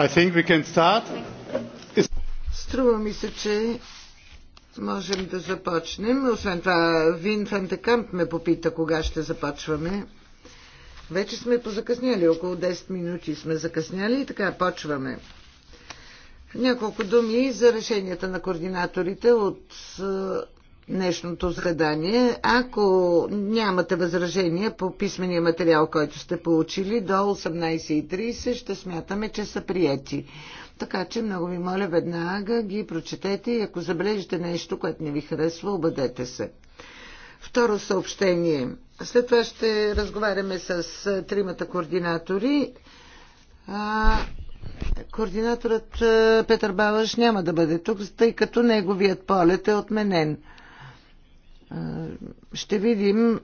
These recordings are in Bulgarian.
I think we can start. Струва ми се, че можем да започнем. Освен това, Вин Фантекамп ме попита кога ще започваме. Вече сме позакъсняли, около 10 минути сме закъсняли и така почваме. Няколко думи за решенията на координаторите от днешното задание. Ако нямате възражения по писмения материал, който сте получили до 18.30, ще смятаме, че са прияти. Така че много ви моля веднага ги прочетете и ако забележите нещо, което не ви харесва, обадете се. Второ съобщение. След това ще разговаряме с тримата координатори. Координаторът Петър Балаш няма да бъде тук, тъй като неговият полет е отменен. Е, ще видим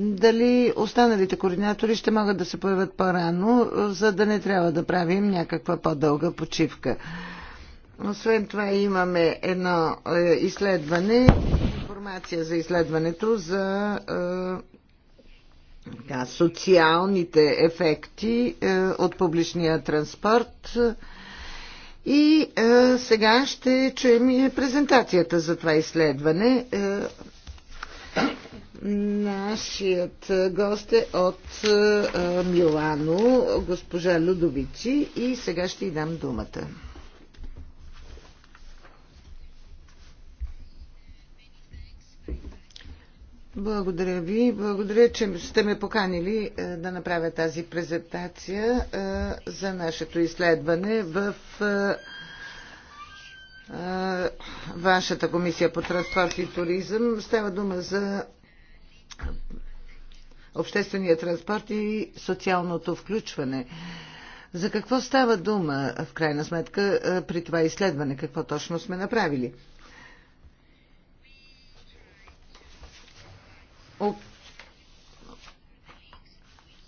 дали останалите координатори ще могат да се появят по-рано, за да не трябва да правим някаква по-дълга почивка. Освен това имаме едно е, изследване, информация за изследването за е, така, социалните ефекти от публичния транспорт. И е, сега ще чуем и презентацията за това изследване. Е, Нашият гост е от е, Милано, госпожа Людовичи и сега ще й дам думата. Благодаря ви. Благодаря, че сте ме поканили е, да направя тази презентация е, за нашето изследване в вашата комисия по транспорт и туризъм. Става дума за обществения транспорт и социалното включване. За какво става дума, в крайна сметка, при това изследване? Какво точно сме направили?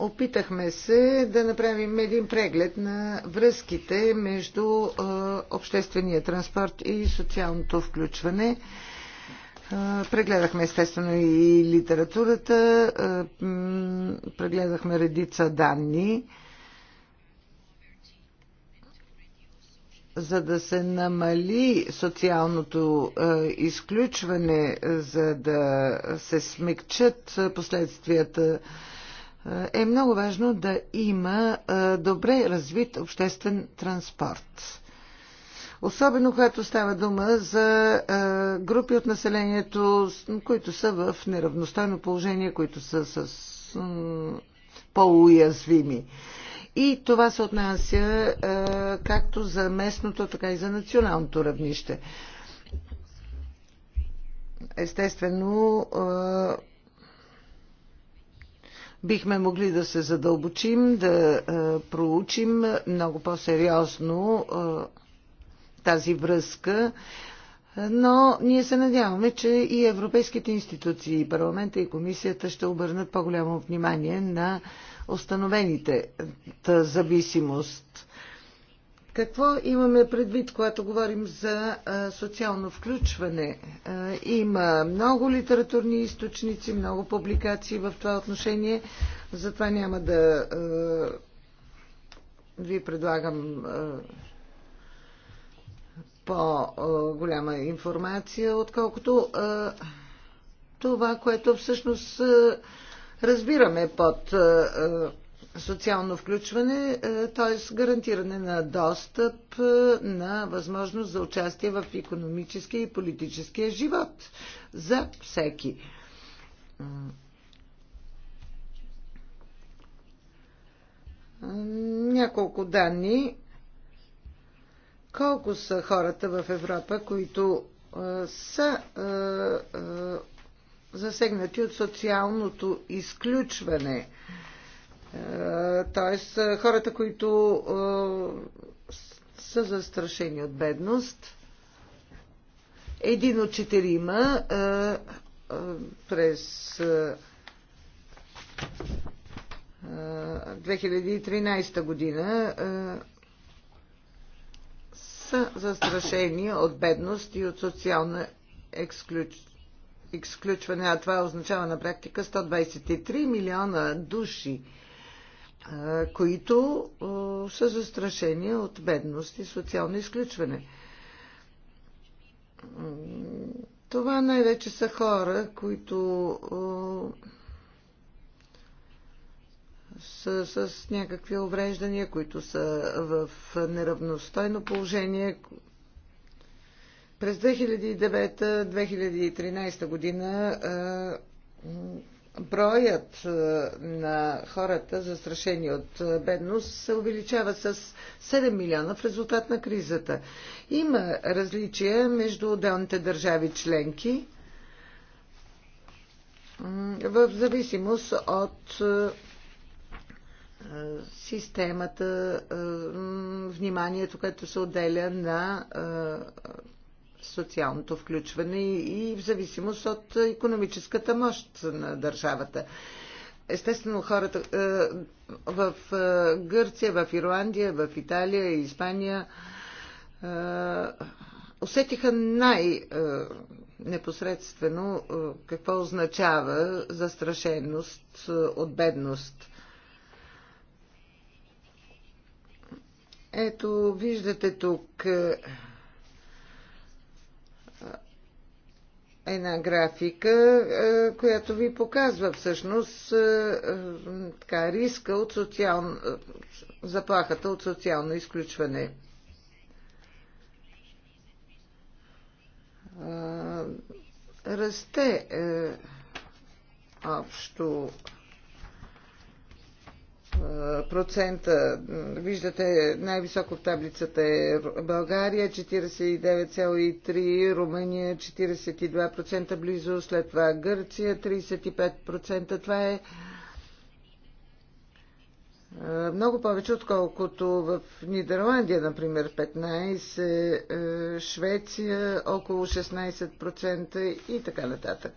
Опитахме се да направим един преглед на връзките между обществения транспорт и социалното включване. Прегледахме естествено и литературата, прегледахме редица данни, за да се намали социалното изключване, за да се смекчат последствията е много важно да има е, добре развит обществен транспорт. Особено когато става дума за е, групи от населението, които са в неравностойно положение, които са с по-уязвими. И това се отнася е, както за местното, така и за националното равнище. Естествено, бихме могли да се задълбочим, да проучим много по-сериозно тази връзка. Но ние се надяваме, че и европейските институции, и парламента, и комисията ще обърнат по-голямо внимание на установените зависимост. Какво имаме предвид, когато говорим за социално включване? Има много литературни източници, много публикации в това отношение, затова няма да ви предлагам по-голяма информация, отколкото това, което всъщност разбираме под социално включване, е, т.е. гарантиране на достъп, е, на възможност за участие в економическия и политическия живот за всеки. Няколко данни. Колко са хората в Европа, които е, са засегнати от социалното изключване? Т.е. Е, хората, които е, са застрашени от бедност, един от четирима е, през 2013 година са застрашени от бедност и от социална ексключ... изключване, а това означава на практика 123 милиона души които са застрашени от бедност и социално изключване. Това най-вече са хора, които са с някакви увреждания, които са в неравностойно положение. През 2009-2013 година броят е, на хората, застрашени от е, бедност, се увеличава с 7 милиона в резултат на кризата. Има различия между отделните държави членки в зависимост от е, системата, вниманието, което се отделя на социалното включване и в зависимост от економическата мощ на държавата. Естествено, хората е, в е, Гърция, в Ирландия, в Италия, Испания е, усетиха най- непосредствено какво означава застрашеност от бедност. Ето, виждате тук една графика, е, която ви показва всъщност е, е, така, риска от социално, заплахата от социално изключване. Расте общо процента. Виждате, най-високо в таблицата е България, 49,3%, Румъния 42% близо, след това Гърция 35%. Това е много повече, отколкото в Нидерландия, например 15%, Швеция около 16% и така нататък.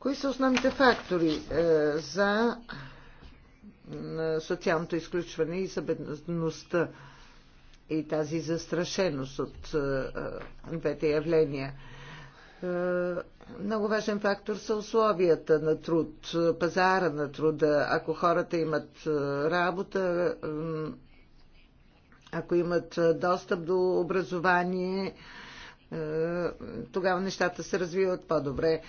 Кои са основните фактори е, за е, социалното изключване и за бедността и тази застрашеност от е, двете явления? Много важен фактор са условията на труд, пазара на труда. Ако хората имат работа, ако имат достъп до образование, тогава нещата се развиват по-добре.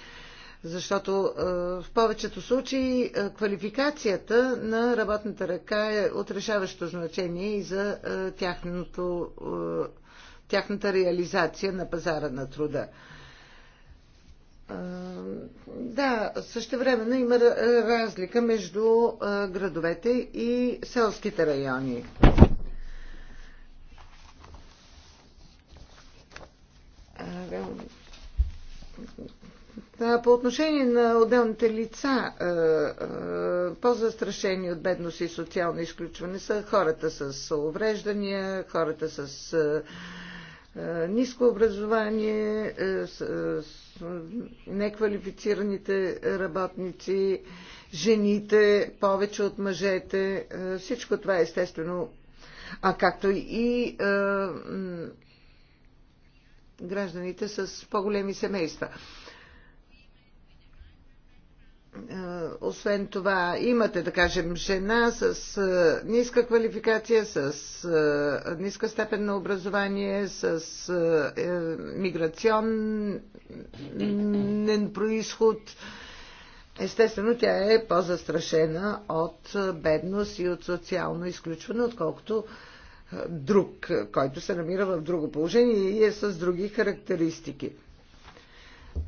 Защото е, в повечето случаи е, квалификацията на работната ръка е от решаващо значение и за е, тяхното, тяхната реализация на пазара на труда. Да, същевременно има разлика между градовете и селските райони. По отношение на отделните лица, по-застрашени от бедност и социално изключване са хората с увреждания, хората с ниско образование, неквалифицираните работници, жените повече от мъжете. Всичко това е естествено, а както и гражданите с по-големи семейства. Е, освен това, имате, да кажем, жена с а, е, ниска квалификация, с а, е, ниска степен на образование, с а, е, миграционен происход. Естествено, тя е по-застрашена от бедност и от социално изключване, отколкото друг, който се намира в друго положение и е с други характеристики.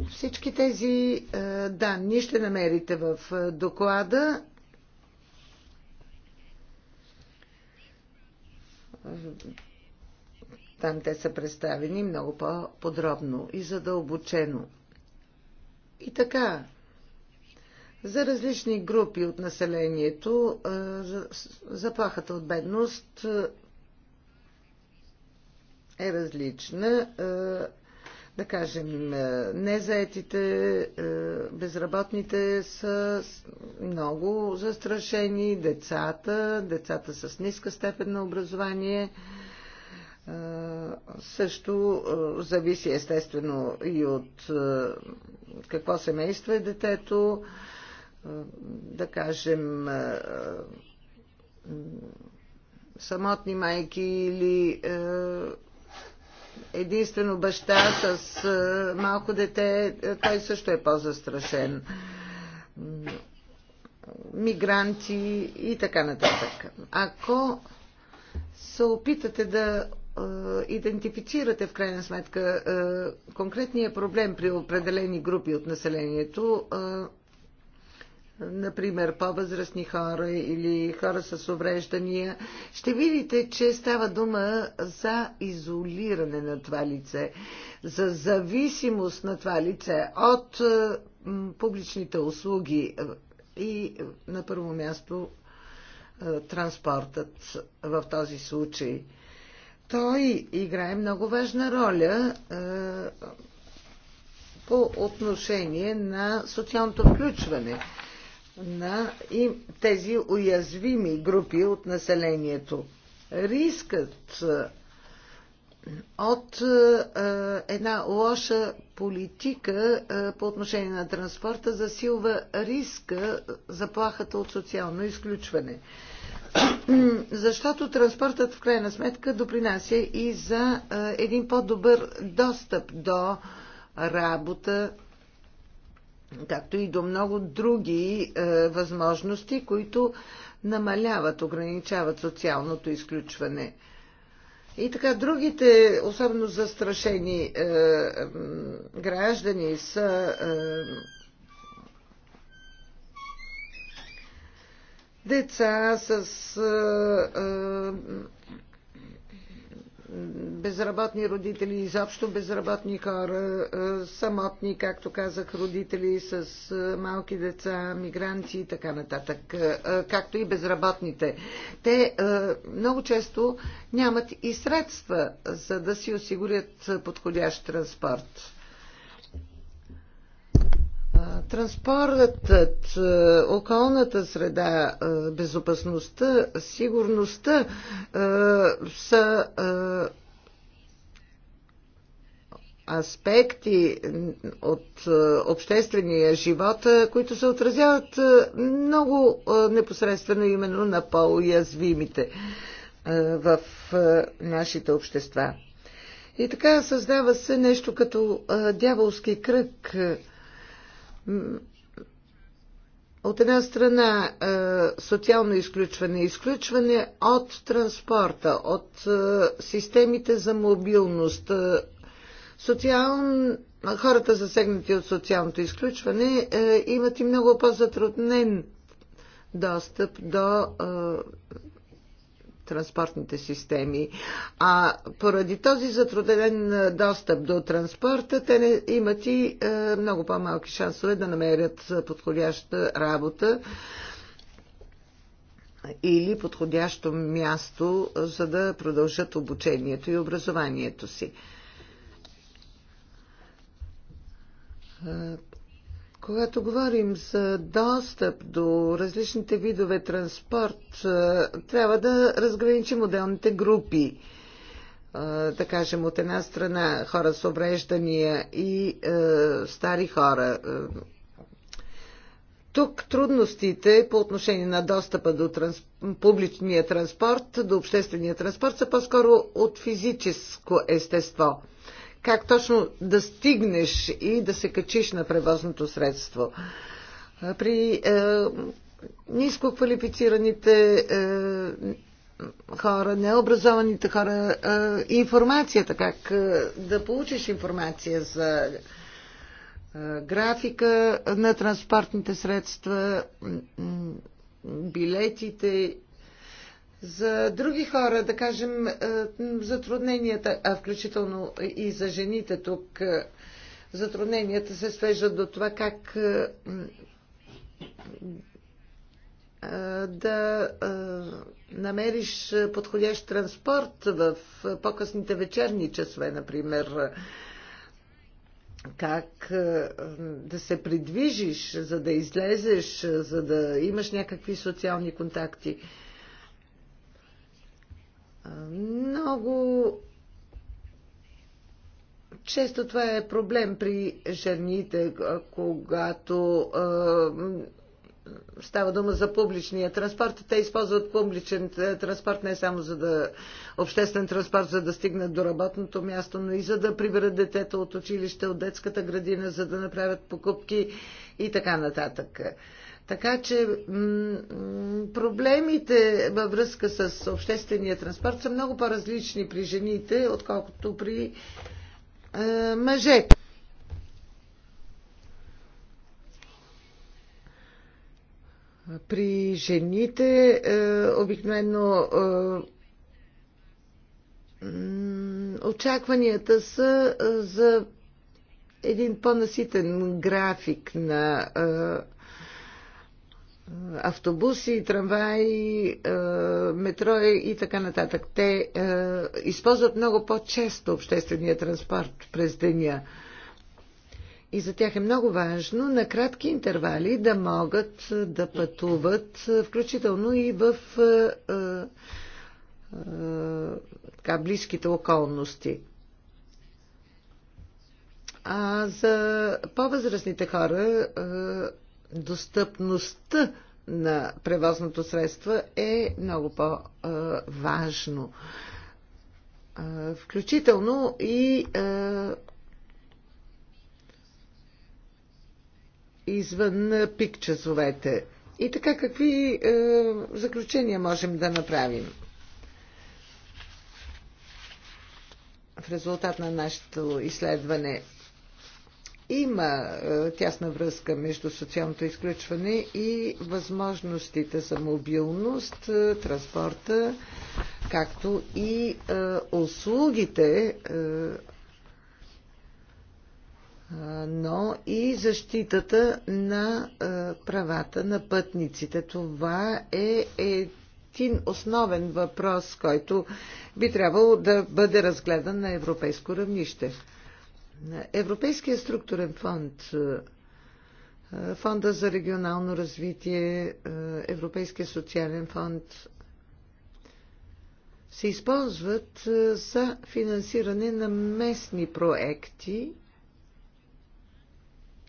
Всички тези е, данни ще намерите в е, доклада. Там те са представени много по-подробно и задълбочено. И така, за различни групи от населението е, заплахата от бедност е различна да кажем, е, незаетите, е, безработните са много застрашени, децата, децата с ниска степен на образование е, също зависи естествено и от какво семейство е детето, да кажем самотни майки или единствено баща с малко дете, той също е по-застрашен. Мигранти и така нататък. Ако се опитате да идентифицирате в крайна сметка конкретния проблем при определени групи от населението, например, по-възрастни хора или хора с увреждания, ще видите, че става дума за изолиране на това лице, за зависимост на това лице от е, публичните услуги е, и на първо място е, транспортът в този случай. Той играе много важна роля по отношение на социалното включване на тези уязвими групи от населението. Рискът е, от е, една лоша политика е, по отношение на транспорта засилва риска, заплахата от социално изключване. Защото транспортът в крайна сметка допринася и за един по-добър достъп до работа, както и до много други е, възможности, които намаляват, ограничават социалното изключване. И така, другите, особено застрашени е, е, граждани са. Е, деца с е, е, безработни родители, изобщо безработни хора, е, самотни, както казах, родители с е, малки деца, мигранти и така нататък, е, както и безработните. Те много често нямат и средства, за да си осигурят подходящ транспорт. Транспортът, е, околната среда, е, безопасността, сигурността е, са аспекти от обществения живот, които се отразяват много непосредствено именно на по-уязвимите в нашите общества. И така създава се нещо като дяволски кръг – от една страна е, социално изключване, изключване от транспорта, от е, системите за мобилност, е, социално хората засегнати от социалното изключване имат и много по-затруднен достъп до транспортните системи. А поради този затруднен е, достъп до транспорта, те не, имат и е, много по-малки шансове да намерят е, подходяща работа или подходящо място, е, за да продължат обучението и образованието си. Когато говорим за достъп до различните видове транспорт, е, трябва да разграничим отделните групи. Е, да кажем, от една страна хора с обреждания и е, стари хора. Тук трудностите по отношение на достъпа до транс... публичния транспорт, до обществения транспорт са по-скоро от физическо естество как точно да стигнеш и да се качиш на превозното средство. При е, ниско квалифицираните е, хора, необразованите хора, е, информацията, как е, да получиш информация за е, графика на транспортните средства, билетите за други хора, да кажем, е, затрудненията, а включително и за жените тук, е, затрудненията се свеждат до това как е, да намериш подходящ транспорт в по-късните вечерни часове, например. Как да се придвижиш, за да излезеш, за да имаш някакви социални контакти. Много често това е проблем при жените, когато става дума за публичния транспорт. Те използват публичен е, транспорт не само за да обществен транспорт, за да стигнат до работното място, но и за да приберат детето от училище, от детската градина, за да направят покупки и така нататък. Така че проблемите във връзка с обществения транспорт са много по-различни при жените, отколкото при е, мъжете. При жените е, обикновено е, очакванията са е, за един по-наситен график на е, автобуси, трамваи, е, метро и така нататък. Те е, използват много по-често обществения транспорт през деня. И за тях е много важно на кратки интервали да могат да пътуват, включително и в е, така, близките околности. А за по-възрастните хора достъпността на превозното средство е много по-важно. Включително и извън пик часовете. И така, какви заключения можем да направим? В резултат на нашето изследване има е, тясна връзка между социалното изключване и възможностите за мобилност, е, транспорта, както и е, услугите, но и защитата на правата на пътниците. Това е един основен въпрос, който би трябвало да бъде разгледан на европейско равнище. Европейския структурен фонд, е, фонда за регионално развитие, е, Европейския социален фонд се използват е, за финансиране на местни проекти,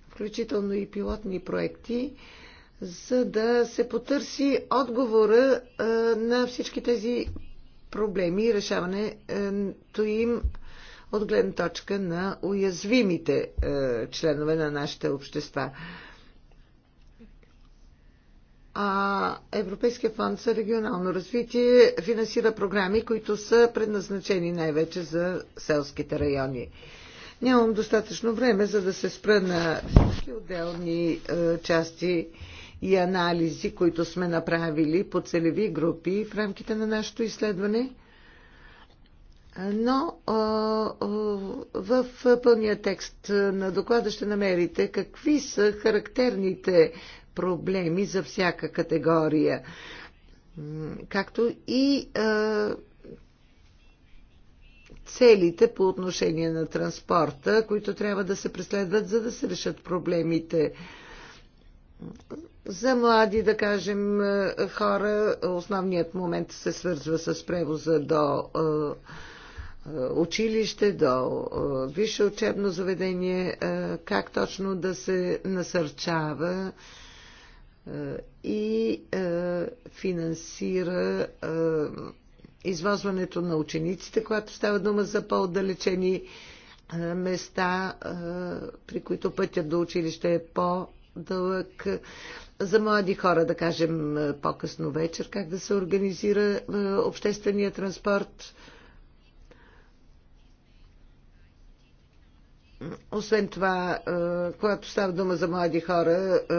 включително и пилотни проекти, за да се потърси отговора на всички тези проблеми и решаването им от гледна точка на уязвимите е, членове на нашите общества. А Европейския фонд за регионално развитие финансира програми, които са предназначени най-вече за селските райони. Нямам достатъчно време, за да се спра на всички отделни е, части и анализи, които сме направили по целеви групи в рамките на нашето изследване – но в пълния текст на доклада ще намерите какви са характерните проблеми за всяка категория, както и целите по отношение на транспорта, които трябва да се преследват, за да се решат проблемите. За млади, да кажем, хора, основният момент се свързва с превоза до е, е, училище, до е, висше учебно заведение, е, как точно да се насърчава и финансира извозването на учениците, когато става дума за по-отдалечени места, при които пътят до училище е по-дълъг. За млади хора, да кажем, по-късно вечер, как да се организира обществения транспорт, Освен това, е, когато става дума за млади хора, е,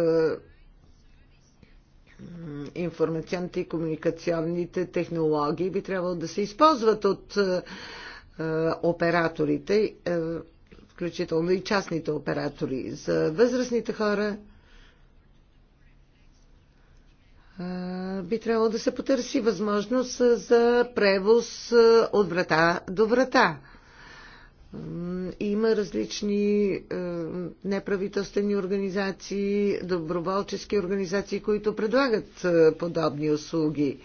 информационните и комуникационните технологии би трябвало да се използват от е, операторите, включително и частните оператори. За възрастните хора би трябвало да се потърси възможност за превоз от врата до врата. Има различни е, неправителствени организации, доброволчески организации, които предлагат е, подобни услуги. Е,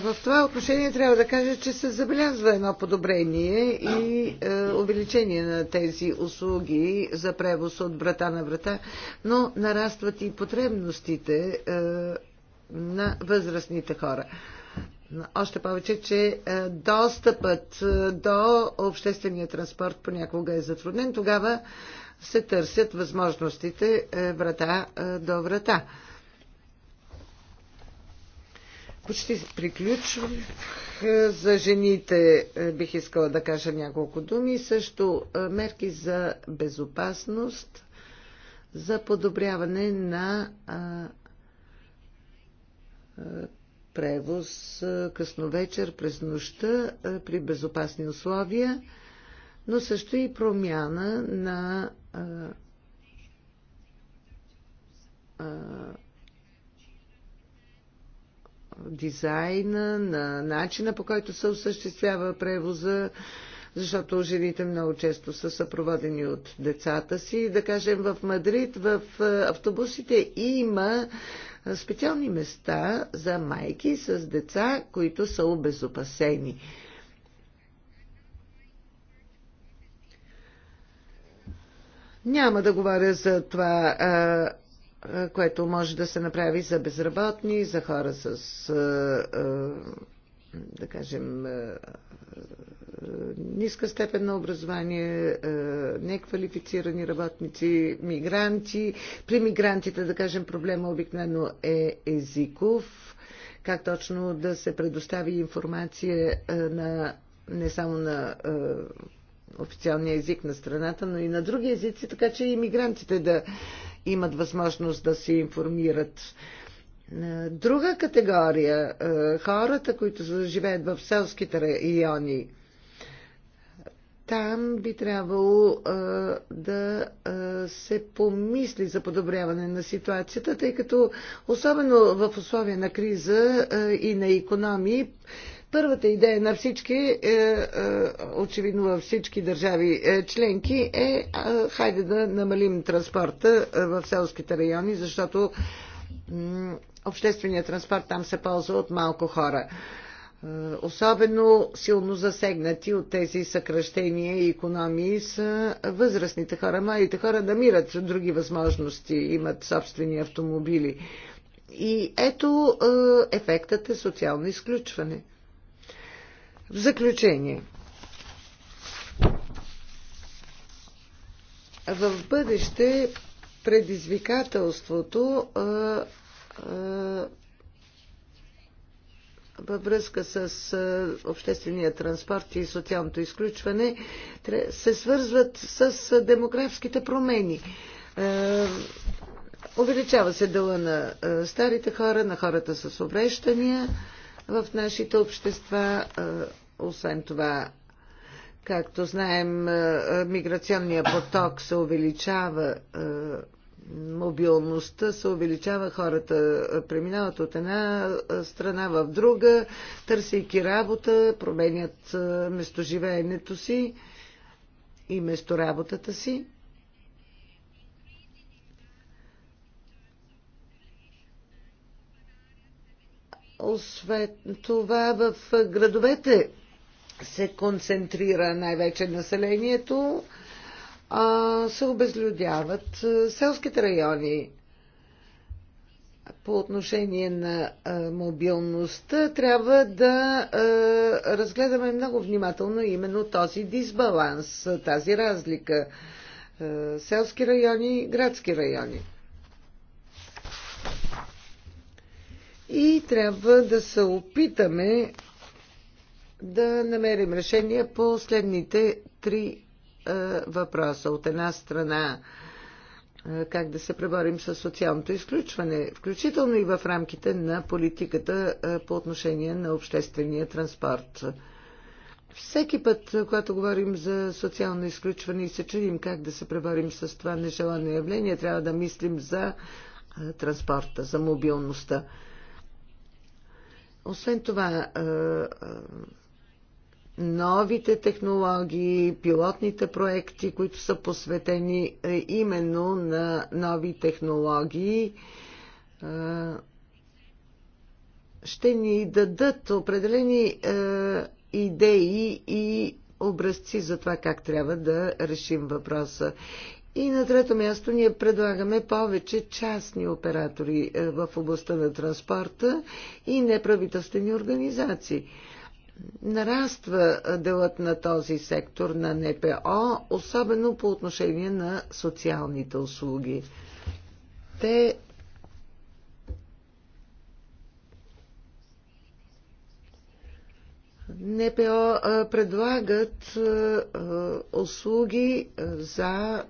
в това отношение трябва да кажа, че се забелязва едно подобрение и е, увеличение на тези услуги за превоз от врата на врата, но нарастват и потребностите е, на възрастните хора. Още повече, че е, достъпът е, до обществения транспорт понякога е затруднен. Тогава се търсят възможностите е, врата до врата. Почти приключвам. За жените бих искала да кажа няколко думи. Също мерки за безопасност, за подобряване на превоз късно вечер, през нощта, при безопасни условия, но също и промяна на а, а, дизайна, на начина по който се осъществява превоза, защото жените много често са съпроводени от децата си. Да кажем, в Мадрид в автобусите има специални места за майки с деца, които са обезопасени. Няма да говоря за това, което може да се направи за безработни, за хора с, да кажем, ниска степен на образование, неквалифицирани работници, мигранти. При мигрантите, да кажем, проблема обикновено е езиков. Как точно да се предостави информация на, не само на официалния език на страната, но и на други езици, така че и мигрантите да имат възможност да се информират. Друга категория хората, които живеят в селските райони, там би трябвало а, да а, се помисли за подобряване на ситуацията, тъй като особено в условия на криза а, и на економии, първата идея на всички, а, е, а, е, очевидно във всички държави а, е, членки, е, а, хайде да намалим транспорта в селските райони, защото общественият транспорт там се ползва от малко хора. Е, особено силно засегнати от тези съкръщения и економии са възрастните хора. Младите хора намират други възможности, имат собствени автомобили. И ето е, ефектът е социално изключване. В заключение. В бъдеще предизвикателството е, във връзка с обществения транспорт и социалното изключване се свързват с демографските промени. Увеличава се дела на старите хора, на хората с обрещания в нашите общества. Освен това, както знаем, миграционния поток се увеличава мобилността се увеличава, хората преминават от една страна в друга, търсейки работа, променят местоживеенето си и местоработата си. Освен това, в градовете се концентрира най-вече населението се обезлюдяват селските райони. По отношение на мобилността трябва да разгледаме много внимателно именно този дисбаланс, тази разлика. селски райони, градски райони. И трябва да се опитаме да намерим решение по следните три е, въпроса. От една страна е, как да се преборим с социалното изключване, включително и в рамките на политиката е, по отношение на обществения транспорт. Всеки път, когато говорим за социално изключване и се чудим как да се преборим с това нежелано явление, трябва да мислим за транспорта, за мобилността. Освен това, новите технологии, пилотните проекти, които са посветени е, именно на нови технологии, е, ще ни дадат определени е, идеи и образци за това как трябва да решим въпроса. И на трето място ние предлагаме повече частни оператори в областта на транспорта и неправителствени организации нараства делът на този сектор на НПО, особено по отношение на социалните услуги. Те НПО предлагат услуги за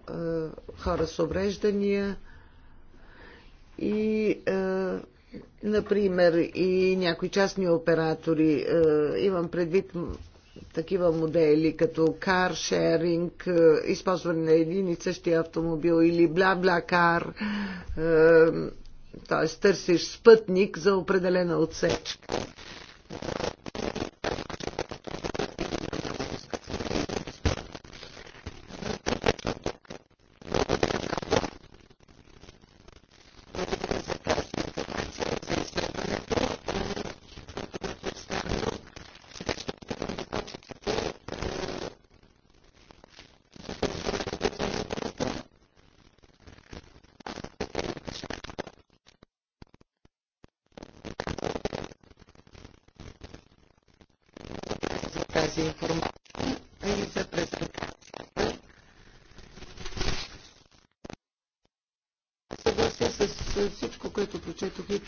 хора с обреждания и например, и някои частни оператори. Е, имам предвид такива модели, като каршеринг, използване на един и същи автомобил или бла-бла-кар, е, т.е. търсиш спътник за определена отсечка.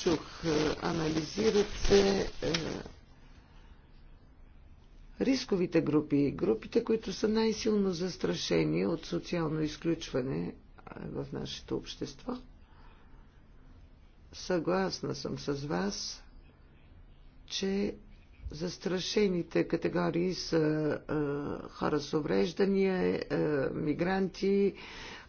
чух. Е, анализират се е, рисковите групи, групите, които са най-силно застрашени от социално изключване е, в нашето общество. Съгласна съм с вас, че застрашените категории са хора с увреждания, мигранти,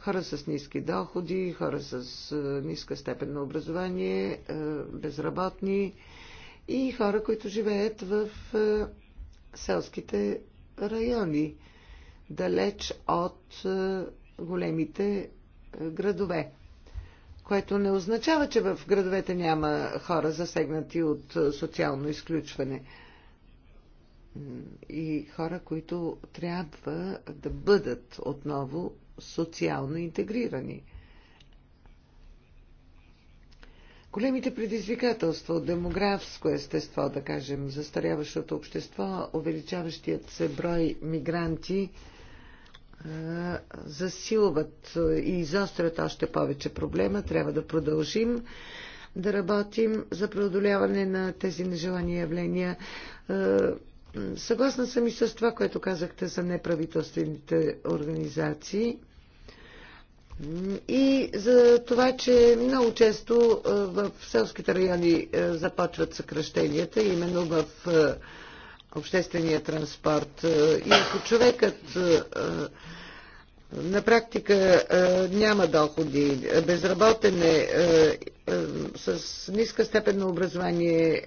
хора с ниски доходи, хора с е, ниска степен на образование, е, безработни и хора, които живеят в е, селските райони, далеч от големите градове. Което не означава, че в градовете няма хора засегнати от социално изключване и хора, които трябва да бъдат отново социално интегрирани. Големите предизвикателства от демографско естество, да кажем, застаряващото общество, увеличаващият се брой мигранти, засилват и изострят още повече проблема. Трябва да продължим да работим за преодоляване на тези нежелани явления. Съгласна съм и с това, което казахте за неправителствените организации. И за това, че много често в селските райони започват съкръщенията, именно в обществения транспорт. И ако човекът на практика няма доходи, безработен е, с ниска степен на образование,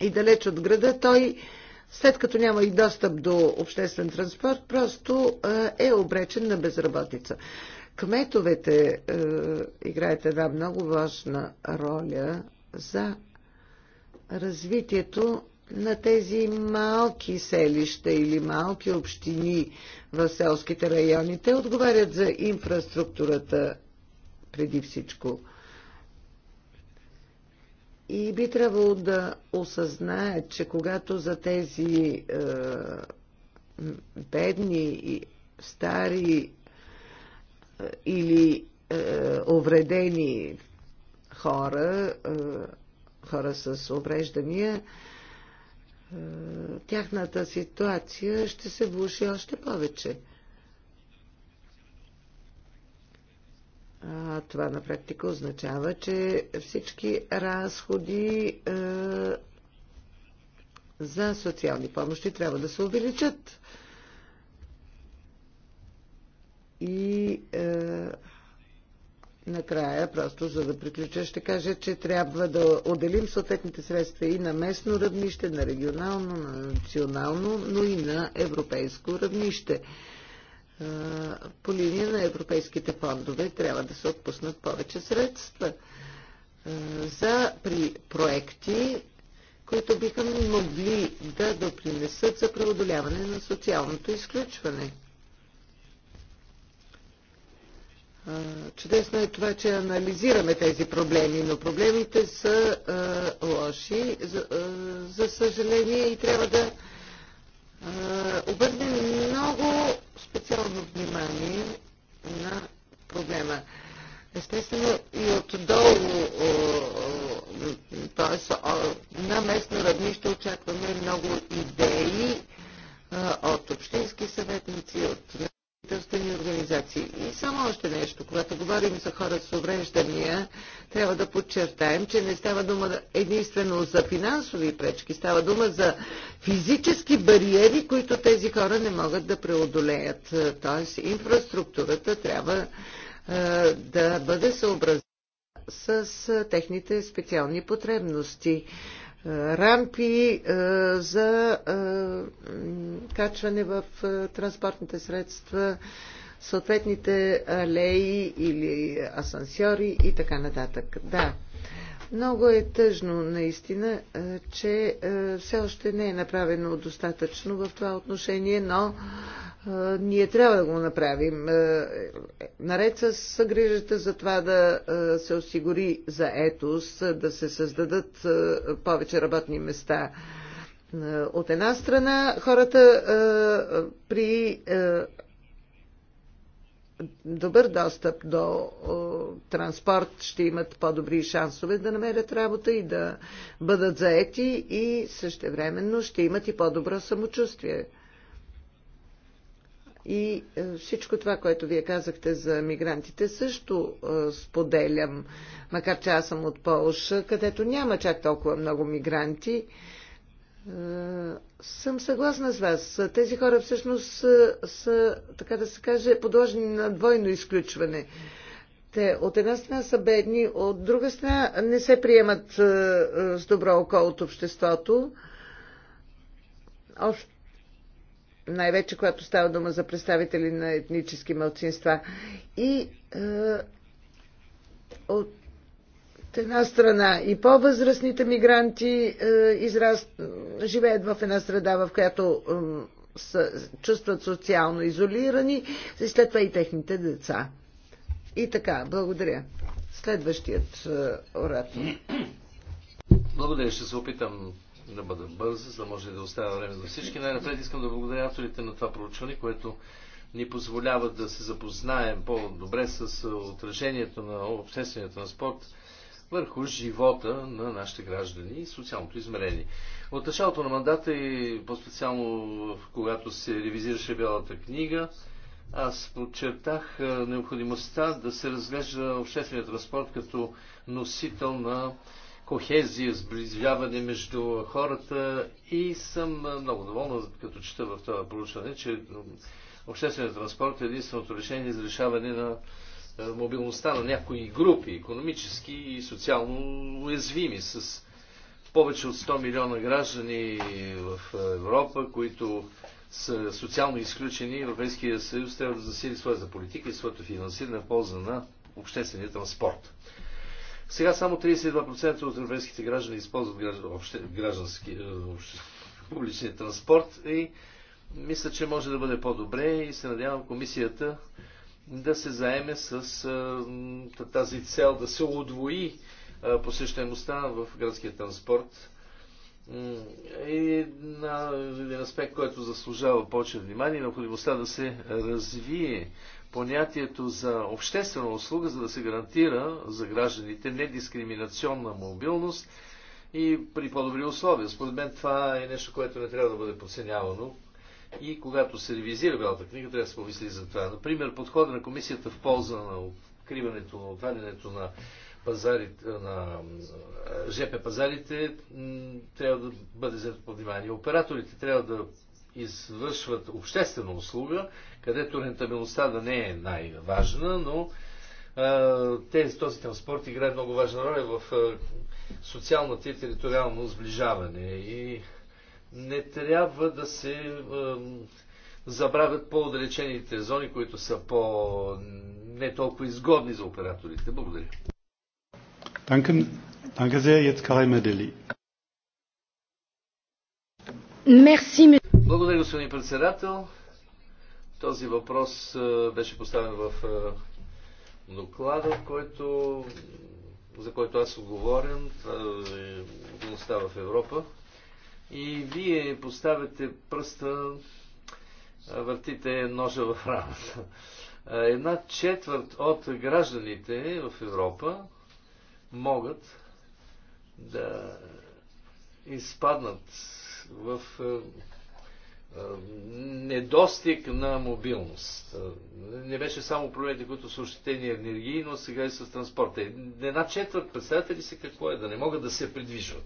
и далеч от града, той след като няма и достъп до обществен транспорт, просто е, е обречен на безработица. Кметовете е, играят една много важна роля за развитието на тези малки селища или малки общини в селските райони. Те отговарят за инфраструктурата преди всичко. И би трябвало да осъзнаят, че когато за тези е, бедни и стари е, или е, увредени хора, е, хора с увреждания, е, тяхната ситуация ще се влуши още повече. Това на практика означава, че всички разходи за социални помощи трябва да се увеличат. И накрая, просто за да приключа, ще кажа, че трябва да отделим съответните средства и на местно равнище, на регионално, на национално, но и на европейско равнище по линия на европейските фондове трябва да се отпуснат повече средства за при проекти, които биха могли да допринесат за преодоляване на социалното изключване. Чудесно е това, че анализираме тези проблеми, но проблемите са лоши, за, съжаление, и трябва да обърнем много специално внимание на проблема. Естествено и отдолу, т.е. на местно равнище очакваме много идеи от общински съветници, от неправителствени организации. И само още нещо. Когато говорим за хора с увреждания, трябва да подчертаем, че не става дума единствено за финансови пречки, става дума за физически бариери, които тези хора не могат да преодолеят. Тоест инфраструктурата трябва е, да бъде съобразена с е, техните специални потребности рампи е, за е, качване в е, транспортните средства, съответните алеи или асансьори и така нататък. Да, много е тъжно, наистина, е, че е, все още не е направено достатъчно в това отношение, но е, ние трябва да го направим. Наред с грижата за това да се осигури за етос, да се създадат повече работни места. От една страна, хората при добър достъп до транспорт, ще имат по-добри шансове да намерят работа и да бъдат заети и същевременно ще имат и по-добро самочувствие. И е, всичко това, което вие казахте за мигрантите, също е, споделям, макар че аз съм от Полша, където няма чак толкова много мигранти. Е, съм съгласна с вас. Тези хора всъщност са, е, са така да се каже, подложени на двойно изключване. Те от една страна са бедни, от друга страна не се приемат е, с добро око от обществото. Още най-вече когато става дума за представители на етнически мълцинства. И е, от от една страна и по-възрастните мигранти е, израст, живеят в една среда, в която е, са, чувстват социално изолирани, и след това и техните деца. И така, благодаря. Следващият е, оратор. Благодаря, ще се опитам да бъда бърз, за да може да оставя време за всички. Най-напред искам да благодаря авторите на това проучване, което ни позволява да се запознаем по-добре с е, отражението на обществения транспорт. спорт върху живота на нашите граждани и социалното измерение. От началото на мандата и по-специално когато се ревизираше Бялата книга, аз подчертах необходимостта да се разглежда обществения транспорт като носител на кохезия, сближаване между хората и съм много доволна, като чета в това проучване, че общественият транспорт е единственото решение за решаване на е, мобилността на някои групи, економически и социално уязвими, с повече от 100 милиона граждани в е, Европа, които са социално изключени. Европейския съюз трябва да засили своята политика и своето финансиране в полза на обществения транспорт. Сега само 32% от европейските граждани използват граждански, е, публичния транспорт и мисля, че може да бъде по-добре и се надявам комисията да се заеме с тази цел да се удвои посещаемостта в градския транспорт. на един аспект, който заслужава повече внимание, е необходимостта да се развие понятието за обществена услуга, за да се гарантира за гражданите недискриминационна мобилност и при по-добри условия. Според мен това е нещо, което не трябва да бъде подценявано. И когато се ревизира Бялата книга, трябва да се помисли за това. Например, подхода на комисията в полза на откриването, на отварянето на пазарите, на ЖП пазарите трябва да бъде взето под внимание. Операторите трябва да извършват обществена услуга, където рентабилността да не е най-важна, но тези, този транспорт играе много важна роля в социалното и териториално сближаване. И не трябва да се е, забравят по-отдалечените зони, които са по не толкова изгодни за операторите. Благодаря. Благодаря, господин председател. Този въпрос беше поставен в доклада, който, за който аз Това е, в Европа. И вие поставяте пръста, въртите ножа в рамата. Една четвърт от гражданите в Европа могат да изпаднат в недостиг на мобилност. Не беше само проблемите, които са ощетени но сега и с транспорта. Една четвърт, представете ли се какво е, да не могат да се придвижват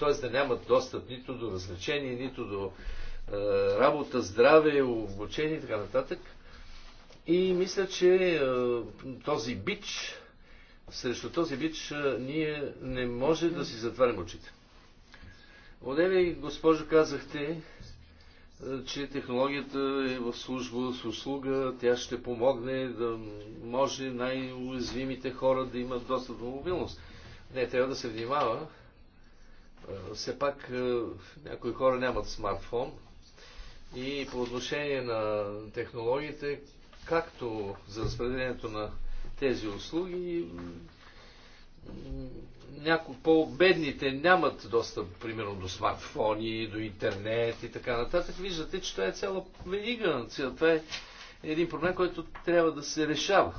т.е. да нямат достъп нито до развлечение, нито до е, работа, здраве, обучение и така нататък. И мисля, че е, този бич, срещу този бич, е, ние не може да си затварим очите. Одеве, госпожо, казахте, е, че технологията е в служба, с услуга, тя ще помогне да може най-уязвимите хора да имат достъп до мобилност. Не, трябва да се внимава, все пак е, някои хора нямат смартфон и по отношение на технологиите, както за разпределението на тези услуги, някои по-бедните нямат достъп, примерно, до смартфони, до интернет и така нататък. Виждате, че това е цяла верига. Това е един проблем, който трябва да се решава.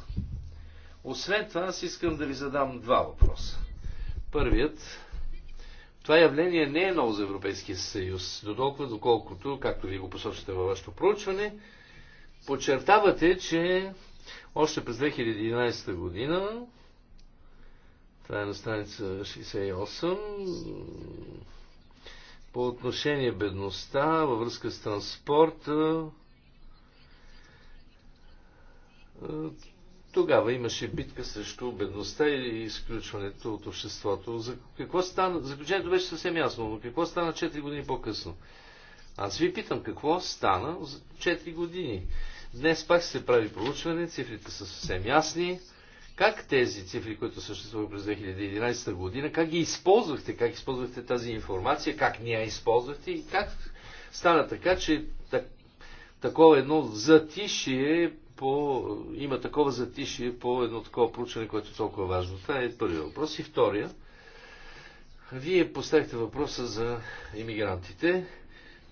Освен това, аз искам да ви задам два въпроса. Първият това явление не е ново за Европейския съюз, до толкова, доколкото, както ви го посочвате във вашето проучване, подчертавате, че още през 2011 година, това е на страница 68, по отношение бедността, във връзка с транспорта, тогава имаше битка срещу бедността и изключването от обществото. За какво стана? Заключението беше съвсем ясно, но какво стана 4 години по-късно? Аз ви питам, какво стана за 4 години? Днес пак се прави проучване, цифрите са съвсем ясни. Как тези цифри, които съществуват през 2011 година, как ги използвахте, как използвахте тази информация, как ни я използвахте и как стана така, че такова едно затишие по... има такова затишие по едно такова проучване, което е толкова важно? Това е първият въпрос. И втория. Вие поставихте въпроса за иммигрантите.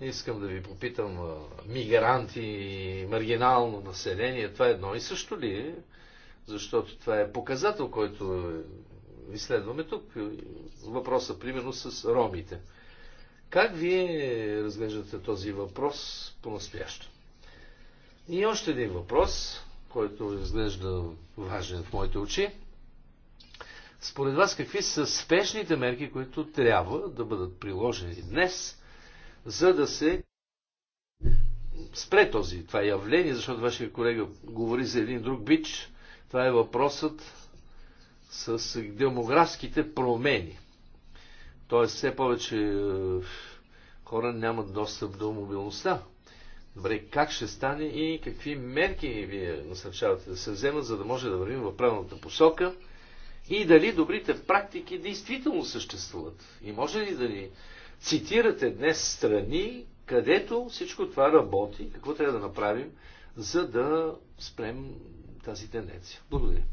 Искам да ви попитам, мигранти, маргинално население, това е едно и също ли е? Защото това е показател, който изследваме тук. Въпроса, примерно, с ромите. Как вие разглеждате този въпрос по-настоящем? И още един въпрос, който изглежда важен в моите очи. Според вас какви са спешните мерки, които трябва да бъдат приложени днес, за да се спре този, това явление, защото вашия колега говори за един друг бич. Това е въпросът с демографските промени. Тоест все повече е, хора нямат достъп до мобилността. Добре, как ще стане и какви мерки вие насърчавате да се вземат, за да може да вървим в правилната посока и дали добрите практики действително съществуват. И може ли да ни цитирате днес страни, където всичко това работи, какво трябва да направим, за да спрем тази тенденция. Благодаря.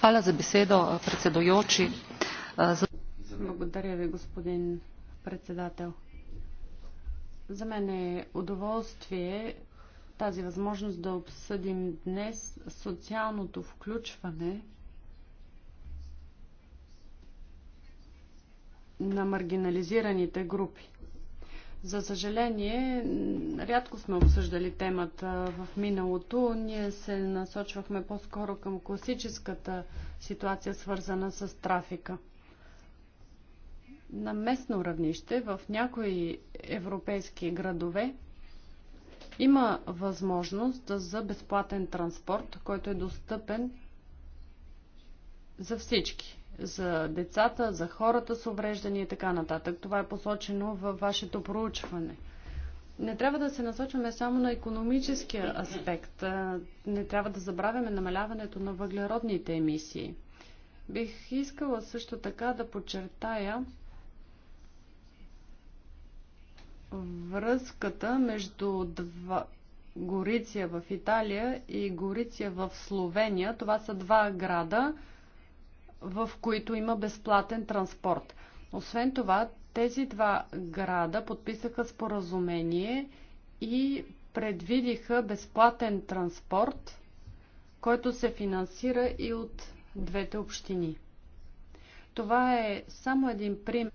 Hvala za besedo, predsedojoči. Благодаря ви, господин председател. За мен е удоволствие тази възможност да обсъдим днес социалното включване на маргинализираните групи. За съжаление, рядко сме обсъждали темата в миналото. Ние се насочвахме по-скоро към класическата ситуация, свързана с трафика на местно равнище в някои европейски градове има възможност за безплатен транспорт, който е достъпен за всички. За децата, за хората с увреждания и така нататък. Това е посочено във вашето проучване. Не трябва да се насочваме само на економическия аспект. Не трябва да забравяме намаляването на въглеродните емисии. Бих искала също така да подчертая, връзката между два... Гориция в Италия и Гориция в Словения. Това са два града, в които има безплатен транспорт. Освен това, тези два града подписаха споразумение и предвидиха безплатен транспорт, който се финансира и от двете общини. Това е само един пример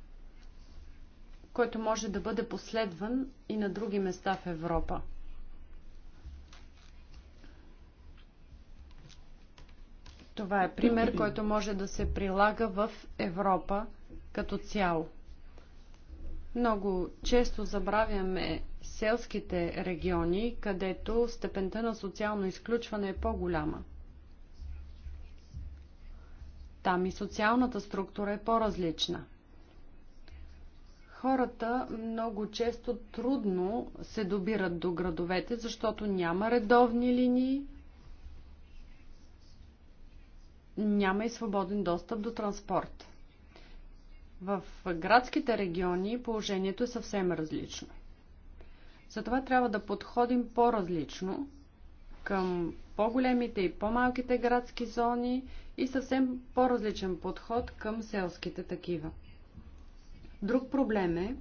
който може да бъде последван и на други места в Европа. Това е пример, който може да се прилага в Европа като цяло. Много често забравяме селските региони, където степента на социално изключване е по-голяма. Там и социалната структура е по-различна хората много често трудно се добират до градовете, защото няма редовни линии, няма и свободен достъп до транспорт. В градските региони положението е съвсем различно. Затова трябва да подходим по-различно към по-големите и по-малките градски зони и съвсем по-различен подход към селските такива. Друг проблем е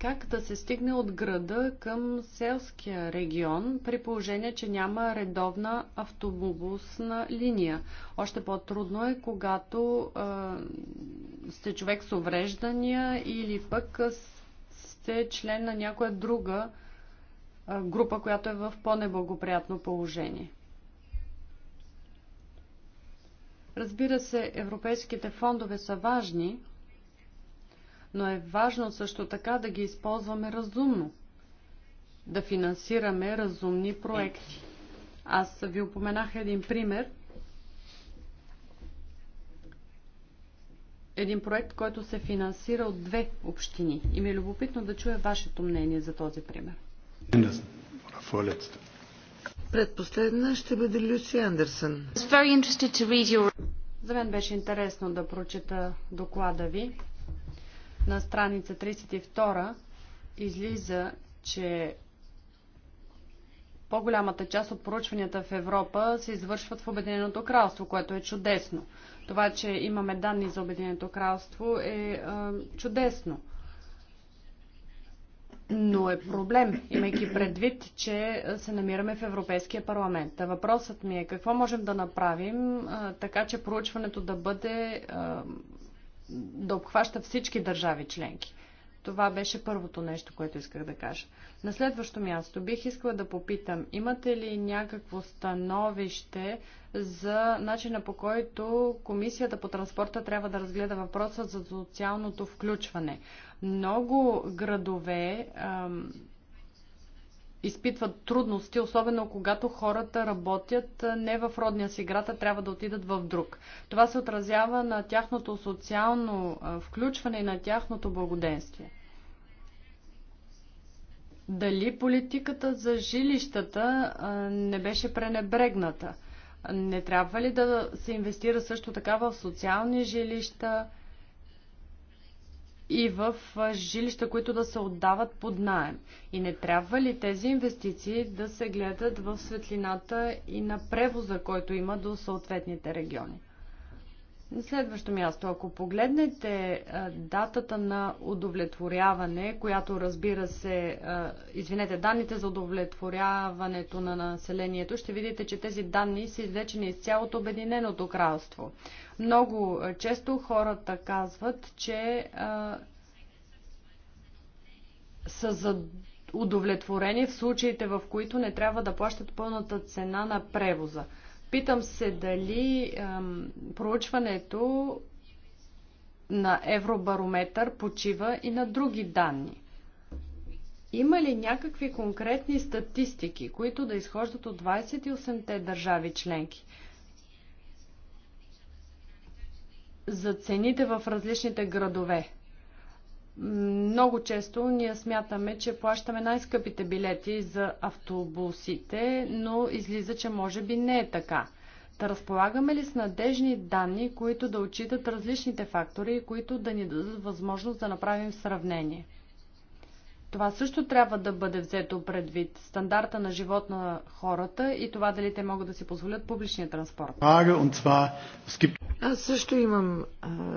как да се стигне от града към селския регион, при положение, че няма редовна автобусна линия. Още по-трудно е, когато а, сте човек с увреждания или пък сте член на някоя друга а, група, която е в по-неблагоприятно положение. Разбира се, европейските фондове са важни, но е важно също така да ги използваме разумно, да финансираме разумни проекти. Аз ви упоменах един пример. Един проект, който се финансира от две общини. И ми е любопитно да чуя вашето мнение за този пример. Предпоследна ще бъде Люси Андерсън. За мен беше интересно да прочета доклада ви на страница 32 излиза, че по-голямата част от проучванията в Европа се извършват в Обединеното кралство, което е чудесно. Това, че имаме данни за Обединеното кралство е, е чудесно. Но е проблем, имайки предвид, че се намираме в Европейския парламент. Та въпросът ми е какво можем да направим, а, е, така че проучването да бъде е, да обхваща всички държави членки. Това беше първото нещо, което исках да кажа. На следващо място бих искала да попитам, имате ли някакво становище за начина по който Комисията по транспорта трябва да разгледа въпроса за социалното включване? Много градове. Ам изпитват трудности, особено когато хората работят не в родния си град, а трябва да отидат в друг. Това се отразява на тяхното социално включване и на тяхното благоденствие. Дали политиката за жилищата не беше пренебрегната? Не трябва ли да се инвестира също така в социални жилища, и в жилища, които да се отдават под найем. И не трябва ли тези инвестиции да се гледат в светлината и на превоза, който има до съответните региони? На следващо място, ако погледнете датата на удовлетворяване, която разбира се, извинете, данните за удовлетворяването на населението, ще видите, че тези данни са извлечени из цялото Обединеното кралство. Много често хората казват, че са за удовлетворени в случаите, в които не трябва да плащат пълната цена на превоза. Питам се дали ем, проучването на Евробарометър почива и на други данни. Има ли някакви конкретни статистики, които да изхождат от 28-те държави членки? За цените в различните градове. Много често ние смятаме, че плащаме най-скъпите билети за автобусите, но излиза, че може би не е така. Та разполагаме ли с надежни данни, които да отчитат различните фактори и които да ни дадат възможност да направим сравнение? Това също трябва да бъде взето предвид. Стандарта на живот на хората и това дали те могат да си позволят публичния транспорт. Аз също имам а,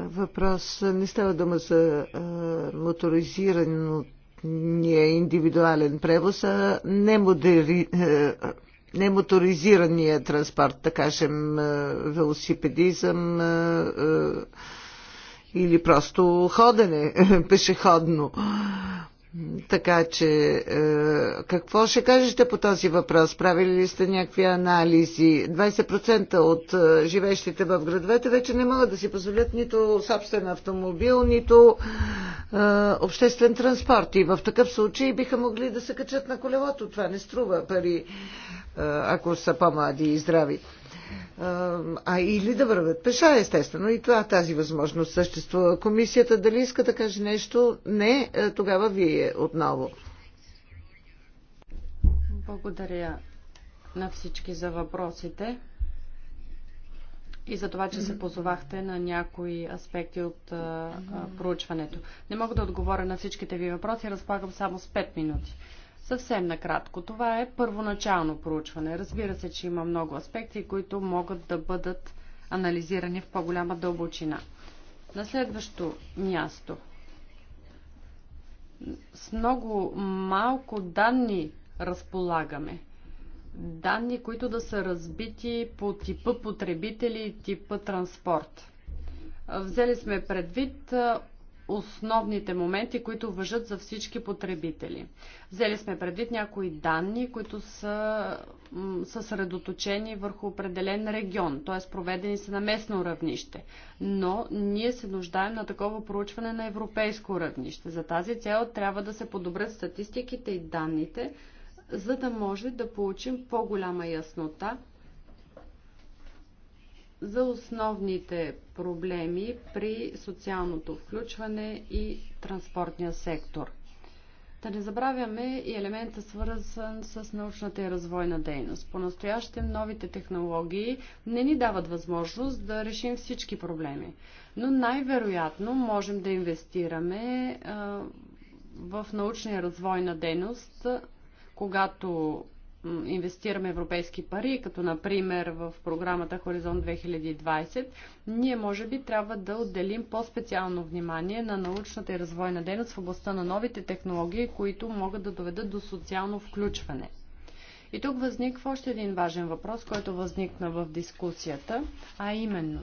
въпрос. Не става дума за а, моторизирания индивидуален превоз, а не модери, а, немоторизирания транспорт, да кажем велосипедизъм или просто ходене пешеходно. Така че, е, какво ще кажете по този въпрос? Правили ли сте някакви анализи? 20% от е, живещите в градовете вече не могат да си позволят нито собствен автомобил, нито е, обществен транспорт. И в такъв случай биха могли да се качат на колелото. Това не струва пари, ако са по-млади и здрави а или да вървят пеша, естествено. И това, тази възможност съществува. Комисията дали иска да каже нещо? Не, е, тогава вие отново. Благодаря на всички за въпросите и за това, че се позовахте на някои аспекти от а, е, а, е, проучването. Не мога да отговоря на всичките ви въпроси, разполагам само с 5 минути. Съвсем накратко, това е първоначално проучване. Разбира се, че има много аспекти, които могат да бъдат анализирани в по-голяма дълбочина. На следващо място. С много малко данни разполагаме. Данни, които да са разбити по типа потребители и типа транспорт. Взели сме предвид основните моменти, които въжат за всички потребители. Взели сме предвид някои данни, които са съсредоточени върху определен регион, т.е. проведени са на местно равнище. Но ние се нуждаем на такова проучване на европейско равнище. За тази цел трябва да се подобрят статистиките и данните, за да може да получим по-голяма яснота за основните проблеми при социалното включване и транспортния сектор. Да не забравяме и елемента свързан с научната и развойна дейност. По-настоящем новите технологии не ни дават възможност да решим всички проблеми, но най-вероятно можем да инвестираме а, в научна и развойна дейност, когато инвестираме европейски пари, като например в програмата Хоризонт 2020, ние може би трябва да отделим по-специално внимание на научната и развойна дейност в областта на новите технологии, които могат да доведат до социално включване. И тук възниква още един важен въпрос, който възникна в дискусията, а именно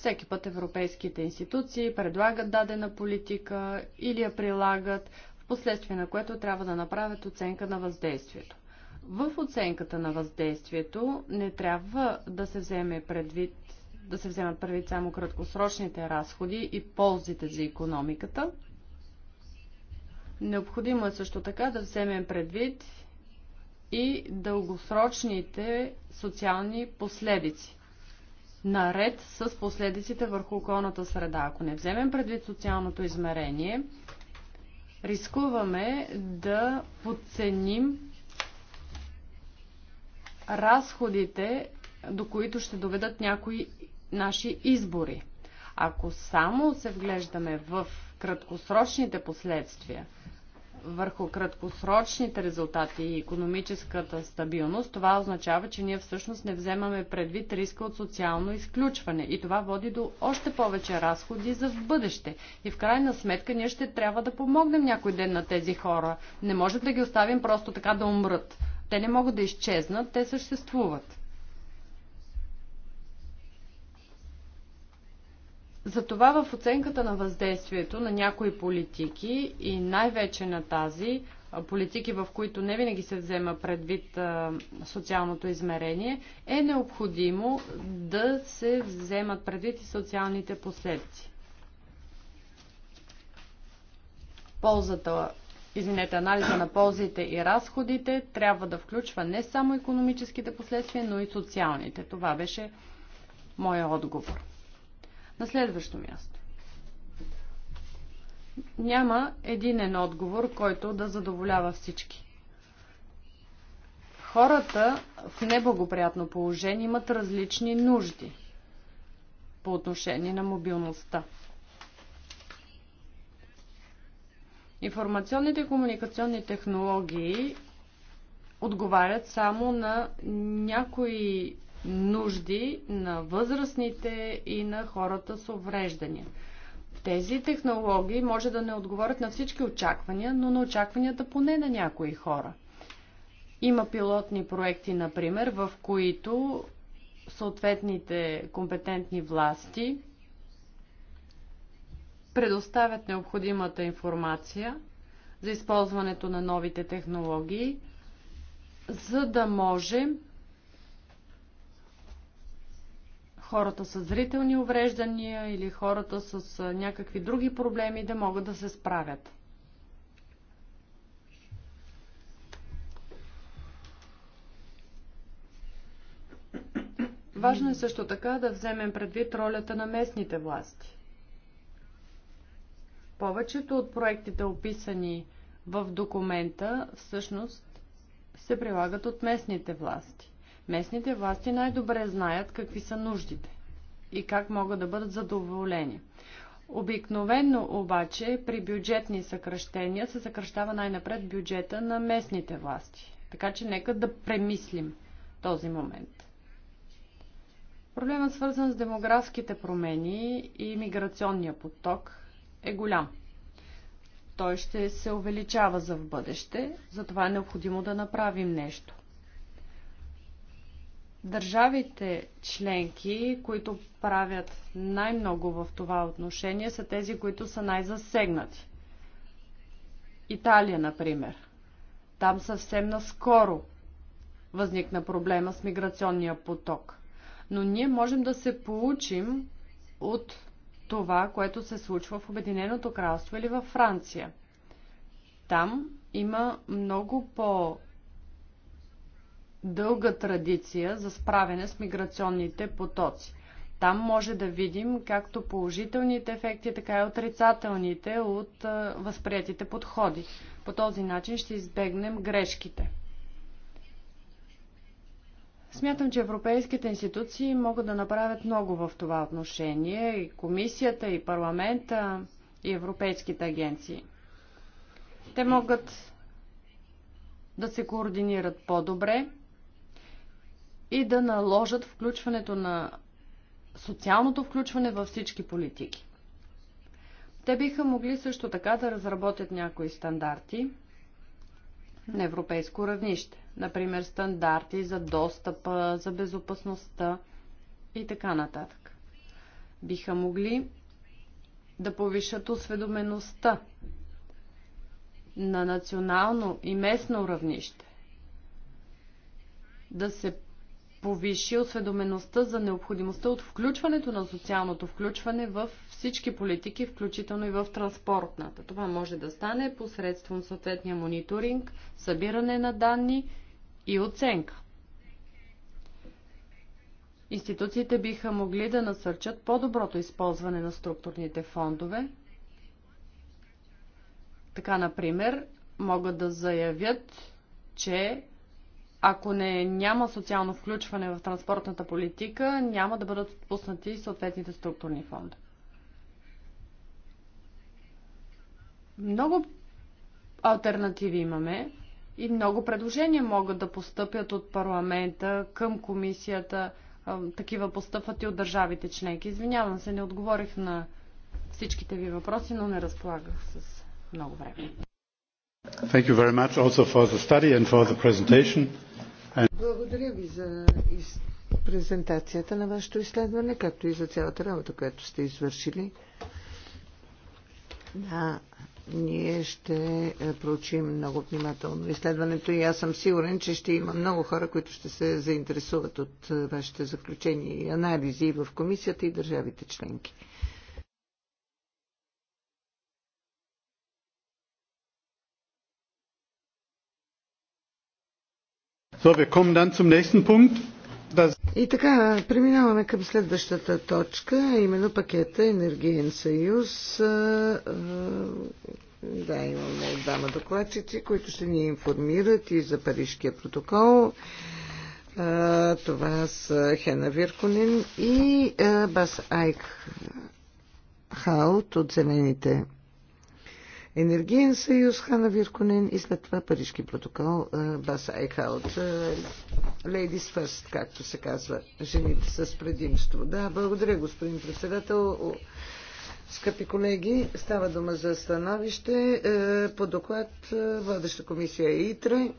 Всеки път европейските институции предлагат дадена политика или я прилагат, в последствие на което трябва да направят оценка на въздействието. В оценката на въздействието не трябва да се вземе предвид да се вземат предвид само краткосрочните разходи и ползите за економиката. Необходимо е също така да вземем предвид и дългосрочните социални последици наред с последиците върху околната среда. Ако не вземем предвид социалното измерение, рискуваме да подценим разходите, до които ще доведат някои наши избори. Ако само се вглеждаме в краткосрочните последствия, върху краткосрочните резултати и економическата стабилност, това означава, че ние всъщност не вземаме предвид риска от социално изключване. И това води до още повече разходи за в бъдеще. И в крайна сметка ние ще трябва да помогнем някой ден на тези хора. Не може да ги оставим просто така да умрат. Те не могат да изчезнат, те съществуват. Затова в оценката на въздействието на някои политики и най-вече на тази, политики, в които не винаги се взема предвид социалното измерение, е необходимо да се вземат предвид и социалните последици. Ползата, извинете, анализа на ползите и разходите трябва да включва не само економическите последствия, но и социалните. Това беше моя отговор. На следващо място. Няма единен отговор, който да задоволява всички. Хората в неблагоприятно положение имат различни нужди по отношение на мобилността. Информационните и комуникационни технологии отговарят само на някои нужди на възрастните и на хората с увреждания. Тези технологии може да не отговорят на всички очаквания, но на очакванията поне на някои хора. Има пилотни проекти, например, в които съответните компетентни власти предоставят необходимата информация за използването на новите технологии, за да можем хората с зрителни увреждания или хората с някакви други проблеми да могат да се справят. Важно е също така да вземем предвид ролята на местните власти. Повечето от проектите, описани в документа, всъщност се прилагат от местните власти. Местните власти най-добре знаят какви са нуждите и как могат да бъдат задоволени. Обикновенно обаче при бюджетни съкръщения се съкръщава най-напред бюджета на местните власти. Така че нека да премислим този момент. Проблемът свързан с демографските промени и миграционния поток е голям. Той ще се увеличава за в бъдеще, затова е необходимо да направим нещо. Държавите членки, които правят най-много в това отношение, са тези, които са най-засегнати. Италия, например. Там съвсем наскоро възникна проблема с миграционния поток. Но ние можем да се получим от това, което се случва в Обединеното кралство или във Франция. Там има много по- дълга традиция за справяне с миграционните потоци. Там може да видим както положителните ефекти, така и отрицателните от възприятите подходи. По този начин ще избегнем грешките. Смятам, че европейските институции могат да направят много в това отношение и комисията, и парламента, и европейските агенции. Те могат да се координират по-добре, и да наложат включването на социалното включване във всички политики. Те биха могли също така да разработят някои стандарти на европейско равнище, например стандарти за достъпа, за безопасността и така нататък. Биха могли да повишат осведомеността на национално и местно равнище, да се повиши осведомеността за необходимостта от включването на социалното включване в всички политики, включително и в транспортната. Това може да стане посредством съответния мониторинг, събиране на данни и оценка. Институциите биха могли да насърчат по-доброто използване на структурните фондове. Така, например, могат да заявят, че ако не няма социално включване в транспортната политика, няма да бъдат отпуснати съответните структурни фонда. Много альтернативи имаме и много предложения могат да постъпят от парламента към комисията. Такива постъпват и от държавите членки. Извинявам се, не отговорих на всичките ви въпроси, но не разполагах с много време. Thank you very much also for the study and for the presentation. Благодаря ви за из... презентацията на вашето изследване, както и за цялата работа, която сте извършили. Да, ние ще е, проучим много внимателно изследването и аз съм сигурен, че ще има много хора, които ще се заинтересуват от е, вашите заключения и анализи в комисията и държавите членки. И така, преминаваме към следващата точка, именно пакета Енергиен съюз. Да, имаме двама докладчици, които ще ни информират и за Парижкия протокол. Това са Хена Вирконин и Бас Айк Хаут от Зелените енергиен съюз, Хана Вирконен и след това Парижки протокол, е, Бас Айхаут. Е, Ladies first, както се казва, жените с предимство. Да, благодаря, господин председател. Скъпи колеги, става дума за становище е, по доклад водеща комисия ИТРЕ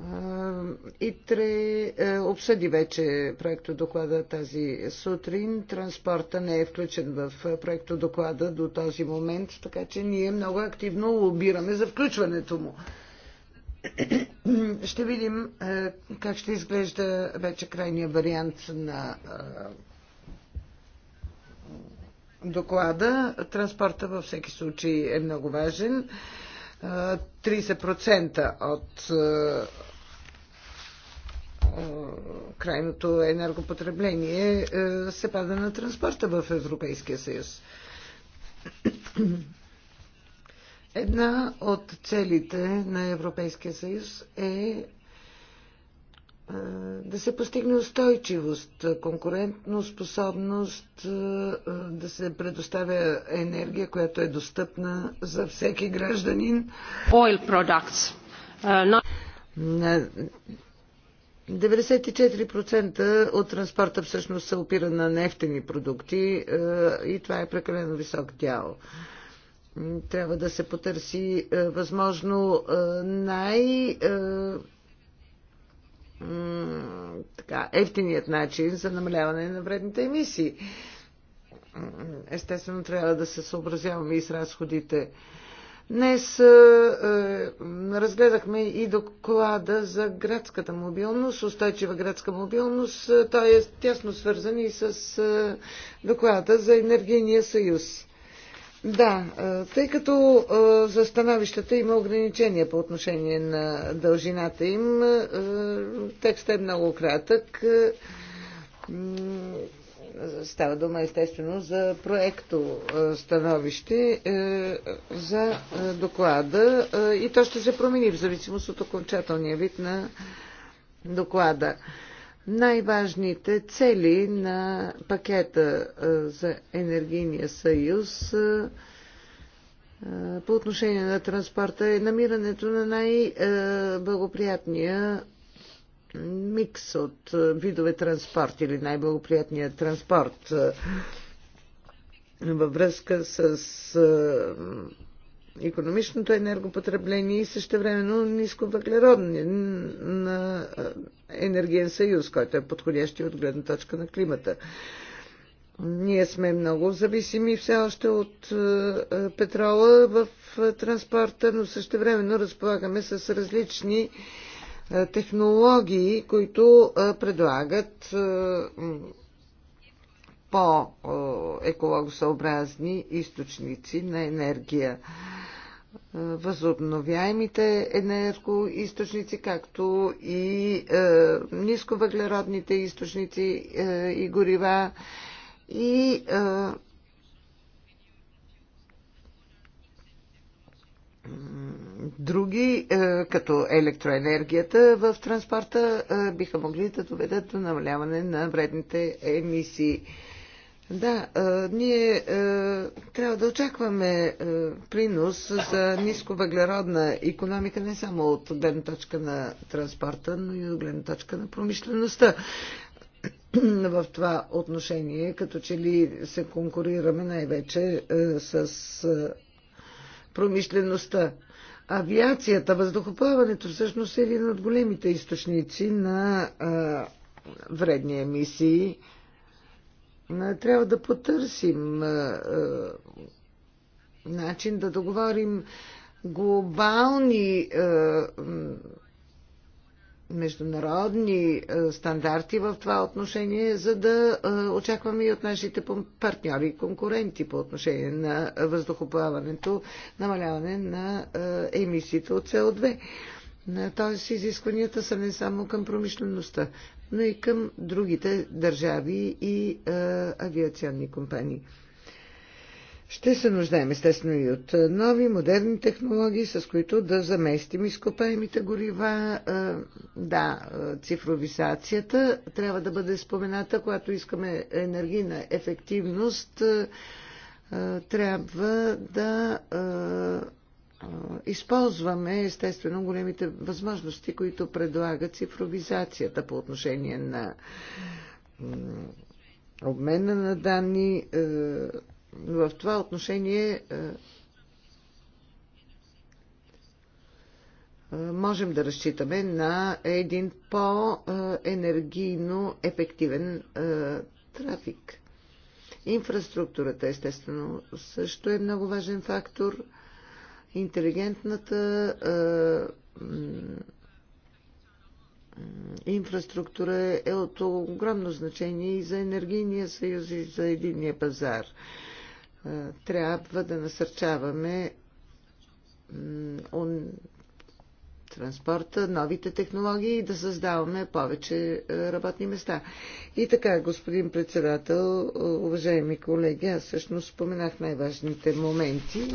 е, ИТРЕ е, обсъди вече проекто доклада тази сутрин. Транспорта не е включен в е, проекто доклада до този момент, така че ние много активно лобираме за включването му. Ще видим как ще изглежда вече крайния вариант на доклада. Транспорта във всеки случай е много важен. 30% от крайното енергопотребление се пада на транспорта в Европейския съюз. Една от целите на Европейския съюз е да се постигне устойчивост, конкурентно способност, да се предоставя енергия, която е достъпна за всеки гражданин. Oil products. Uh, not... 94% от транспорта всъщност се опира на нефтени продукти и това е прекалено висок дял трябва да се потърси възможно най- така, ефтиният начин за намаляване на вредните емисии. Естествено, трябва да се съобразяваме и с разходите. Днес е, е, разгледахме и доклада за градската мобилност, устойчива градска мобилност. Той е тясно свързан и с е, доклада за енергийния съюз. Да, тъй като за становищата има ограничения по отношение на дължината им, текстът е много кратък. Става дума естествено за проекто становище за доклада и то ще се промени в зависимост от окончателния вид на доклада най-важните цели на пакета за енергийния съюз по отношение на транспорта е намирането на най-благоприятния микс от видове транспорт или най-благоприятния транспорт във връзка с економичното енергопотребление и същевременно нисковъглероден енергиен съюз, който е подходящи от гледна точка на климата. Ние сме много зависими все още от петрола в транспорта, но същевременно разполагаме с различни технологии, които предлагат по-екологосъобразни източници на енергия. Е, възобновяемите енергоисточници, както и е, нисковъглеродните източници е, и горива и е, други, е, като електроенергията в транспорта, е, биха могли да доведат до намаляване на вредните емисии. Да, а, ние а, трябва да очакваме а, принос за нисковъглеродна економика не само от гледна точка на транспорта, но и от гледна точка на промишлеността. В това отношение, като че ли се конкурираме най-вече с а, промишлеността. Авиацията, въздухоплаването всъщност е един от големите източници на а, вредни емисии трябва да потърсим начин да договорим глобални международни стандарти в това отношение, за да очакваме и от нашите партньори и конкуренти по отношение на въздухоплаването намаляване на емисиите от СО2. Тоест изискванията са не само към промишлеността, но и към другите държави и а, авиационни компании. Ще се нуждаем естествено и от нови, модерни технологии, с които да заместим изкопаемите горива. Да, цифровизацията трябва да бъде спомената, когато искаме енергийна ефективност. Трябва да използваме естествено големите възможности, които предлага цифровизацията по отношение на обмена на данни. Е, в това отношение е, е, можем да разчитаме на един по-енергийно ефективен трафик. Инфраструктурата, естествено, също е много важен фактор – интелигентната инфраструктура е от огромно значение и за енергийния съюз и за единния пазар. Трябва да насърчаваме транспорта, новите технологии и да създаваме повече работни места. И така, господин председател, уважаеми колеги, аз всъщност споменах най-важните моменти.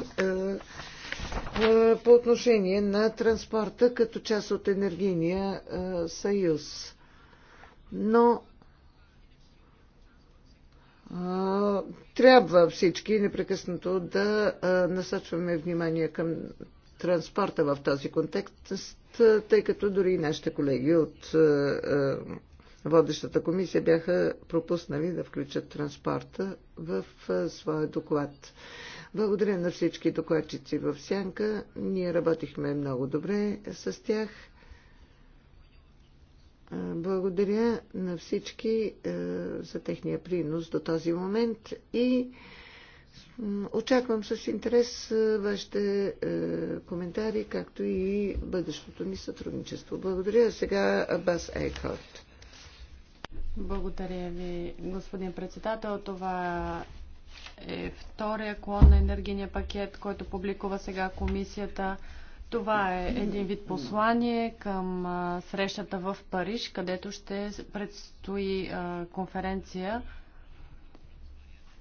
Е, по отношение на транспорта като част от енергийния е, съюз. Но е, трябва всички непрекъснато да насочваме внимание към транспорта в този контекст, тъй като дори и нашите колеги от водещата комисия бяха пропуснали да включат транспорта в своя доклад. Благодаря на всички докладчици в Сянка. Ние работихме много добре с тях. Благодаря на всички за техния принос до този момент и очаквам с интерес вашите коментари, както и бъдещото ни сътрудничество. Благодаря. Сега Бас Ейхарт. Благодаря ви, господин председател. Това е втория клон на енергийния пакет, който публикува сега комисията. Това е един вид послание към срещата в Париж, където ще предстои конференция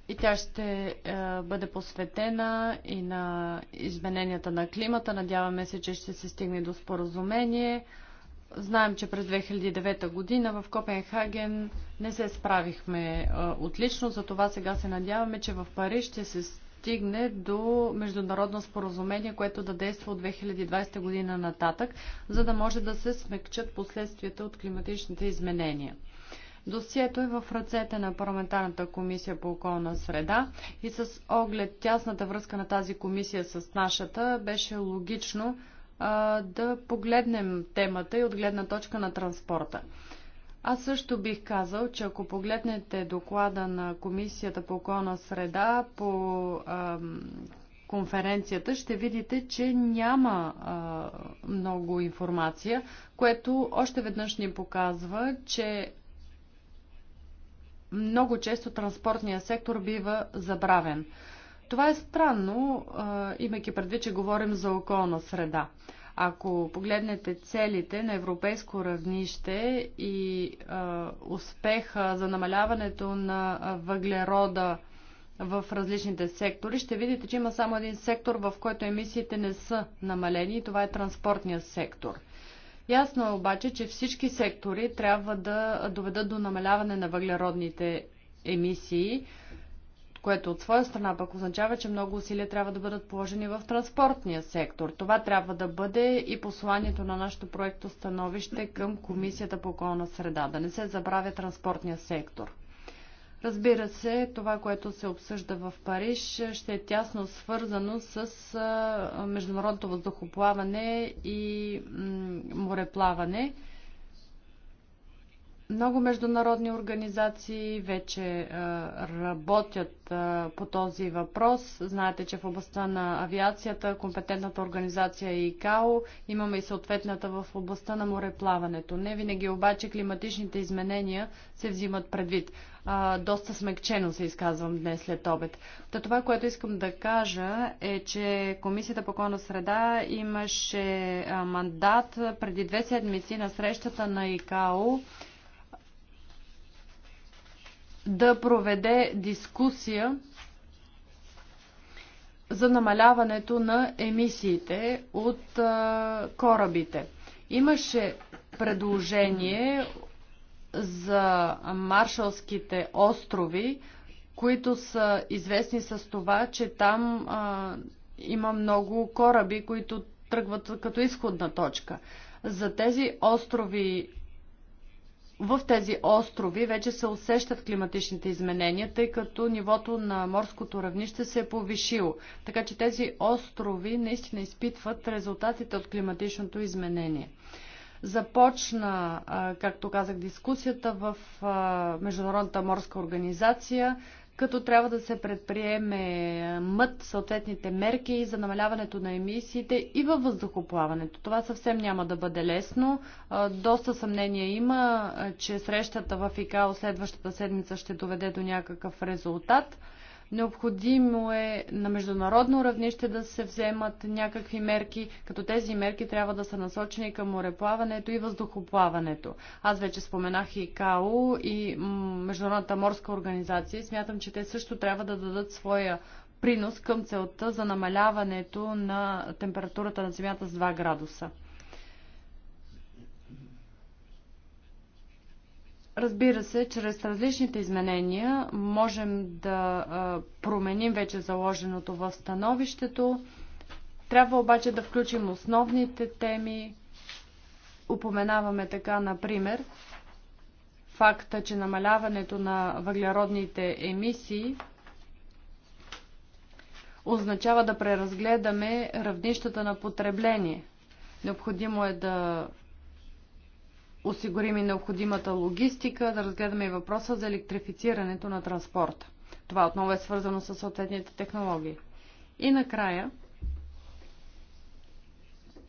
и тя ще бъде посветена и на измененията на климата. Надяваме се, че ще се стигне до споразумение. Знаем, че през 2009 година в Копенхаген не се справихме отлично, затова сега се надяваме, че в Париж ще се стигне до международно споразумение, което да действа от 2020 година нататък, за да може да се смекчат последствията от климатичните изменения. Досието е в ръцете на парламентарната комисия по околна среда и с оглед тясната връзка на тази комисия с нашата беше логично а, да погледнем темата и от гледна точка на транспорта. Аз също бих казал, че ако погледнете доклада на Комисията по околна среда по а, конференцията, ще видите, че няма а, много информация, което още веднъж ни показва, че много често транспортния сектор бива забравен. Това е странно, имайки предвид, че говорим за околна среда. Ако погледнете целите на европейско равнище и а, успеха за намаляването на въглерода в различните сектори, ще видите, че има само един сектор, в който емисиите не са намалени и това е транспортния сектор. Ясно е обаче, че всички сектори трябва да доведат до намаляване на въглеродните емисии, което от своя страна пък означава, че много усилия трябва да бъдат положени в транспортния сектор. Това трябва да бъде и посланието на нашото проекто становище към Комисията по околна среда, да не се забравя транспортния сектор. Разбира се, това, което се обсъжда в Париж, ще е тясно свързано с международното въздухоплаване и мореплаване. Много международни организации вече е, работят е, по този въпрос. Знаете, че в областта на авиацията, компетентната организация е ИКАО, имаме и съответната в областта на мореплаването. Не винаги обаче климатичните изменения се взимат предвид. Е, доста смекчено се изказвам днес след обед. Та това, което искам да кажа е, че Комисията по околна среда имаше мандат преди две седмици на срещата на ИКАО да проведе дискусия за намаляването на емисиите от а, корабите. Имаше предложение за маршалските острови, които са известни с това, че там а, има много кораби, които тръгват като изходна точка. За тези острови в тези острови вече се усещат климатичните изменения, тъй като нивото на морското равнище се е повишило. Така че тези острови наистина изпитват резултатите от климатичното изменение. Започна, както казах, дискусията в Международната морска организация като трябва да се предприеме е, мът съответните мерки за намаляването на емисиите и във въздухоплаването. Това съвсем няма да бъде лесно. Доста съмнение има, е, че срещата в ИКАО следващата седмица ще доведе до някакъв резултат. Необходимо е на международно равнище да се вземат някакви мерки, като тези мерки трябва да са насочени към мореплаването и въздухоплаването. Аз вече споменах и КАО и Международната морска организация. Смятам, че те също трябва да дадат своя принос към целта за намаляването на температурата на Земята с 2 градуса. Разбира се, чрез различните изменения можем да променим вече заложеното в становището. Трябва обаче да включим основните теми. Упоменаваме така, например, факта, че намаляването на въглеродните емисии означава да преразгледаме равнищата на потребление. Необходимо е да осигурим и необходимата логистика, да разгледаме и въпроса за електрифицирането на транспорта. Това отново е свързано с съответните технологии. И накрая,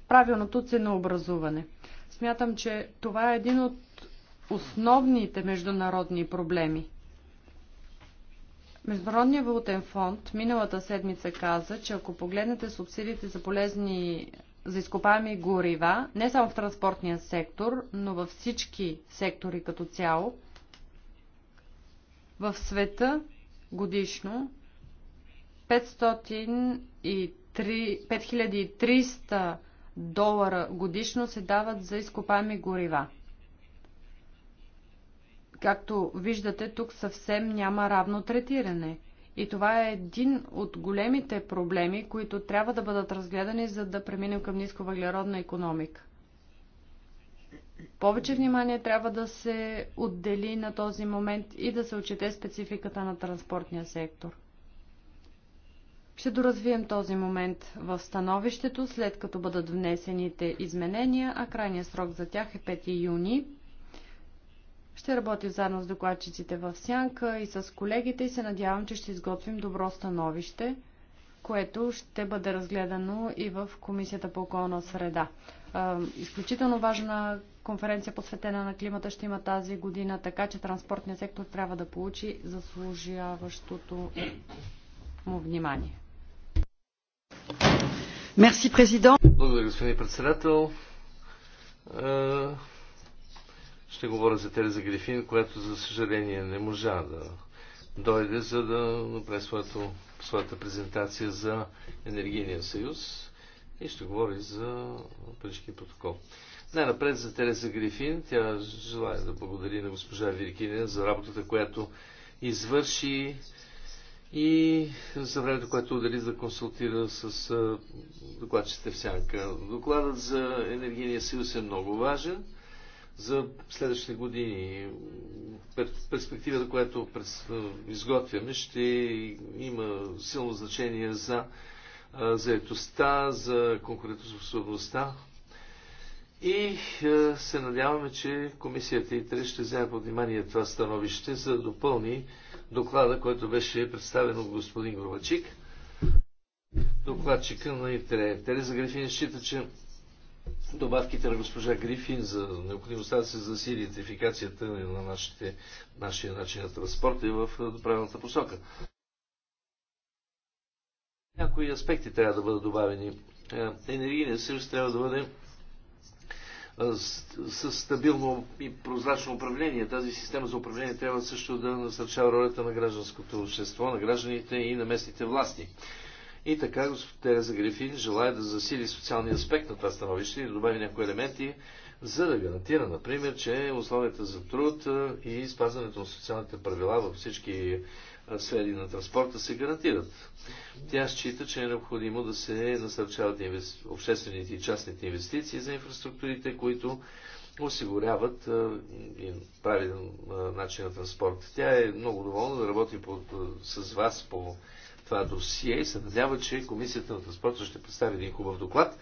правилното ценообразуване. Смятам, че това е един от основните международни проблеми. Международният валутен фонд миналата седмица каза, че ако погледнете субсидиите за полезни за изкопаеми горива, не само в транспортния сектор, но във всички сектори като цяло, в света годишно 5300 долара годишно се дават за изкопаеми горива. Както виждате, тук съвсем няма равно третиране – и това е един от големите проблеми, които трябва да бъдат разгледани, за да преминем към нисковъглеродна економика. Повече внимание трябва да се отдели на този момент и да се отчете спецификата на транспортния сектор. Ще доразвием този момент в становището, след като бъдат внесените изменения, а крайният срок за тях е 5 юни. Ще работя заедно с докладчиците в Сянка и с колегите и се надявам, че ще изготвим добро становище, което ще бъде разгледано и в Комисията по околна среда. Изключително важна конференция посветена на климата ще има тази година, така че транспортният сектор трябва да получи заслужаващото му внимание. Мерси, президент. Благодаря, господин председател. Ще говоря за Тереза Грифин, която за съжаление не можа да дойде, за да направи своята, своята презентация за Енергийния съюз и ще говори за Парижкия протокол. Най-напред за Тереза Грифин. Тя желая да благодари на госпожа Виркиня за работата, която извърши и за времето, което удали да консултира с докладчите в сянка. Докладът за Енергийния съюз е много важен за следващите години. Перспективата, която изготвяме, ще има силно значение за заетостта, за конкурентоспособността. И се надяваме, че комисията ИТРЕ ще вземе под внимание това становище, за да допълни доклада, който беше представен от господин Горбачик, докладчика на ИТРЕ. Тереза Грифин счита, че добавките на госпожа Грифин за необходимостта да се засили идентификацията на нашите, нашия начин на транспорт и е в е, правилната посока. Някои аспекти трябва да бъдат добавени. Е, енергийният съюз трябва да бъде с стабилно и прозрачно управление. Тази система за управление трябва също да насърчава ролята на гражданското общество, на гражданите и на местните власти. И така Тереза Грифин желая да засили социалния аспект на това становище и да добави някои елементи, за да гарантира, например, че условията за труд и спазването на социалните правила във всички сфери на транспорта се гарантират. Тя счита, че е необходимо да се насърчават обществените и частните инвестиции за инфраструктурите, които осигуряват правилен начин на транспорт. Тя е много доволна да работи с вас по това досие и се надява, че Комисията на транспорта ще представи един хубав доклад.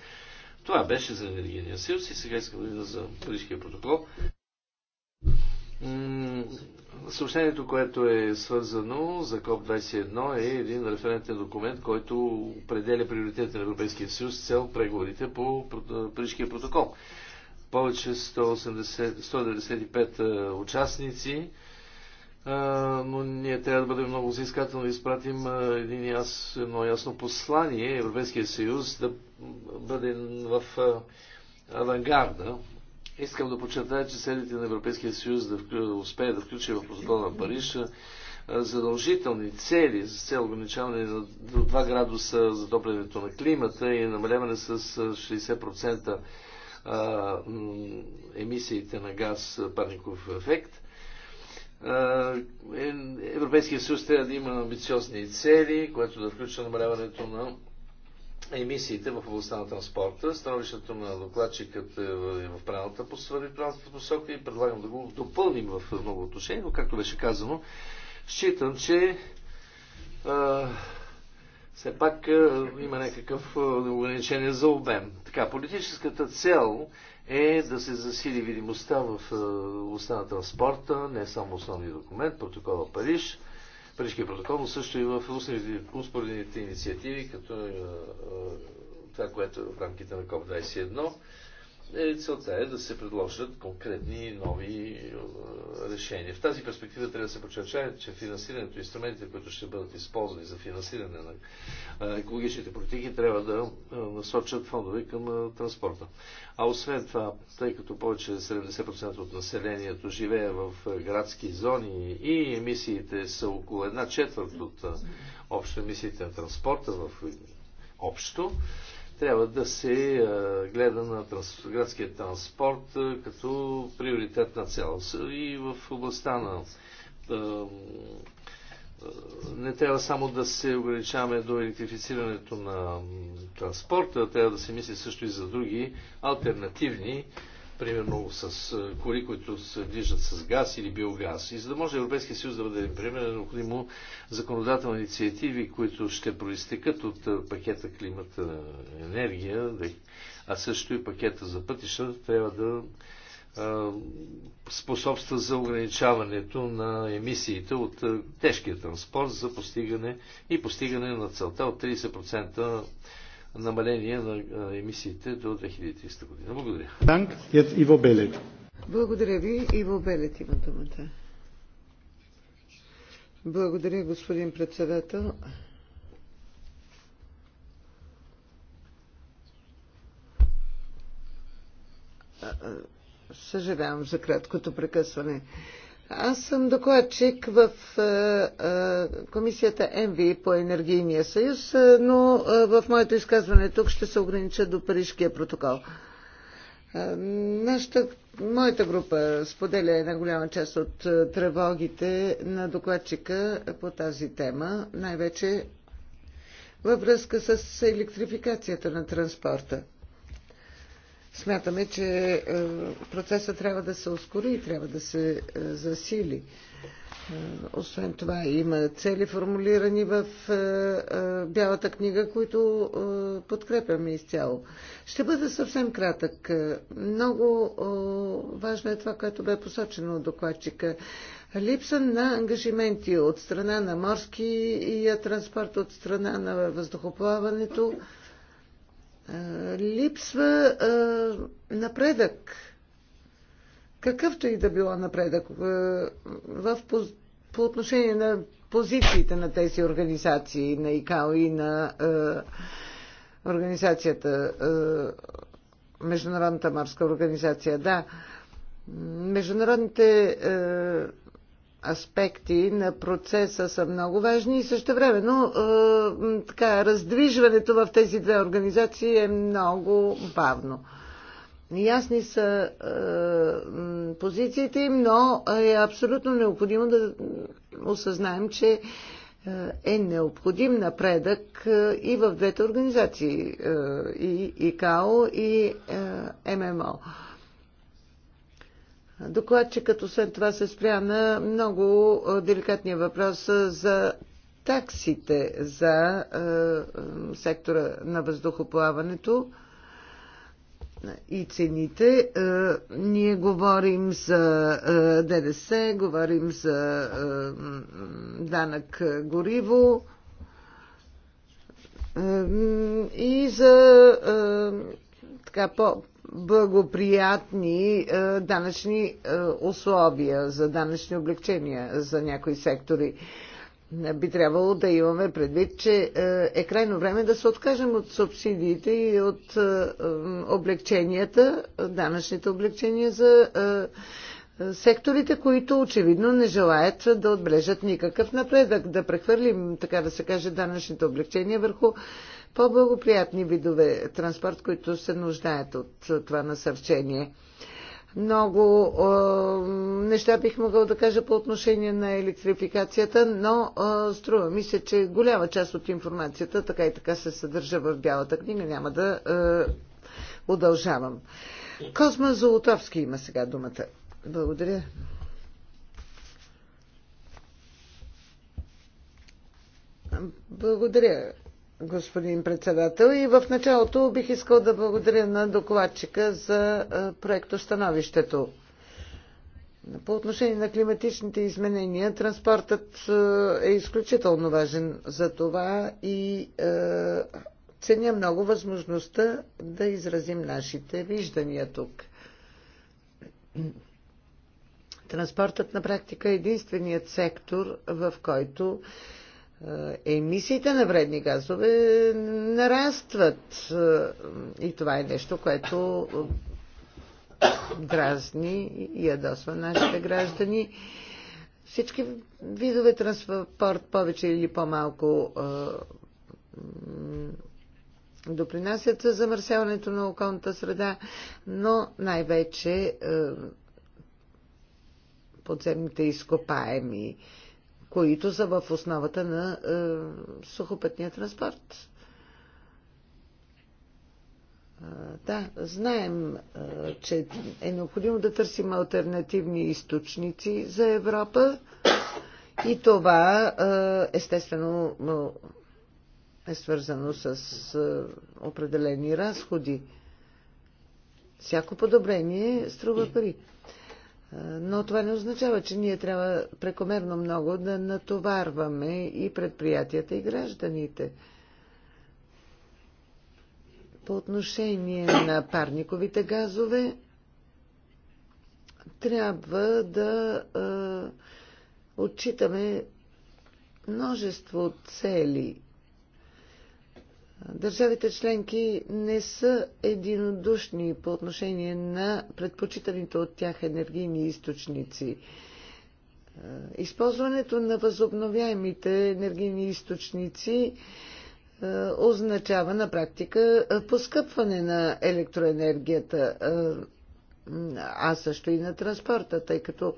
Това беше за Енергийния съюз и сега искам да за Парижкия протокол. Съобщението, което е свързано за КОП-21 е един референтен документ, който определя приоритетите на Европейския съюз с цел преговорите по Парижкия протокол. Повече 180, 195 участници но ние трябва да бъдем много взискателни да изпратим един яс, едно ясно послание Европейския съюз да бъде в авангарда. Искам да подчертая, че целите на Европейския съюз да, да успее да включи в протокола на Париж задължителни цели за цел ограничаване на до 2 градуса затоплянето на климата и намаляване с 60% емисиите на газ парников ефект – е, Европейския съюз трябва да има амбициозни цели, което да включва намаляването на емисиите в областта на транспорта. Становището на докладчикът е в е правилната посока и предлагам да го допълним в много отношение, но както беше казано, считам, че а, все пак а, има някакъв ограничение за обем. Така, политическата цел е да се засили видимостта в е, областта на транспорта, не само основния документ, протокола Париж, Парижкия протокол, но също и в успоредните инициативи, като е, е, това, което е в рамките на КОП-21 е, целта е да се предложат конкретни нови е, решения. В тази перспектива трябва да се подчерчава, че финансирането, и инструментите, които ще бъдат използвани за финансиране на е, екологичните политики, трябва да е, насочат фондове към транспорта. А освен това, тъй като повече 70% от населението живее в градски зони и емисиите са около една четвърт от общо емисиите на транспорта в общо, трябва да се гледа на градския транспорт като приоритетна цел. И в областта на не трябва само да се ограничаваме до електрифицирането на транспорта, трябва да се мисли също и за други альтернативни примерно с е, коли, които се движат с газ или биогаз. И за да може Европейския съюз да бъде пример, е необходимо законодателни инициативи, които ще проистекат от е, пакета климата е, енергия, а също и пакета за пътища, трябва да способства за ограничаването на емисиите от тежкия транспорт за постигане и постигане на целта от 30% намаление на емисиите до 2300 година. Благодаря. Данк, Иво Белет. Благодаря ви. Иво Белет има думата. Благодаря, господин председател. Съжалявам за краткото прекъсване. Аз съм докладчик в е, е, комисията МВИ по енергийния съюз, е, но в моето изказване тук ще се огранича до Парижкия протокол. Нашата, моята група споделя една голяма част от тревогите на докладчика по тази тема, най-вече във връзка с електрификацията на транспорта. Смятаме, че е, процесът трябва да се ускори и трябва да се е, засили. Е, освен това има цели формулирани в Бялата книга, които подкрепяме изцяло. Ще бъда съвсем кратък. Много важно е това, което бе посочено от докладчика. Липса на ангажименти от страна на морския транспорт, от страна на въздухоплаването липсва напредък. Какъвто и да било напредък в, по отношение на позициите на тези организации, на ИКАО и на е, организацията, е, Международната морска организация, да. Международните аспекти на процеса са много важни и също времено е, така, раздвижването в тези две организации е много бавно. Ясни са е, позициите им, но е абсолютно необходимо да осъзнаем, че е, е необходим напредък е, и в двете организации, и ИКАО, и ММО. Докладчикът освен това се спря на много деликатния въпрос за таксите за е, сектора на въздухоплаването и цените. Е, ние говорим за е, ДДС, говорим за е, данък гориво е, и за е, така по благоприятни е, данъчни е, условия, за данъчни облегчения за някои сектори. Би трябвало да имаме предвид, че е, е крайно време да се откажем от субсидиите и от облегченията, данъчните облегчения за секторите, които очевидно не желаят да отбележат никакъв напредък, да прехвърлим, така да се каже, данъчните облегчения върху по-благоприятни видове транспорт, които се нуждаят от това насърчение. Много е, неща бих могъл да кажа по отношение на електрификацията, но е, струва ми се, че голяма част от информацията така и така се съдържа в Бялата книга. Няма да е, удължавам. Козма Золотовски има сега думата. Благодаря. Благодаря, господин председател. И в началото бих искал да благодаря на докладчика за проектостановището. По отношение на климатичните изменения, транспортът е изключително важен за това и е, ценя много възможността да изразим нашите виждания тук. Транспортът на практика е единственият сектор, в който е, емисиите на вредни газове нарастват. Е, и това е нещо, което дразни и ядосва нашите граждани. Всички видове транспорт, повече или по-малко, е, допринасят за замърсяването на околната среда, но най-вече подземните изкопаеми които са в основата на е, сухопътния транспорт. Е, да, знаем, е, че е необходимо да търсим альтернативни източници за Европа и това е, естествено е свързано с определени разходи. Всяко подобрение струва пари. Но това не означава, че ние трябва прекомерно много да натоварваме и предприятията, и гражданите. По отношение на парниковите газове, трябва да е, отчитаме множество цели Държавите членки не са единодушни по отношение на предпочитаните от тях енергийни източници. Е, използването на възобновяемите енергийни източници е, означава на практика поскъпване на електроенергията, е, а също и на транспорта, тъй като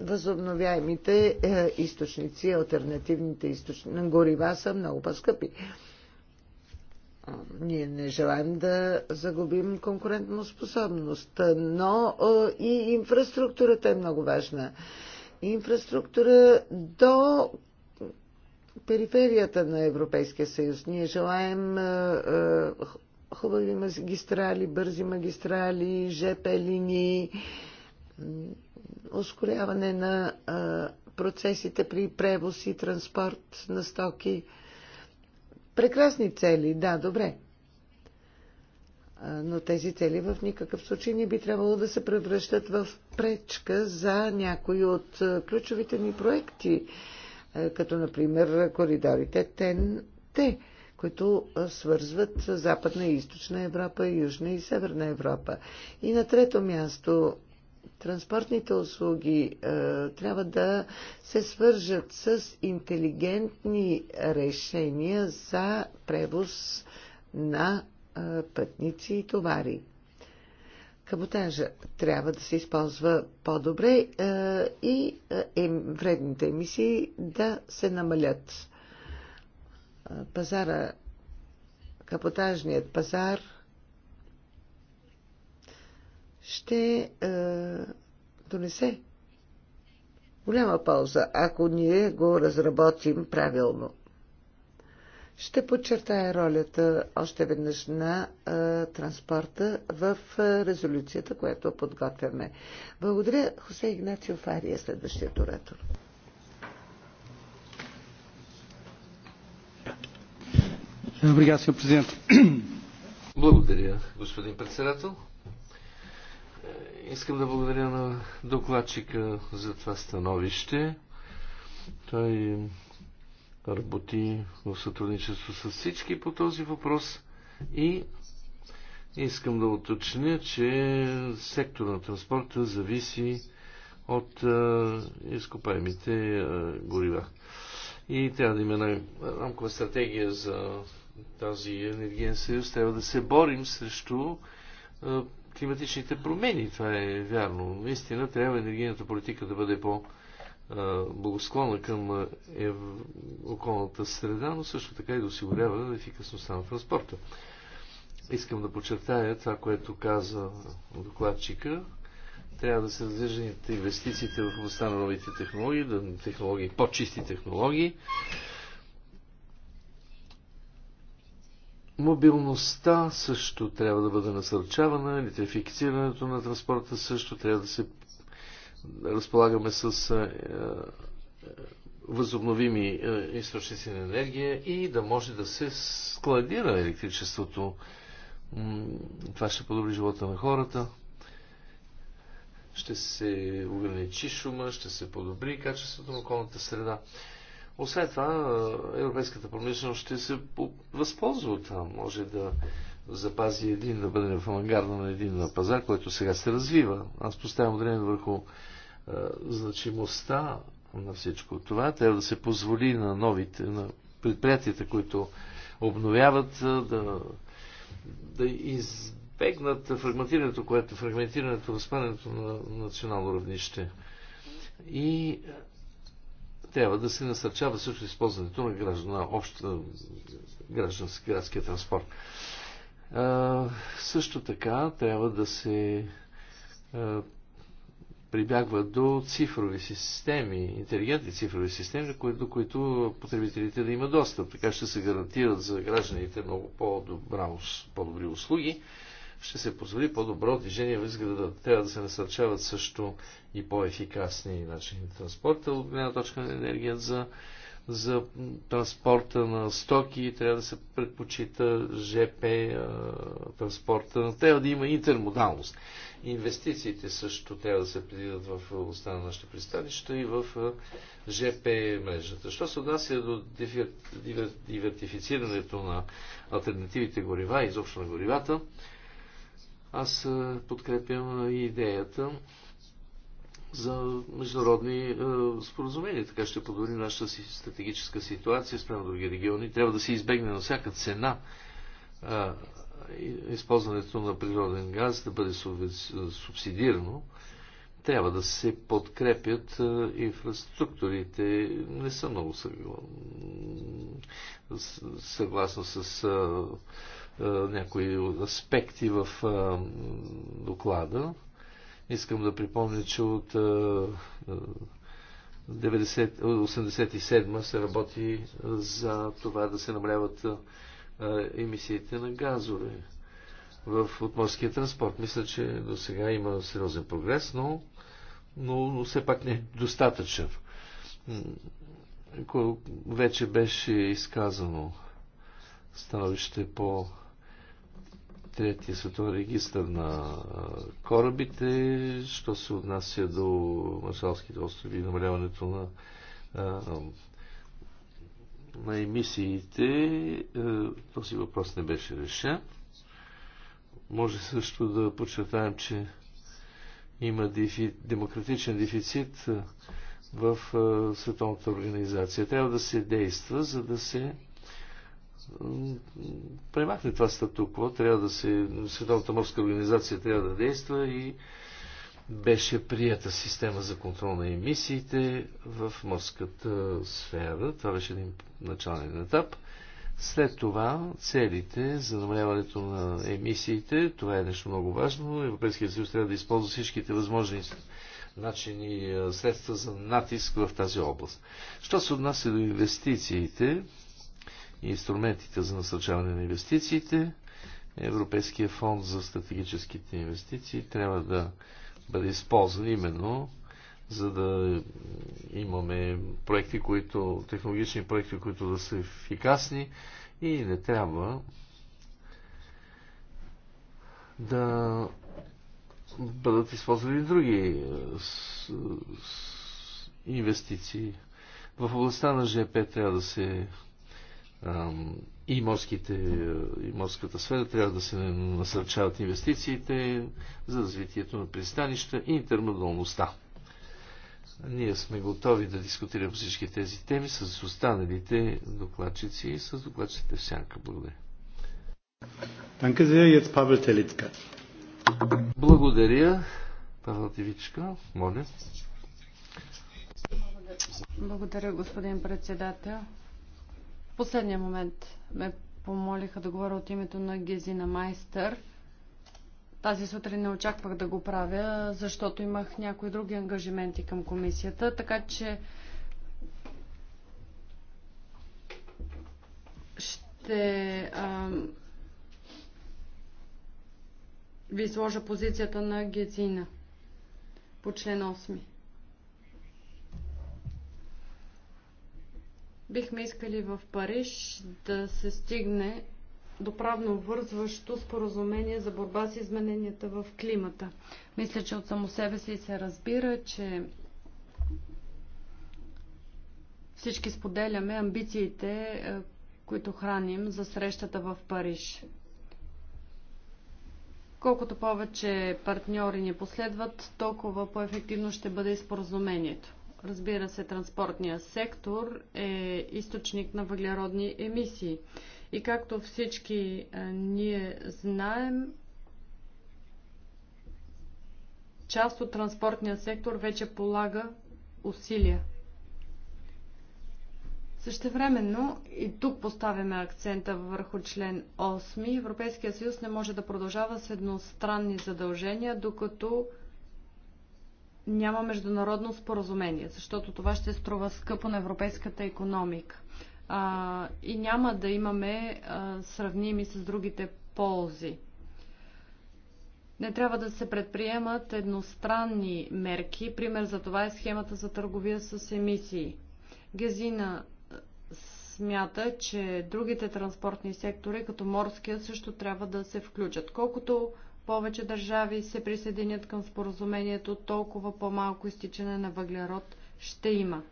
възобновяемите е, източници, альтернативните на горива са много по-скъпи. Ние не желаем да загубим способност, но е, и инфраструктурата е много важна. Инфраструктура до периферията на Европейския съюз. Ние желаем е, хубави магистрали, бързи магистрали, ЖП линии, ускоряване на процесите при превоз и транспорт на стоки. Прекрасни цели, да, добре. Но тези цели в никакъв случай не би трябвало да се превръщат в пречка за някои от ключовите ни проекти, като например коридорите тен които свързват Западна и Източна Европа, Южна и Северна Европа. И на трето място транспортните услуги е, трябва да се свържат с интелигентни решения за превоз на е, пътници и товари. Каботажа трябва да се използва по-добре е, и е, вредните емисии да се намалят. Е, пазара, каботажният пазар – ще е, донесе голяма полза, ако ние го разработим правилно. Ще подчертая ролята още веднъж на е, транспорта в е, резолюцията, която подготвяме. Благодаря. Хосе Игнацио Фария, следващият оратор. Благодаря, господин председател. Искам да благодаря на докладчика за това становище. Той работи в сътрудничество с всички по този въпрос и искам да уточня, че сектор на транспорта зависи от изкопаемите горива. И трябва да има една рамкова стратегия за тази енергиен съюз. Трябва да се борим срещу климатичните промени. Това е вярно. Наистина трябва енергийната политика да бъде по- благосклонна към ев... околната среда, но също така и да осигурява ефикасността на транспорта. Искам да подчертая това, което каза докладчика. Трябва да се разглеждат инвестициите в областта на новите технологии, да, технологии, по-чисти технологии. Мобилността също трябва да бъде насърчавана, електрифицирането на транспорта също трябва да се разполагаме с е, е, възобновими е, източници на енергия и да може да се складира електричеството. Това ще подобри живота на хората. Ще се ограничи шума, ще се подобри качеството на околната среда. Освен това, европейската промишленост ще се възползва от това. Може да запази един, да бъде в авангарда на един на пазар, който сега се развива. Аз поставям време върху е, значимостта на всичко това. Трябва да се позволи на новите, на предприятията, които обновяват, да, да избегнат фрагментирането, което фрагментирането, възпадането на национално равнище. И трябва да се насърчава също използването на, граждана, на граждански градския транспорт. А, също така трябва да се а, прибягва до цифрови системи, интелигентни цифрови системи, до които потребителите да имат достъп. Така ще се гарантират за гражданите много по-добри по услуги ще се позволи по-добро движение в изграда. Трябва да се насърчават също и по-ефикасни начини на транспорта от гледна точка на енергия за, за транспорта на стоки. Трябва да се предпочита ЖП транспорта. Трябва да има интермодалност. Инвестициите също трябва да се предвидят в областта на нашите пристанища и в ЖП мрежата. Що се отнася до дивертифицирането на альтернативите горива, изобщо на горивата, аз е, подкрепям е, идеята за международни е, споразумения. Така ще подобри нашата си стратегическа ситуация спрямо други региони. Трябва да се избегне на всяка цена е, използването на природен газ да бъде субсидирано. Трябва да се подкрепят е, инфраструктурите. Не съм много съгласна с. Е, някои аспекти в доклада. Искам да припомня, че от 1987 се работи за това да се намаляват емисиите на газове в отморския транспорт. Мисля, че до сега има сериозен прогрес, но, но, все пак не е достатъчен. Вече беше изказано становище по третия световен регистр на корабите, що се отнася до Маршалските острови и намаляването на, на емисиите, този въпрос не беше решен. Може също да подчертаем, че има дефи, демократичен дефицит в Световната организация. Трябва да се действа, за да се премахне това статукво, трябва да се, Световната морска организация трябва да действа и беше прията система за контрол на емисиите в морската сфера. Това беше един начален етап. След това целите за намаляването на емисиите, това е нещо много важно. Европейския съюз трябва да използва всичките възможни начини, средства за натиск в тази област. Що се отнася до инвестициите, инструментите за насърчаване на инвестициите. Европейския фонд за стратегическите инвестиции трябва да бъде използван именно за да имаме проекти, които, технологични проекти, които да са ефикасни и не трябва да бъдат използвани други е, инвестиции. В областта на ЖП трябва да се и, морските, и морската сфера трябва да се насърчават инвестициите за развитието на пристанища и интермодалността. Ние сме готови да дискутираме всички тези теми с останалите докладчици и с докладчиците в сянка. Благодаря. Благодаря, Павел Тивичка. Моля. Благодаря, господин председател. В последния момент ме помолиха да говоря от името на Гезина Майстър. Тази сутрин не очаквах да го правя, защото имах някои други ангажименти към комисията, така че ще а, ви сложа позицията на Гезина по член 8. Бихме искали в Париж да се стигне до правно обвързващо споразумение за борба с измененията в климата. Мисля, че от само себе си се разбира, че всички споделяме амбициите, е, които храним за срещата в Париж. Колкото повече партньори ни последват, толкова по-ефективно ще бъде и споразумението. Разбира се, транспортният сектор е източник на въглеродни емисии. И както всички ние знаем, част от транспортния сектор вече полага усилия. Същевременно и тук поставяме акцента върху член 8. Европейския съюз не може да продължава с едностранни задължения, докато няма международно споразумение, защото това ще струва скъпо на европейската економика. А, и няма да имаме а, сравними с другите ползи. Не трябва да се предприемат едностранни мерки. Пример за това е схемата за търговия с емисии. Газина смята, че другите транспортни сектори, като морския, също трябва да се включат. Колкото повече държави се присъединят към споразумението, толкова по-малко изтичане на въглерод ще има.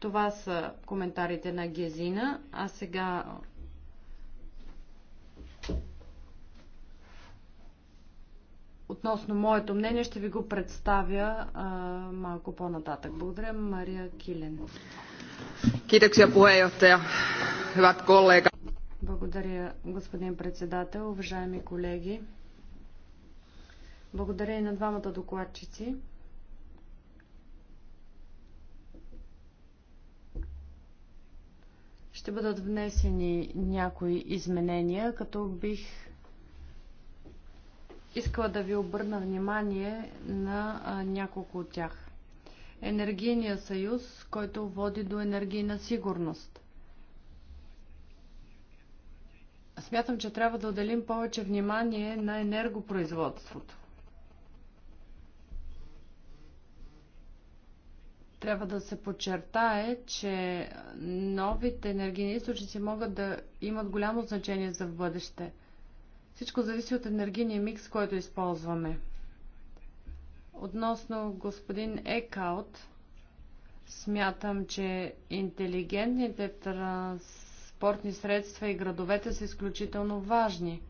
Това са коментарите на Гезина, а сега относно моето мнение ще ви го представя а, малко по-нататък. Благодаря, Мария Килен. Kiitoksia puheenjohtaja, Благодаря, господин председател, уважаеми колеги. Благодаря и на двамата докладчици. Ще бъдат внесени някои изменения, като бих искала да ви обърна внимание на няколко от тях. Енергийния съюз, който води до енергийна сигурност. Смятам, че трябва да отделим повече внимание на енергопроизводството. Трябва да се подчертае, че новите енергийни източници могат да имат голямо значение за в бъдеще. Всичко зависи от енергийния микс, който използваме. Относно господин Екаут, смятам, че интелигентните транспортни средства и градовете са изключително важни.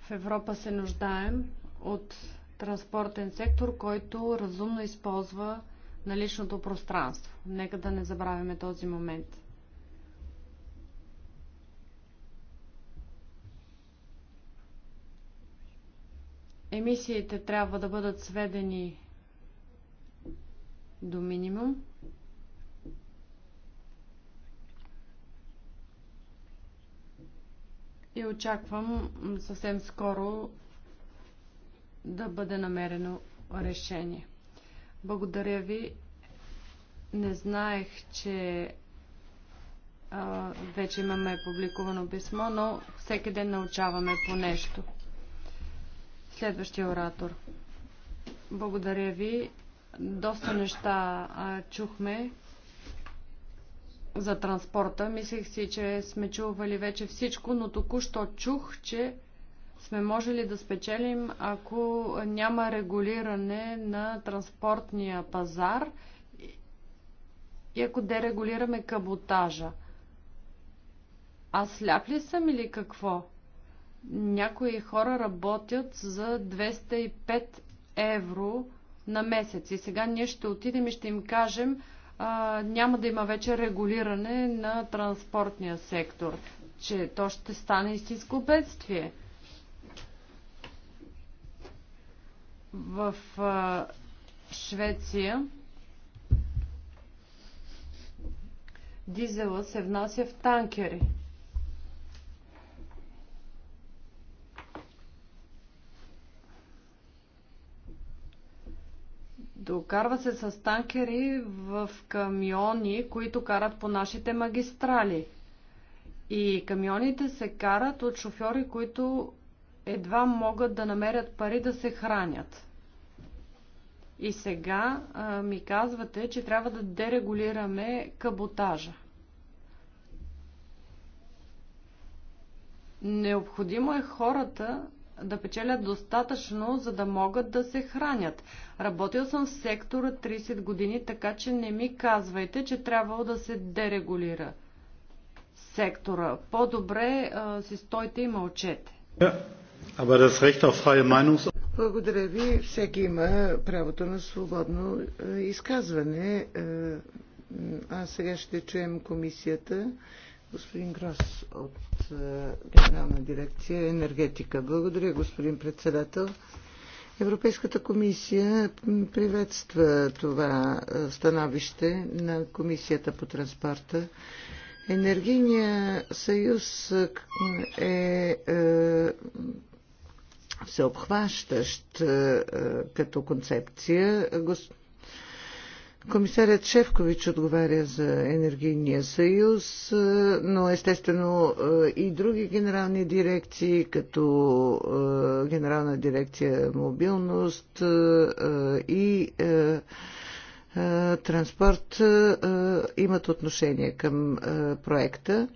В Европа се нуждаем от транспортен сектор, който разумно използва наличното пространство. Нека да не забравяме този момент. Емисиите трябва да бъдат сведени до минимум. И очаквам съвсем скоро да бъде намерено решение. Благодаря ви. Не знаех, че а, вече имаме публикувано писмо, но всеки ден научаваме по нещо. Следващия оратор. Благодаря ви. Доста неща а, чухме за транспорта. Мислех си, че сме чували вече всичко, но току-що чух, че сме можели да спечелим, ако няма регулиране на транспортния пазар и ако дерегулираме каботажа. Аз сляп ли съм или какво? Някои хора работят за 205 евро на месец. И сега ние ще отидем и ще им кажем, а, няма да има вече регулиране на транспортния сектор, че то ще стане истинско бедствие. в а, Швеция дизела се внася в танкери. Докарва се с танкери в камиони, които карат по нашите магистрали. И камионите се карат от шофьори, които едва могат да намерят пари да се хранят. И сега а, ми казвате, че трябва да дерегулираме каботажа. Необходимо е хората да печелят достатъчно, за да могат да се хранят. Работил съм в сектора 30 години, така че не ми казвайте, че трябва да се дерегулира сектора. По-добре си стойте и мълчете. Благодаря ви. Всеки има правото на свободно е, изказване. Е, а сега ще чуем комисията. Господин Грос от е, Генерална дирекция енергетика. Благодаря, господин председател. Европейската комисия приветства това становище на Комисията по транспорта. Енергийният съюз е, е всеобхващащ е, е, като концепция. Комисарят Шефкович отговаря за енергийния съюз, е, но естествено и други генерални дирекции, като генерална дирекция мобилност и транспорт имат отношение към проекта.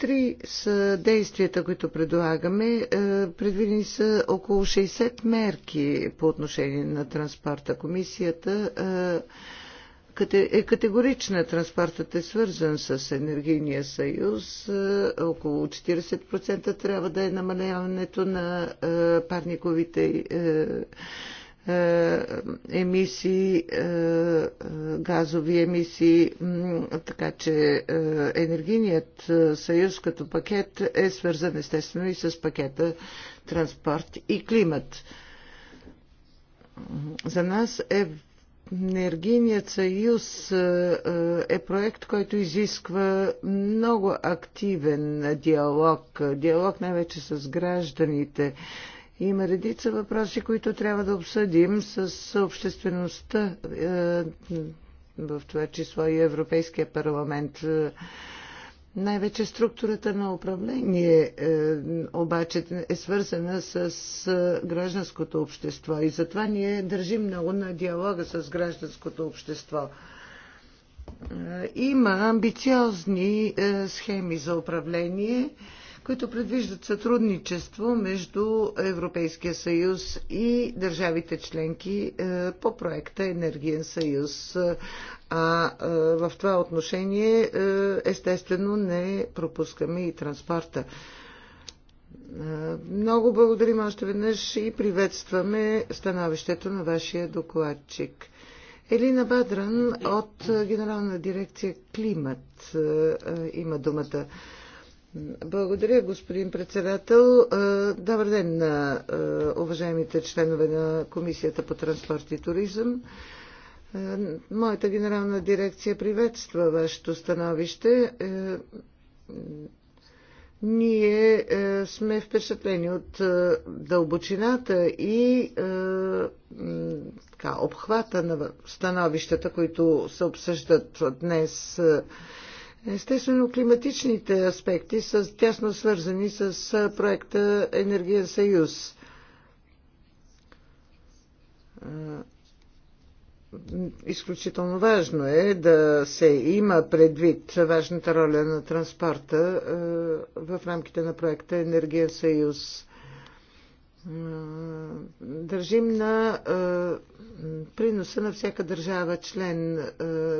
Три са действията, които предлагаме. Е, предвидени са около 60 мерки по отношение на транспорта. Комисията е, е категорична. Транспортът е свързан с енергийния съюз. Е, около 40% трябва да е намаляването на парниковите е, емисии, е, е, газови емисии, така че енергийният съюз като пакет е свързан естествено и с пакета транспорт и климат. За нас е Енергийният съюз е проект, който изисква много активен диалог, диалог най-вече с гражданите, има редица въпроси, които трябва да обсъдим с обществеността, е, в това число и Европейския парламент. Най-вече структурата на управление е, обаче е свързана с е, гражданското общество и затова ние държим много на диалога с гражданското общество. има амбициозни схеми за управление които предвиждат сътрудничество между Европейския съюз и държавите членки е, по проекта Енергиен съюз. Е, а е, в това отношение естествено не пропускаме и транспорта. Много благодарим още веднъж и приветстваме становището на вашия докладчик. Елина Бадран от Генерална дирекция Климат има думата. Благодаря, господин председател. Добър ден на уважаемите членове на Комисията по транспорт и туризъм. Моята генерална дирекция приветства вашето становище. Ние сме впечатлени от дълбочината и така, обхвата на становищата, които се обсъждат днес Естествено, климатичните аспекти са тясно свързани с проекта Енергиен съюз. Изключително важно е да се има предвид важната роля на транспорта в рамките на проекта Енергиен съюз държим на приноса на всяка държава член,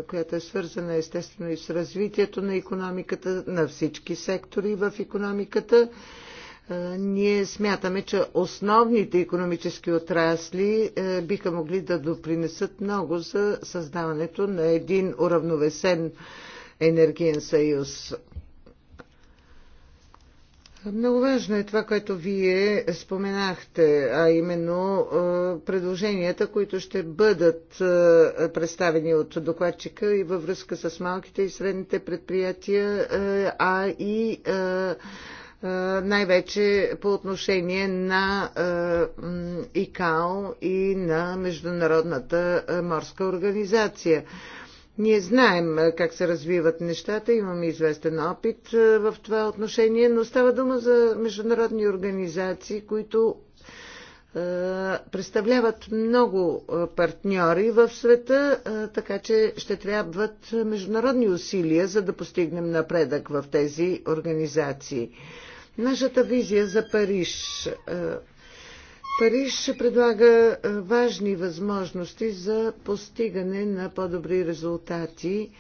която е свързана естествено и с развитието на економиката, на всички сектори в економиката. Ние смятаме, че основните економически отрасли биха могли да допринесат много за създаването на един уравновесен енергиен съюз. Много важно е това, което вие споменахте, а именно предложенията, които ще бъдат представени от докладчика и във връзка с малките и средните предприятия, а и най-вече по отношение на ИКАО и на Международната морска организация. Ние знаем как се развиват нещата, имаме известен опит в това отношение, но става дума за международни организации, които представляват много партньори в света, така че ще трябват международни усилия, за да постигнем напредък в тези организации. Нашата визия за Париж Париж предлага е, важни възможности за постигане на по-добри резултати.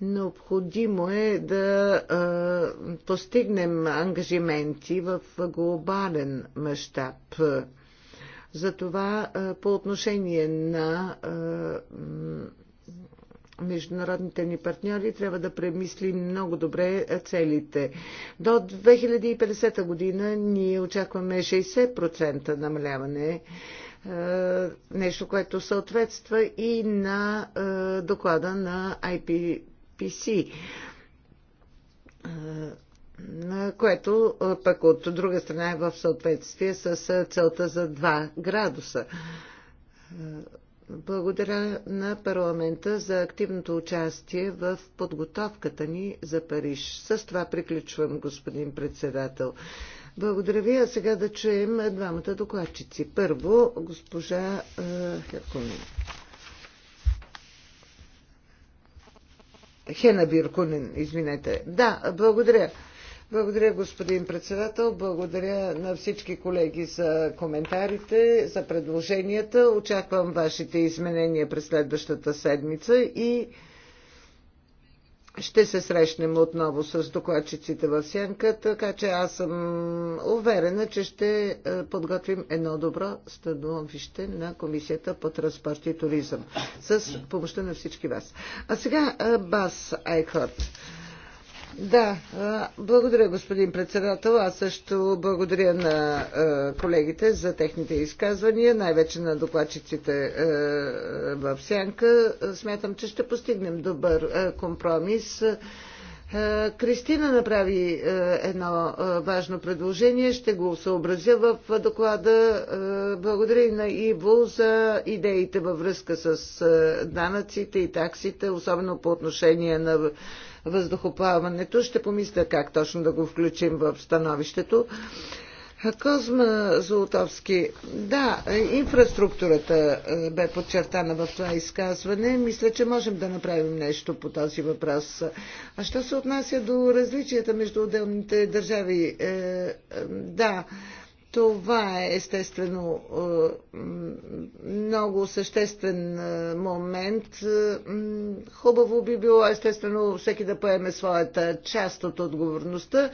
Необходимо е да е, постигнем ангажименти в глобален мащаб. Затова е, по отношение на международните ни партньори трябва да премисли много добре целите. До 2050 година ние очакваме 60% намаляване е, нещо, което съответства и на е, доклада на IPPC, е, което пък от друга страна е в съответствие с целта за 2 градуса. Благодаря на парламента за активното участие в подготовката ни за Париж. С това приключвам, господин председател. Благодаря ви, а сега да чуем двамата докладчици. Първо, госпожа е, Херкунен. Хена Биркунин, извинете. Да, благодаря. Благодаря, господин председател. Благодаря на всички колеги за коментарите, за предложенията. Очаквам вашите изменения през следващата седмица и ще се срещнем отново с докладчиците в Сянка, така че аз съм уверена, че ще е, подготвим едно добро становище на Комисията по транспорт и туризъм с помощта на всички вас. А сега е, Бас Айхорт. Да, благодаря господин председател. Аз също благодаря на колегите за техните изказвания, най-вече на докладчиците в Сянка. Смятам, че ще постигнем добър компромис. Кристина направи едно важно предложение, ще го съобразя в доклада. Благодаря и на Иво за идеите във връзка с данъците и таксите, особено по отношение на въздухоплаването. Ще помисля как точно да го включим в становището. Козма Золотовски, да, инфраструктурата е, бе подчертана в това изказване. Мисля, че можем да направим нещо по този въпрос. А що се отнася до различията между отделните държави? Е, е да, това е естествено е, много съществен е, момент. Е, хубаво би било естествено всеки да поеме своята част от отговорността.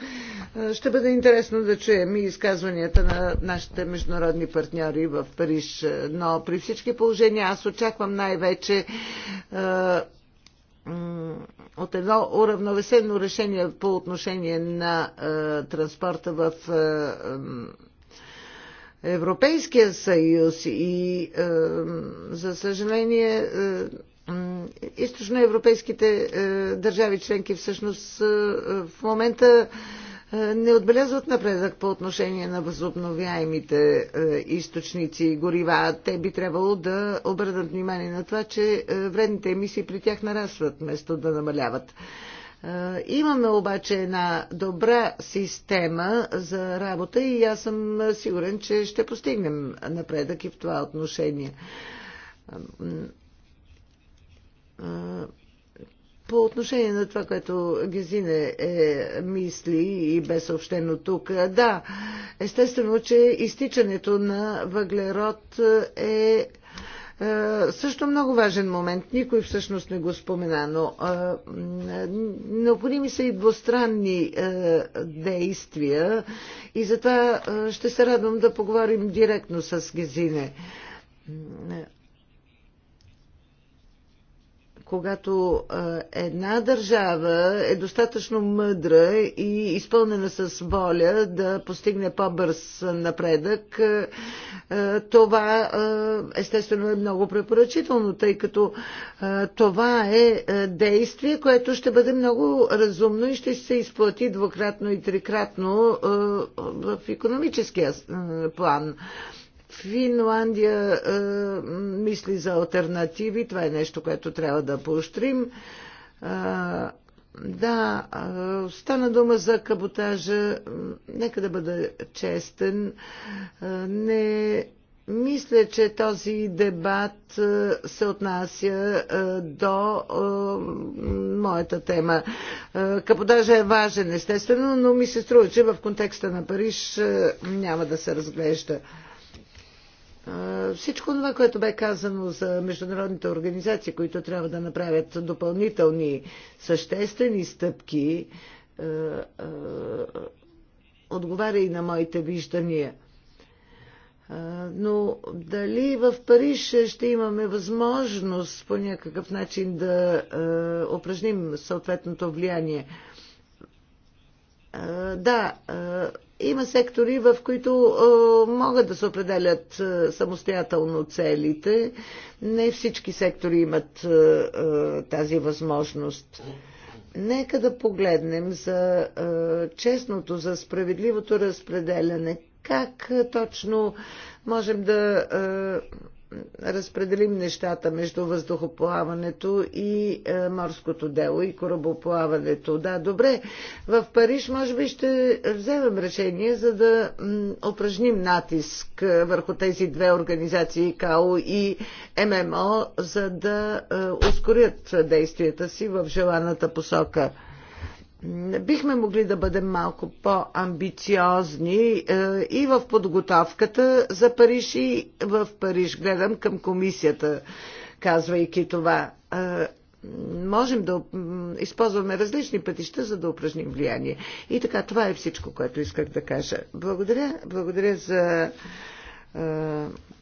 Ще бъде интересно да чуем и изказванията на нашите международни партньори в Париж. Но при всички положения аз очаквам най-вече от едно уравновесено решение по отношение на транспорта в Европейския съюз и е, за съжаление източно е, източноевропейските е, държави членки всъщност в момента не отбелязват напредък по отношение на възобновяемите източници и горива. Те би трябвало да обърнат внимание на това, че вредните емисии при тях нарастват, вместо да намаляват. Имаме обаче една добра система за работа и аз съм сигурен, че ще постигнем напредък и в това отношение. По отношение на това, което Гезине е, мисли и бе съобщено тук, да, естествено, че изтичането на въглерод е е, също много важен момент. Никой всъщност не го спомена, но е, необходими са и двустранни е, действия и затова ще се радвам да поговорим директно с Гезине когато една държава е достатъчно мъдра и изпълнена с воля да постигне по-бърз напредък, това естествено е много препоръчително, тъй като това е действие, което ще бъде много разумно и ще се изплати двукратно и трикратно в економическия план. Финландия е, мисли за альтернативи. Това е нещо, което трябва да поощрим. Е, да, е, стана дума за каботажа. Нека да бъда честен. Е, не мисля, че този дебат е, се отнася до моята тема. Каботажа е важен, естествено, но ми се струва, че в контекста на Париж няма да се разглежда. Всичко това, което бе казано за международните организации, които трябва да направят допълнителни съществени стъпки, отговаря и на моите виждания. Но дали в Париж ще имаме възможност по някакъв начин да упражним съответното влияние? Да, има сектори, в които е, могат да се определят е, самостоятелно целите. Не всички сектори имат е, е, тази възможност. Нека да погледнем за е, честното, за справедливото разпределяне. Как точно можем да. Е, разпределим нещата между въздухоплаването и е, морското дело и корабоплаването. Да, добре, в Париж може би ще вземем решение, за да м, упражним натиск е, върху тези две организации, КАО и ММО, за да е, ускорят действията си в желаната посока бихме могли да бъдем малко по-амбициозни е, и в подготовката за Париж и в Париж. Гледам към комисията, казвайки това. Е, можем да използваме различни пътища, за да упражним влияние. И така, това е всичко, което исках да кажа. Благодаря, благодаря за е,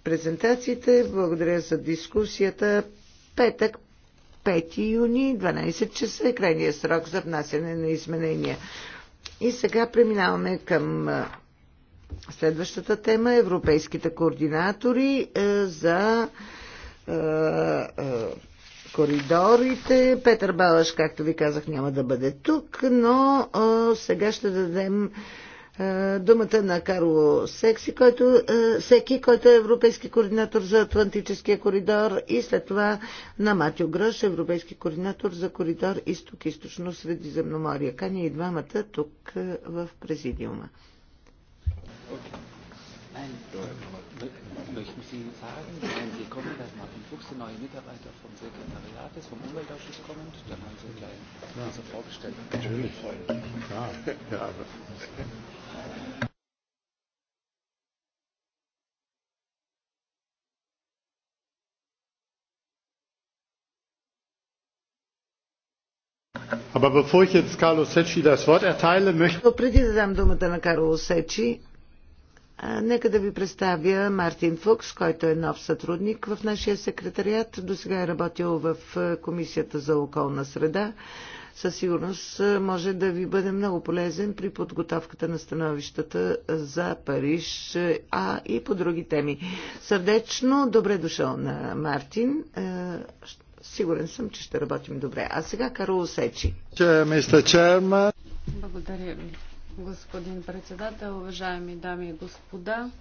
презентациите, благодаря за дискусията. Петък 5 юни, 12 часа е крайният срок за внасяне на изменения. И сега преминаваме към следващата тема Европейските координатори за коридорите. Петър Балаш, както ви казах, няма да бъде тук, но сега ще дадем е, думата на Карло Секси, който, всеки, е, който е европейски координатор за Атлантическия коридор и след това на Матио Гръш, европейски координатор за коридор Изток-Източно Средиземноморие. Кани и двамата тук е, в президиума. Möchten Sie sagen, wenn Sie kommen, dass Martin Fuchs, der neue Mitarbeiter vom Sekretariat ist, vom Umweltausschuss kommt, dann haben Sie gleich ja. Natürlich. Ja, ja, aber Aber bevor ich jetzt Carlo Secchi das Wort erteile, möchte... Преди да дам думата на Карло Сечи, Нека да ви представя Мартин Фукс, който е нов сътрудник в нашия секретариат. До сега е работил в Комисията за околна среда. Със сигурност може да ви бъде много полезен при подготовката на становищата за Париж, а и по други теми. Сърдечно добре дошъл на Мартин. Сигурен съм, че ще работим добре. А сега Карло Сечи. Благодаря ви господин председател, уважаеми дами и господа.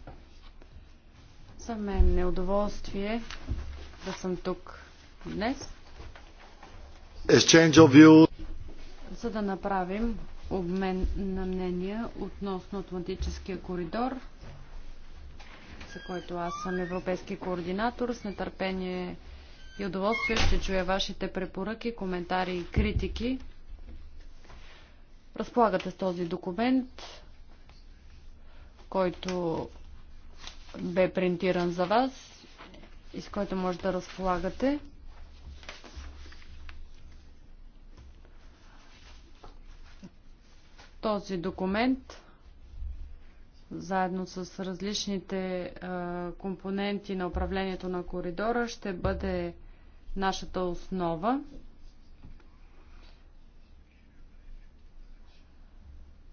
За мен неудоволствие да съм тук днес. За да направим обмен на мнения относно Атлантическия коридор, за който аз съм европейски координатор. С нетърпение и удоволствие ще чуя вашите препоръки, коментари и критики Разполагате с този документ, който бе принтиран за вас и с който може да разполагате. Този документ заедно с различните компоненти на управлението на коридора ще бъде нашата основа.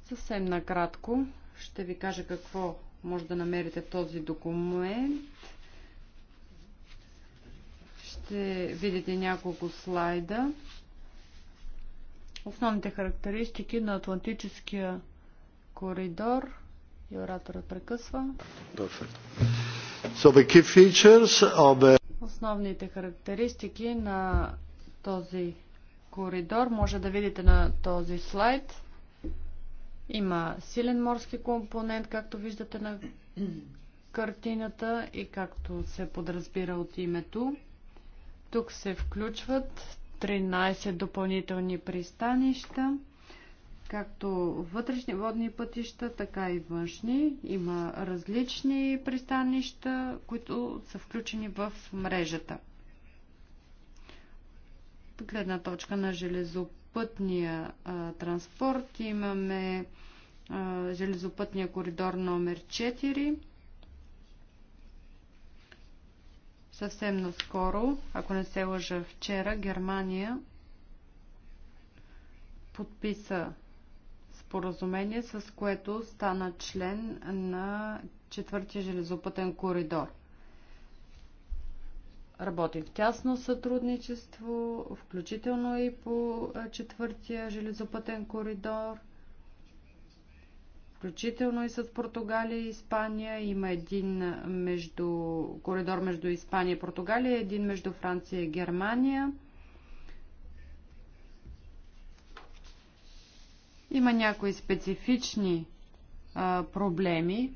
Съвсем накратко ще ви кажа какво може да намерите в този документ. Ще видите няколко слайда. Основните характеристики на Атлантическия коридор. И прекъсва. So the key features of the... Основните характеристики на този коридор може да видите на този слайд. Има силен морски компонент, както виждате на картината и както се подразбира от името. Тук се включват 13 допълнителни пристанища, както вътрешни водни пътища, така и външни. Има различни пристанища, които са включени в мрежата. Гледна точка на железопътната пътния а, транспорт. Имаме а, железопътния коридор номер 4. Съвсем наскоро, ако не се лъжа вчера, Германия подписа споразумение, с което стана член на четвъртия железопътен коридор – Работим в тясно сътрудничество, включително и по четвъртия железопътен коридор, включително и с Португалия и Испания. Има един между, коридор между Испания и Португалия, един между Франция и Германия. Има някои специфични а, проблеми,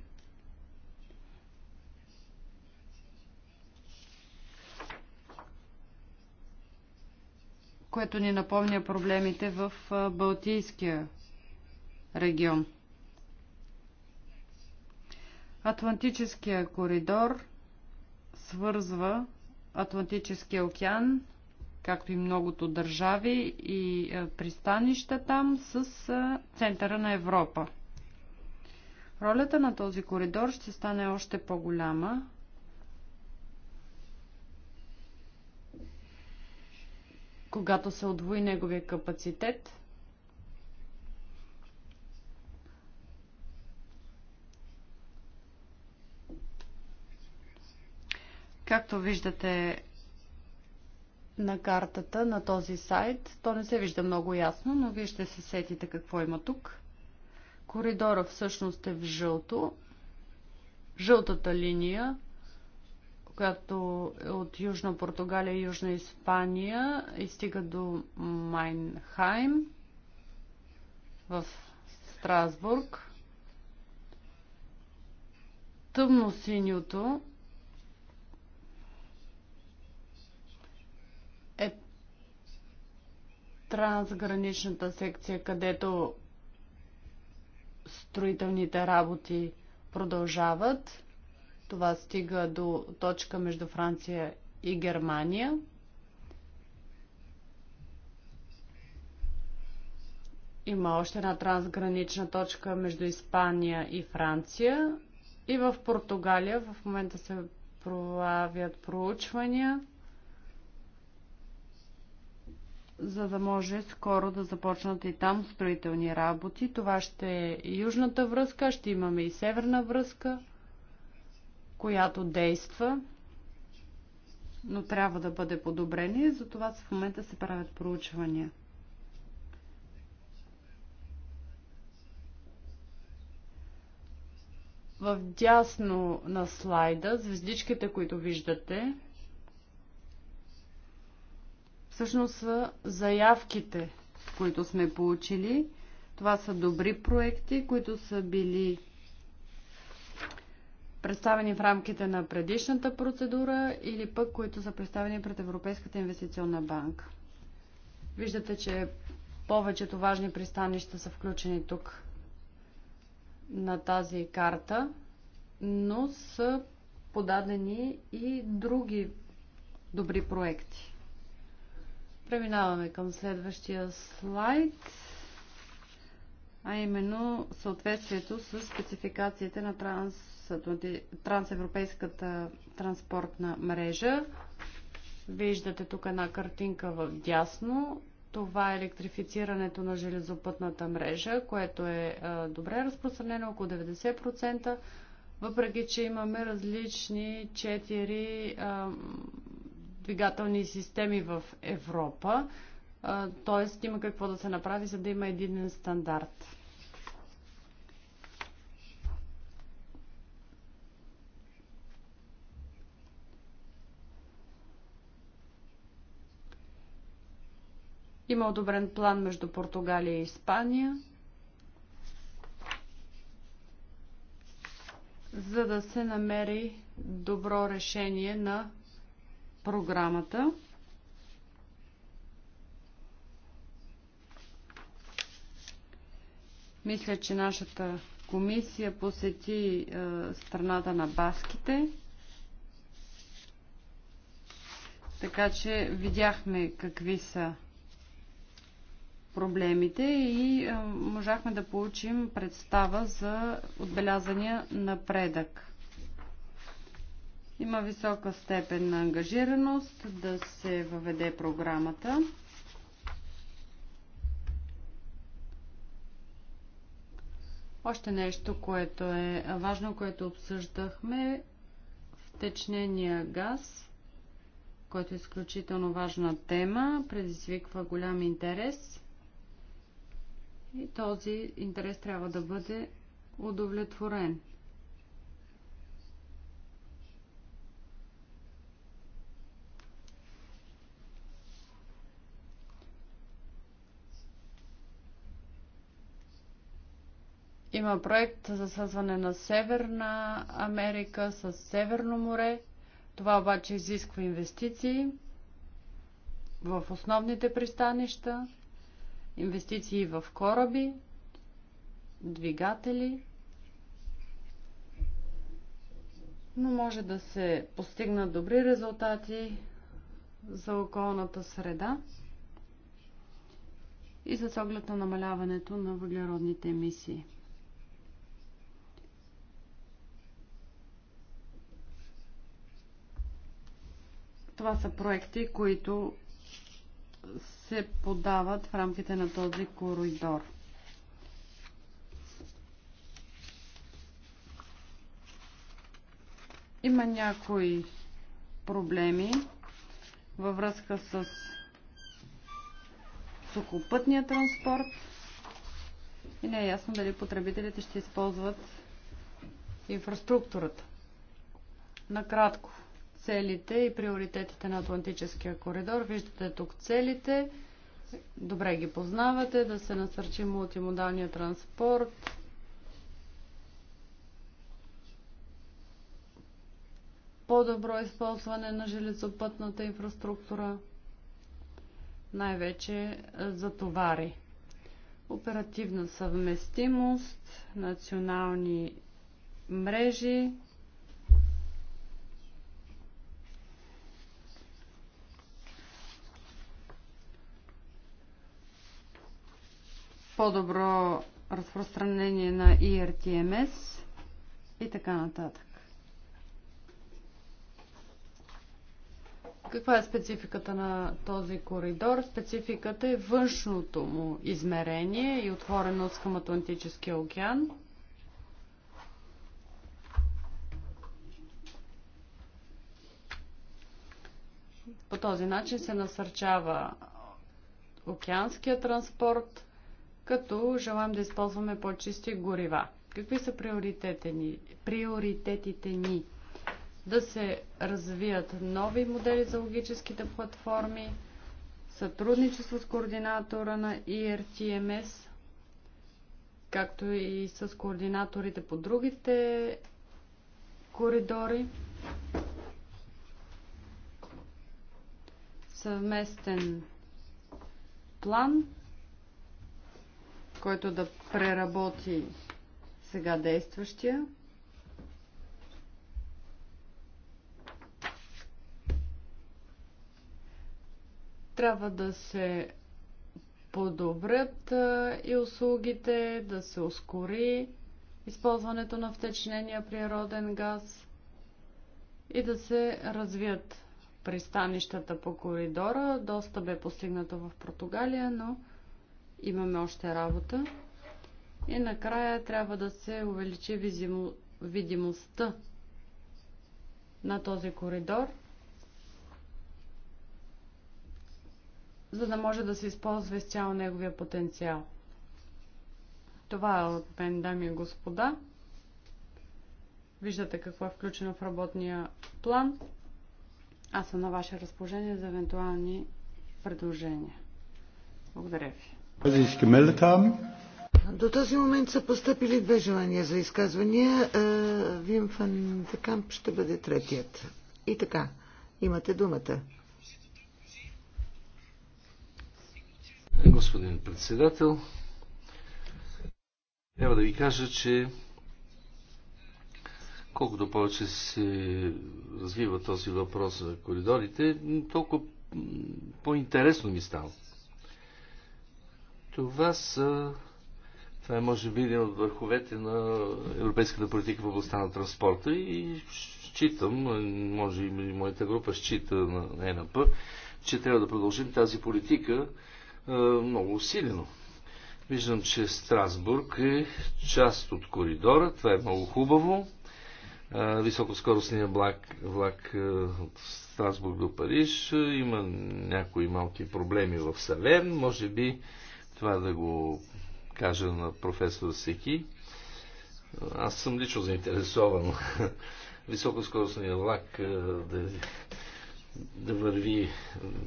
което ни напомня проблемите в Балтийския регион. Атлантическия коридор свързва Атлантическия океан, както и многото държави и пристанища там, с центъра на Европа. Ролята на този коридор ще стане още по-голяма, когато се отвои неговия капацитет. Както виждате на картата на този сайт, то не се вижда много ясно, но вие ще се сетите какво има тук. Коридора всъщност е в жълто. Жълтата линия която е от Южна Португалия и Южна Испания и стига до Майнхайм в Страсбург. Тъмно синьото е трансграничната секция, където строителните работи продължават. Това стига до точка между Франция и Германия. Има още една трансгранична точка между Испания и Франция. И в Португалия в момента се правят проучвания, за да може скоро да започнат и там строителни работи. Това ще е южната връзка, ще имаме и северна връзка която действа, но трябва да бъде подобрена и затова в момента се правят проучвания. В дясно на слайда, звездичките, които виждате, всъщност са заявките, които сме получили. Това са добри проекти, които са били представени в рамките на предишната процедура или пък които са представени пред Европейската инвестиционна банка. Виждате, че повечето важни пристанища са включени тук на тази карта, но са подадени и други добри проекти. Преминаваме към следващия слайд, а именно съответствието с спецификациите на транс трансевропейската транспортна мрежа. Виждате тук една картинка в дясно. Това е електрифицирането на железопътната мрежа, което е добре разпространено, около 90%, въпреки че имаме различни 4 двигателни системи в Европа. т.е. има какво да се направи, за да има един стандарт. Има одобрен план между Португалия и Испания, за да се намери добро решение на програмата. Мисля, че нашата комисия посети е, страната на баските. Така че видяхме какви са проблемите и можахме да получим представа за отбелязания напредък. Има висока степен на ангажираност да се въведе програмата. Още нещо, което е важно, което обсъждахме втечнения газ, който е изключително важна тема, предизвиква голям интерес. И този интерес трябва да бъде удовлетворен. Има проект за съзване на Северна Америка с Северно море. Това обаче изисква инвестиции в основните пристанища инвестиции в кораби, двигатели, но може да се постигнат добри резултати за околната среда и за оглед на намаляването на въглеродните емисии. Това са проекти, които се подават в рамките на този коридор. Има някои проблеми във връзка с сухопътния транспорт и не е ясно дали потребителите ще използват инфраструктурата. Накратко целите и приоритетите на Атлантическия коридор. Виждате тук целите. Добре ги познавате. Да се насърчи мултимодалния транспорт. По-добро използване на железопътната инфраструктура. Най-вече е, за товари. Оперативна съвместимост, национални мрежи, по-добро разпространение на ERTMS и така нататък. Каква е спецификата на този коридор? Спецификата е външното му измерение и отвореност към Атлантическия океан. По този начин се насърчава океанския транспорт, като желаем да използваме по-чисти горива. Какви са приоритетите ни? Приоритетите ни? Да се развият нови модели за логическите платформи, сътрудничество с координатора на ERTMS, както и с координаторите по другите коридори. Съвместен план който да преработи сега действащия. Трябва да се подобрят и услугите, да се ускори използването на втечнения природен газ и да се развият пристанищата по коридора. Доста бе постигнато в Португалия, но Имаме още работа. И накрая трябва да се увеличи визимо, видимостта на този коридор, за да може да се използва изцяло неговия потенциал. Това е от мен, дами и господа. Виждате какво е включено в работния план. Аз съм на ваше разположение за евентуални предложения. Благодаря ви. До този момент са поступили две желания за изказвания. Е, Вим Фан Декамп ще бъде третият. И така, имате думата. Господин председател, трябва да ви кажа, че колкото повече се развива този въпрос за коридорите, толкова по-интересно ми става. Това са това е може би един от върховете на европейската политика в областта на транспорта и считам, може и моята група счита на ЕНП, че трябва да продължим тази политика много усилено. Виждам, че Страсбург е част от коридора. Това е много хубаво. високоскоростният влак, влак от Страсбург до Париж. Има някои малки проблеми в Савен. Може би това да го кажа на професор Секи. Аз съм лично заинтересован високоскоростния влак да, да върви,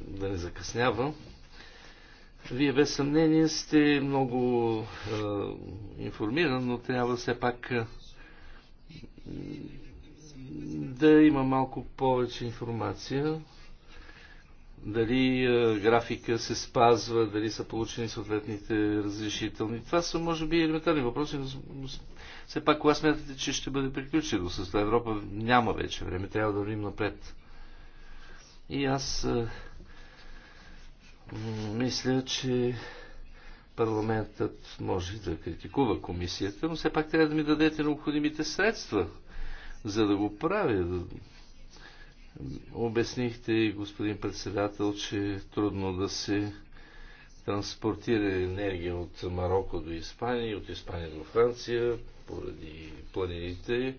да не закъснява. Вие без съмнение сте много е, информиран, но трябва все пак е, да има малко повече информация дали графика се спазва, дали са получени съответните разрешителни. Това са, може би, елементарни въпроси, но все пак, кога смятате, че ще бъде приключено с това? Европа няма вече време, трябва да вървим напред. И аз мисля, че парламентът може да критикува комисията, но все пак трябва да ми дадете необходимите средства, за да го правя, Обяснихте, господин председател, че е трудно да се транспортира енергия от Марокко до Испания и от Испания до Франция поради планините.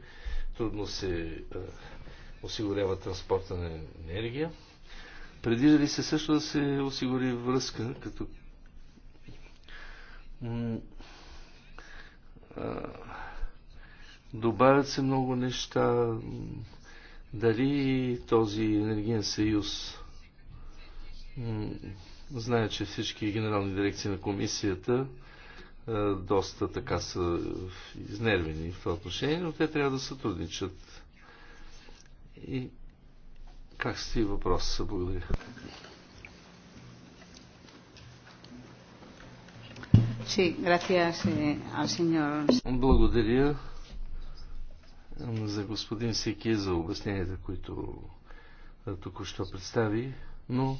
Трудно се осигурява транспорта на енергия. Предвижда ли се също да се осигури връзка, като добавят се много неща, дали този енергиен съюз знае, че всички генерални дирекции на комисията доста така са изнервени в това отношение, но те трябва да сътрудничат. И как стои въпрос? Благодаря. Eh, Благодаря за господин Сики за обясненията, които току-що представи, но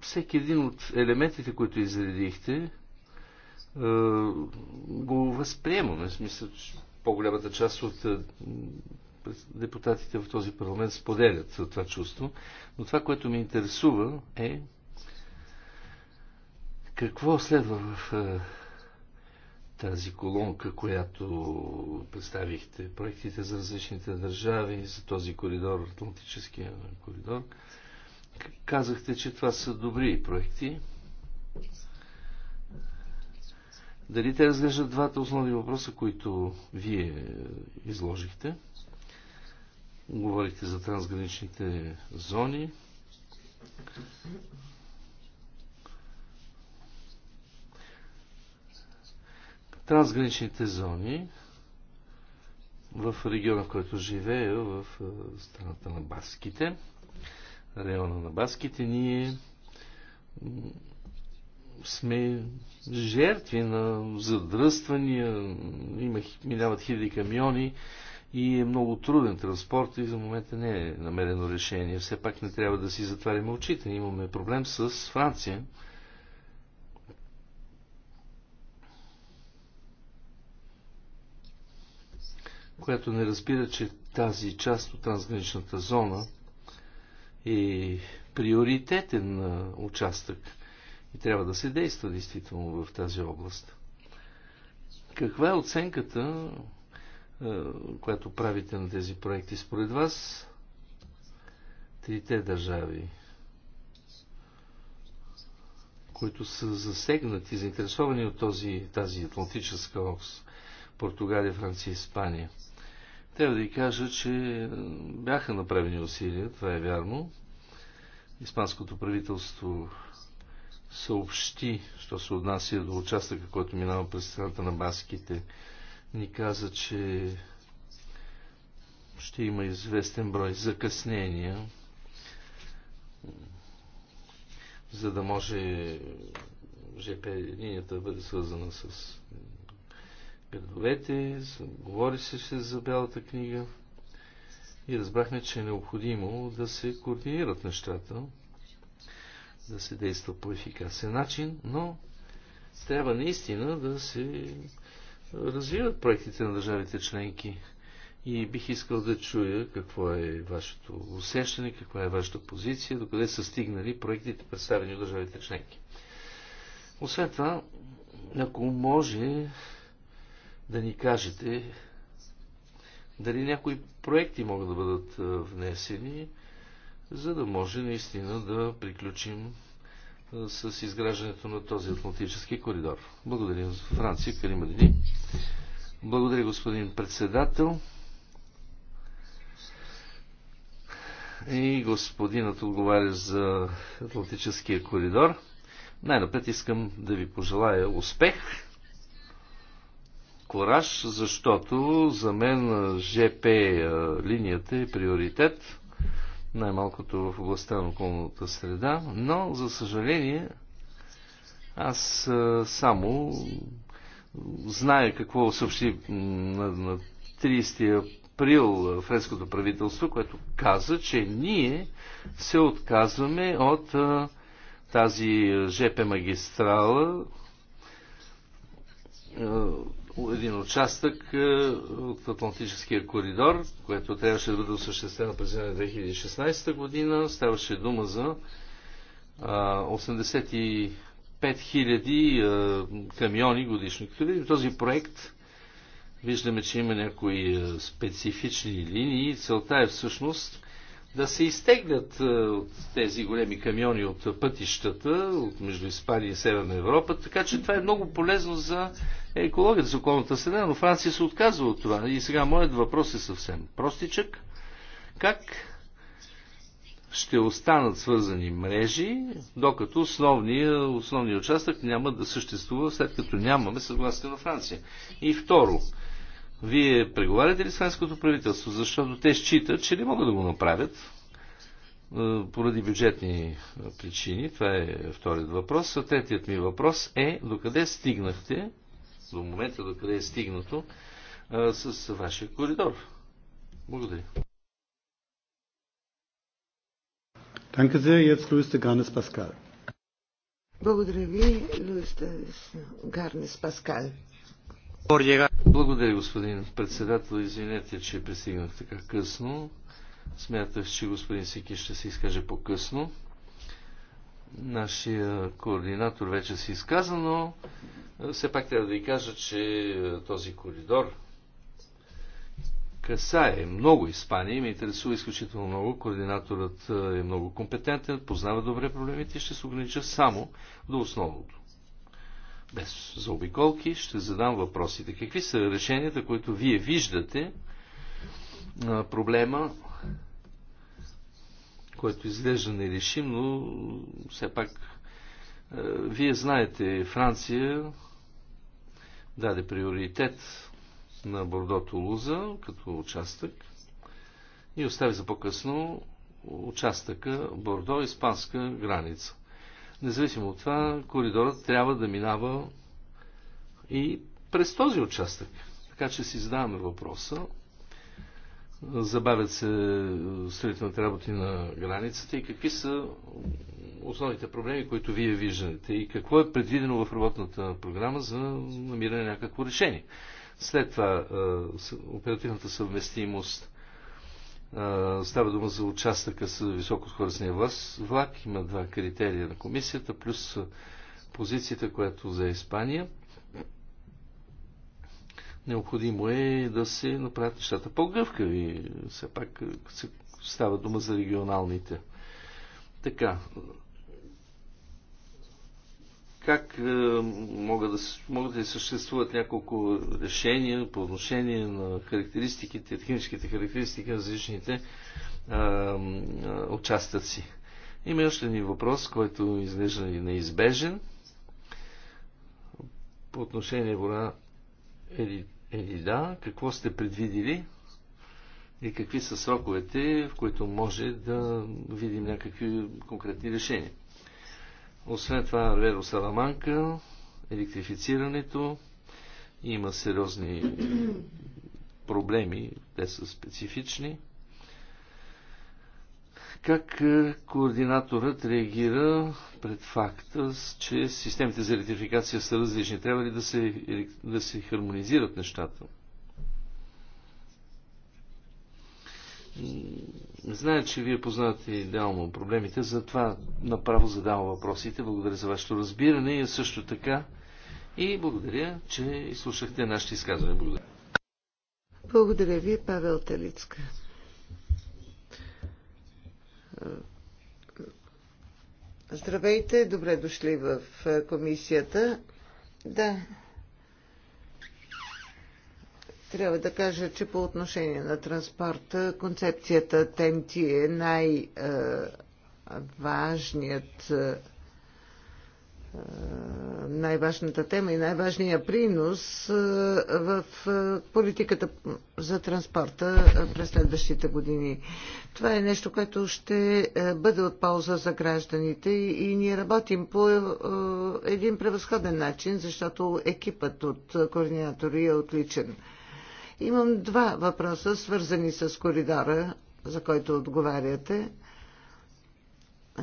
всеки един от елементите, които изредихте, го възприемаме. В смисъл, че по-голямата част от депутатите в този парламент споделят това чувство. Но това, което ми интересува е какво следва в тази колонка, която представихте, проектите за различните държави, за този коридор, Атлантическия коридор. Казахте, че това са добри проекти. Дали те разглеждат двата основни въпроса, които вие изложихте? Говорихте за трансграничните зони. трансграничните зони в региона, в който живея, в страната на Баските, района на Баските, ние сме жертви на задръствания, има, минават хиляди камиони и е много труден транспорт и за момента не е намерено решение. Все пак не трябва да си затваряме очите. Имаме проблем с Франция, която не разбира, че тази част от трансграничната зона е приоритетен участък и трябва да се действа действително в тази област. Каква е оценката, която правите на тези проекти според вас? Трите държави, които са засегнати, заинтересовани от този, тази атлантическа област, Португалия, Франция, Испания – трябва да ви кажа, че е, бяха направени усилия, това е вярно. Испанското правителство съобщи, що се отнася до участъка, който минава през страната на баските, ни каза, че ще има известен брой закъснения, за да може ЖП линията да бъде свързана с градовете, говори се за Бялата книга и разбрахме, че е необходимо да се координират нещата, да се действа по ефикасен начин, но трябва наистина да се развиват проектите на държавите членки. И бих искал да чуя какво е вашето усещане, каква е вашата позиция, докъде са стигнали проектите, представени от държавите членки. Освен това, ако може да ни кажете дали някои проекти могат да бъдат внесени, за да може наистина да приключим с изграждането на този Атлантически коридор. Благодаря за Франция, Карима Дени. Благодаря, господин председател. И господинът отговаря за Атлантическия коридор. Най-напред искам да ви пожелая успех кораж, защото за мен ЖП е, линията е приоритет, най-малкото в областта на околната среда, но за съжаление аз е, само зная какво съобщи на, на 30 април френското правителство, което каза, че ние се отказваме от е, тази ЖП магистрала, един участък е, от Атлантическия коридор, което трябваше да бъде осъществено през 2016 година. Ставаше дума за 85 000 е, камиони годишно. този проект виждаме, че има някои е, специфични линии. Целта е всъщност да се изтеглят е, от тези големи камиони от пътищата, от между Испания и Северна Европа, така че това е много полезно за екологията, за околната среда, но Франция се отказва от това. И сега моят въпрос е съвсем простичък. Как ще останат свързани мрежи, докато основният основния участък няма да съществува, след като нямаме съгласие на Франция. И второ, вие преговаряте ли с ханското правителство? Защото те считат, че не могат да го направят поради бюджетни причини. Това е вторият въпрос. А третият ми въпрос е докъде стигнахте, до момента докъде е стигнато, с вашия коридор. Благодаря. Danke sehr. Jetzt Garnes Pascal. Благодаря ви, Луиста Гарнес Паскал. Благодаря, господин председател. Извинете, че пристигнах така късно. Смятах, че господин Сики ще се изкаже по-късно. Нашия координатор вече се изказа, но все пак трябва да ви кажа, че този коридор касае много Испания и ме интересува изключително много. Координаторът е много компетентен, познава добре проблемите и ще се огранича само до основното без заобиколки, ще задам въпросите. Какви са решенията, които вие виждате на проблема, който изглежда нерешим, но все пак вие знаете, Франция даде приоритет на Бордото Луза като участък и остави за по-късно участъка Бордо-Испанска граница. Независимо от това, коридорът трябва да минава и през този участък. Така че си задаваме въпроса. Забавят се строителните работи на границата и какви са основните проблеми, които вие виждате и какво е предвидено в работната програма за намиране на някакво решение. След това е, оперативната съвместимост Става дума за участъка с високоскоростния влак. Има два критерия на комисията, плюс позицията, която за Испания. Необходимо е да се направят нещата по-гъвкави. Все пак става дума за регионалните. Така, как е, могат, да, могат да съществуват няколко решения по отношение на характеристиките, техническите характеристики на различните а, участъци. Има още един въпрос, който изглежда и неизбежен. По отношение на Еди, да, какво сте предвидили и какви са сроковете, в които може да видим някакви конкретни решения? Освен това, Реро Саламанка, електрифицирането, има сериозни проблеми, те са специфични. Как е, координаторът реагира пред факта, че системите за електрификация са различни? Трябва ли да се, да се хармонизират нещата? Зная, че вие познавате идеално проблемите, затова направо задавам въпросите. Благодаря за вашето разбиране и също така и благодаря, че изслушахте нашите изказвания. Благодаря. Благодаря ви, Павел Талицка. Здравейте, добре дошли в комисията. Да, трябва да кажа, че по отношение на транспорта концепцията ТЕНТИ е най-важният е, най-важната тема и най-важния принос е, в е, политиката за транспорта през следващите години. Това е нещо, което ще бъде от полза за гражданите и ние работим по един превъзходен начин, защото екипът от координатори е отличен. Имам два въпроса, свързани с коридора, за който отговаряте. Е,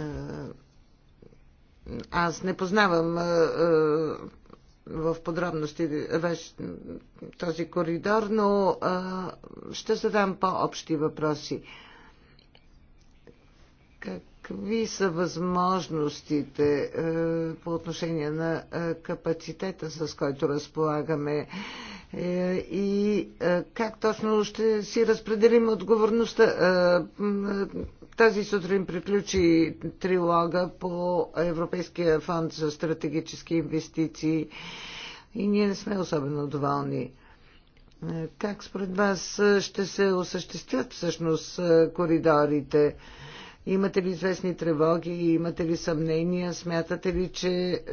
аз не познавам е, е, в подробности този коридор, но ще задам по-общи въпроси. Какви са възможностите по отношение на капацитета, с който разполагаме? Е, и е, как точно ще си разпределим отговорността. Е, тази сутрин приключи трилога по Европейския фонд за стратегически инвестиции и ние не сме особено доволни. Как според вас ще се осъществят всъщност коридорите? Имате ли известни тревоги? Имате ли съмнения? Смятате ли, че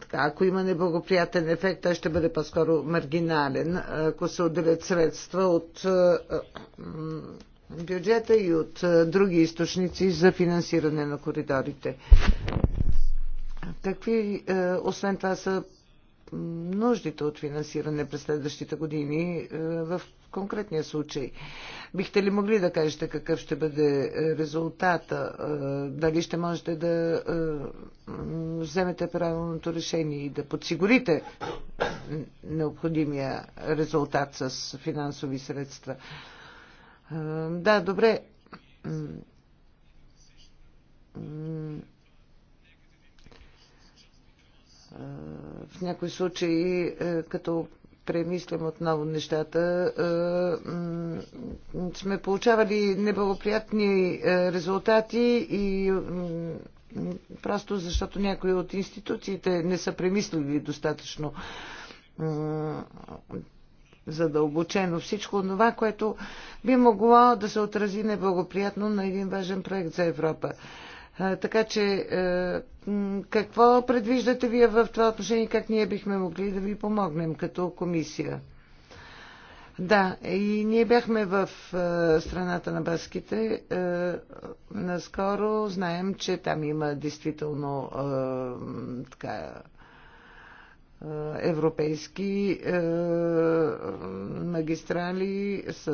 така, ако има неблагоприятен ефект, той ще бъде по-скоро маргинален, ако се отделят средства от е, е, бюджета и от е, други източници за финансиране на коридорите. Какви, освен това, са нуждите от финансиране през следващите години в конкретния случай. Бихте ли могли да кажете какъв ще бъде е, резултата? Е, дали ще можете да е, вземете правилното решение и да подсигурите необходимия резултат с финансови средства? Да, добре. В някои случаи, като премислям отново нещата. Е, сме получавали неблагоприятни е, резултати и просто защото някои от институциите не са премислили достатъчно задълбочено всичко това, което би могло да се отрази неблагоприятно на един важен проект за Европа. Така че, е, какво предвиждате вие в това отношение, как ние бихме могли да ви помогнем като комисия? Да, и ние бяхме в е, страната на баските. Е, наскоро знаем, че там има действително така, е, европейски е, магистрали, с,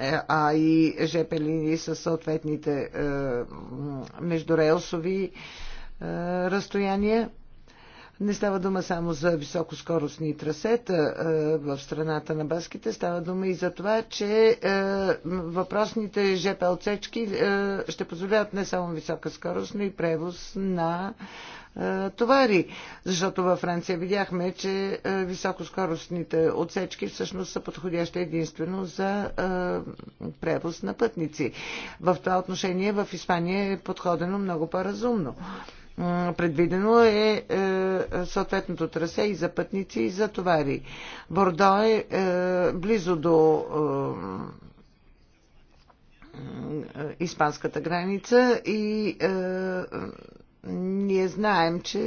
е, а и ЖП линии с съответните междурелсови разстояния. Не става дума само за високоскоростни трасета в страната на баските, става дума и за това, че въпросните ЖП отсечки ще позволяват не само висока скорост, но и превоз на е, товари. Защото във Франция видяхме, че е, високоскоростните отсечки всъщност са подходящи единствено за е, превоз на пътници. В това отношение в Испания е подходено много по-разумно. Предвидено е, съответното трасе и за пътници, и за товари. Бордо е, близо до испанската граница и ние знаем, че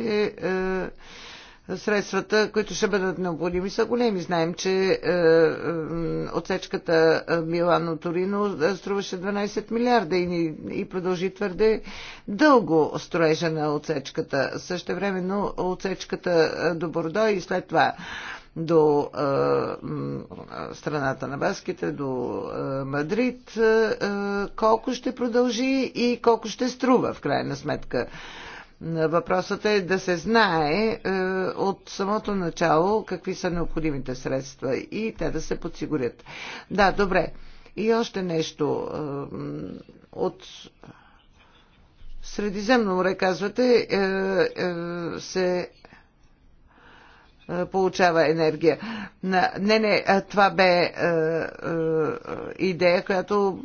е, средствата, които ще бъдат необходими, са големи. Знаем, че е, е, отсечката е, Милано-Торино е, струваше 12 милиарда и, и продължи твърде дълго строежа на отсечката. Също времено отсечката до Бордо и след това до страната на баските, до Мадрид, колко ще продължи и колко ще струва в крайна сметка. Въпросът е да се знае е, от самото начало какви са необходимите средства и те да се подсигурят. Да, добре. И още нещо. Е, от Средиземно море, казвате, е, е, се е, получава енергия. Не, не, това бе е, е, идея, която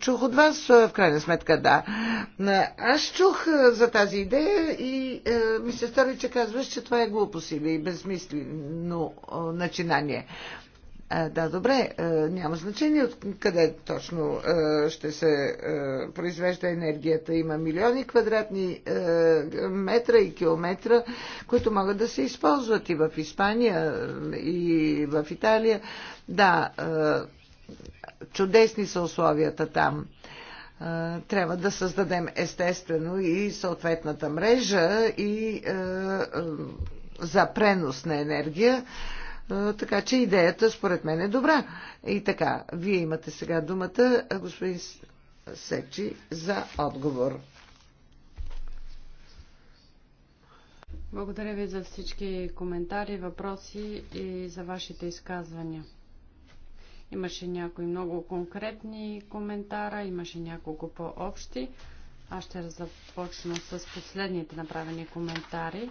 чух от вас, е, в крайна сметка, да. Е, аз чух за тази идея и е, ми се стори, че казваш, че това е глупост или безмислено начинание. Да, добре, няма значение от къде точно ще се произвежда енергията. Има милиони квадратни метра и километра, които могат да се използват и в Испания, и в Италия. Да, чудесни са условията там трябва да създадем естествено и съответната мрежа и за пренос на енергия, така че идеята според мен е добра. И така, вие имате сега думата, господин Сечи, за отговор. Благодаря ви за всички коментари, въпроси и за вашите изказвания. Имаше някои много конкретни коментара, имаше няколко по-общи. Аз ще започна с последните направени коментари.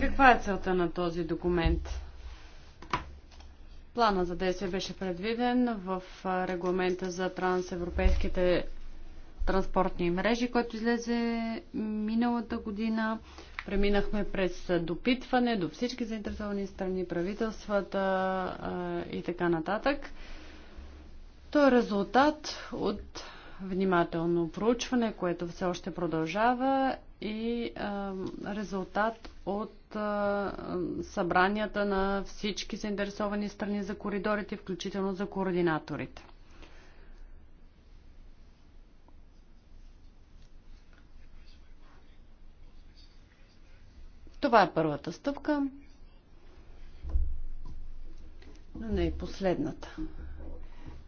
Каква е целта на този документ? Плана за действие беше предвиден в регламента за трансевропейските транспортни мрежи, който излезе миналата година. Преминахме през допитване до всички заинтересовани страни, правителствата и така нататък. То е резултат от внимателно проучване, което все още продължава и а, резултат от а, събранията на всички заинтересовани страни за коридорите, включително за координаторите. Това е първата стъпка, но не и последната.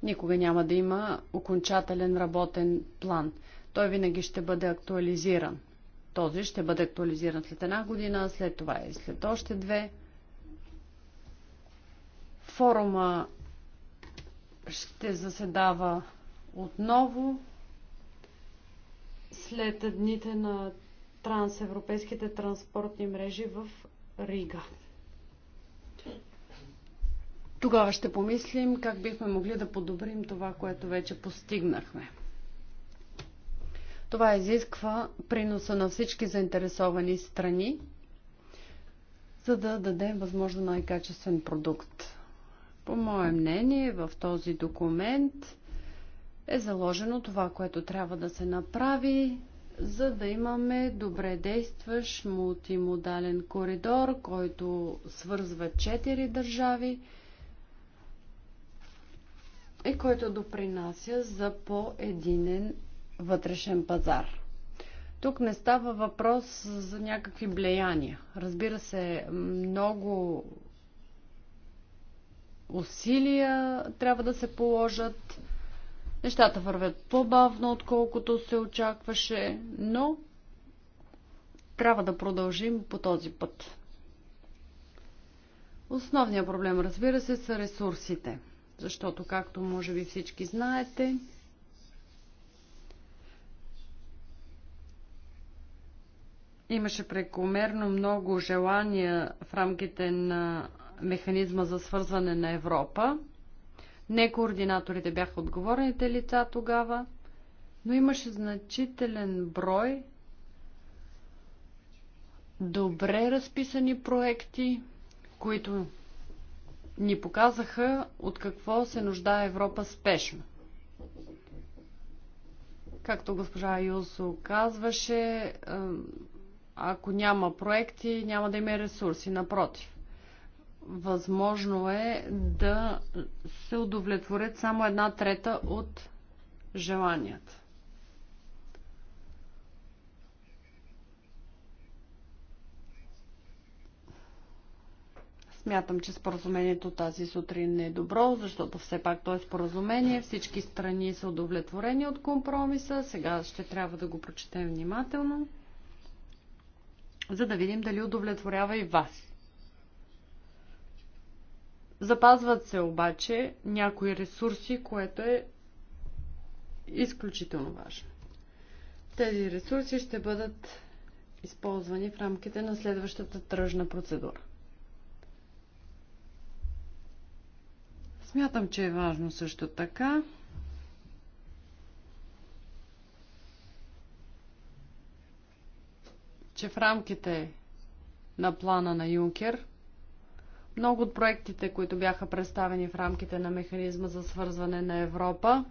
Никога няма да има окончателен работен план. Той винаги ще бъде актуализиран – този ще бъде актуализиран след една година, след това и след още две. Форума ще заседава отново след дните на трансевропейските транспортни мрежи в Рига. Тогава ще помислим как бихме могли да подобрим това, което вече постигнахме. Това изисква приноса на всички заинтересовани страни, за да дадем възможно най-качествен продукт. По мое мнение, в този документ е заложено това, което трябва да се направи, за да имаме добре действащ мултимодален коридор, който свързва четири държави и който допринася за по-единен вътрешен пазар. Тук не става въпрос за някакви влияния. Разбира се, много усилия трябва да се положат. Нещата вървят по-бавно, отколкото се очакваше, но трябва да продължим по този път. Основният проблем, разбира се, са ресурсите, защото, както може би всички знаете, Имаше прекомерно много желания в рамките на механизма за свързване на Европа. Не координаторите бяха отговорните лица тогава, но имаше значителен брой добре разписани проекти, които ни показаха от какво се нуждае Европа спешно. Както госпожа Юсо казваше, ако няма проекти, няма да има ресурси. Напротив, възможно е да се удовлетворят само една трета от желанията. Смятам, че споразумението тази сутрин не е добро, защото все пак то е споразумение. Всички страни са удовлетворени от компромиса. Сега ще трябва да го прочетем внимателно за да видим дали удовлетворява и вас. Запазват се обаче някои ресурси, което е изключително важно. Тези ресурси ще бъдат използвани в рамките на следващата тръжна процедура. Смятам, че е важно също така че в рамките на плана на Юнкер, много от проектите, които бяха представени в рамките на механизма за свързване на Европа,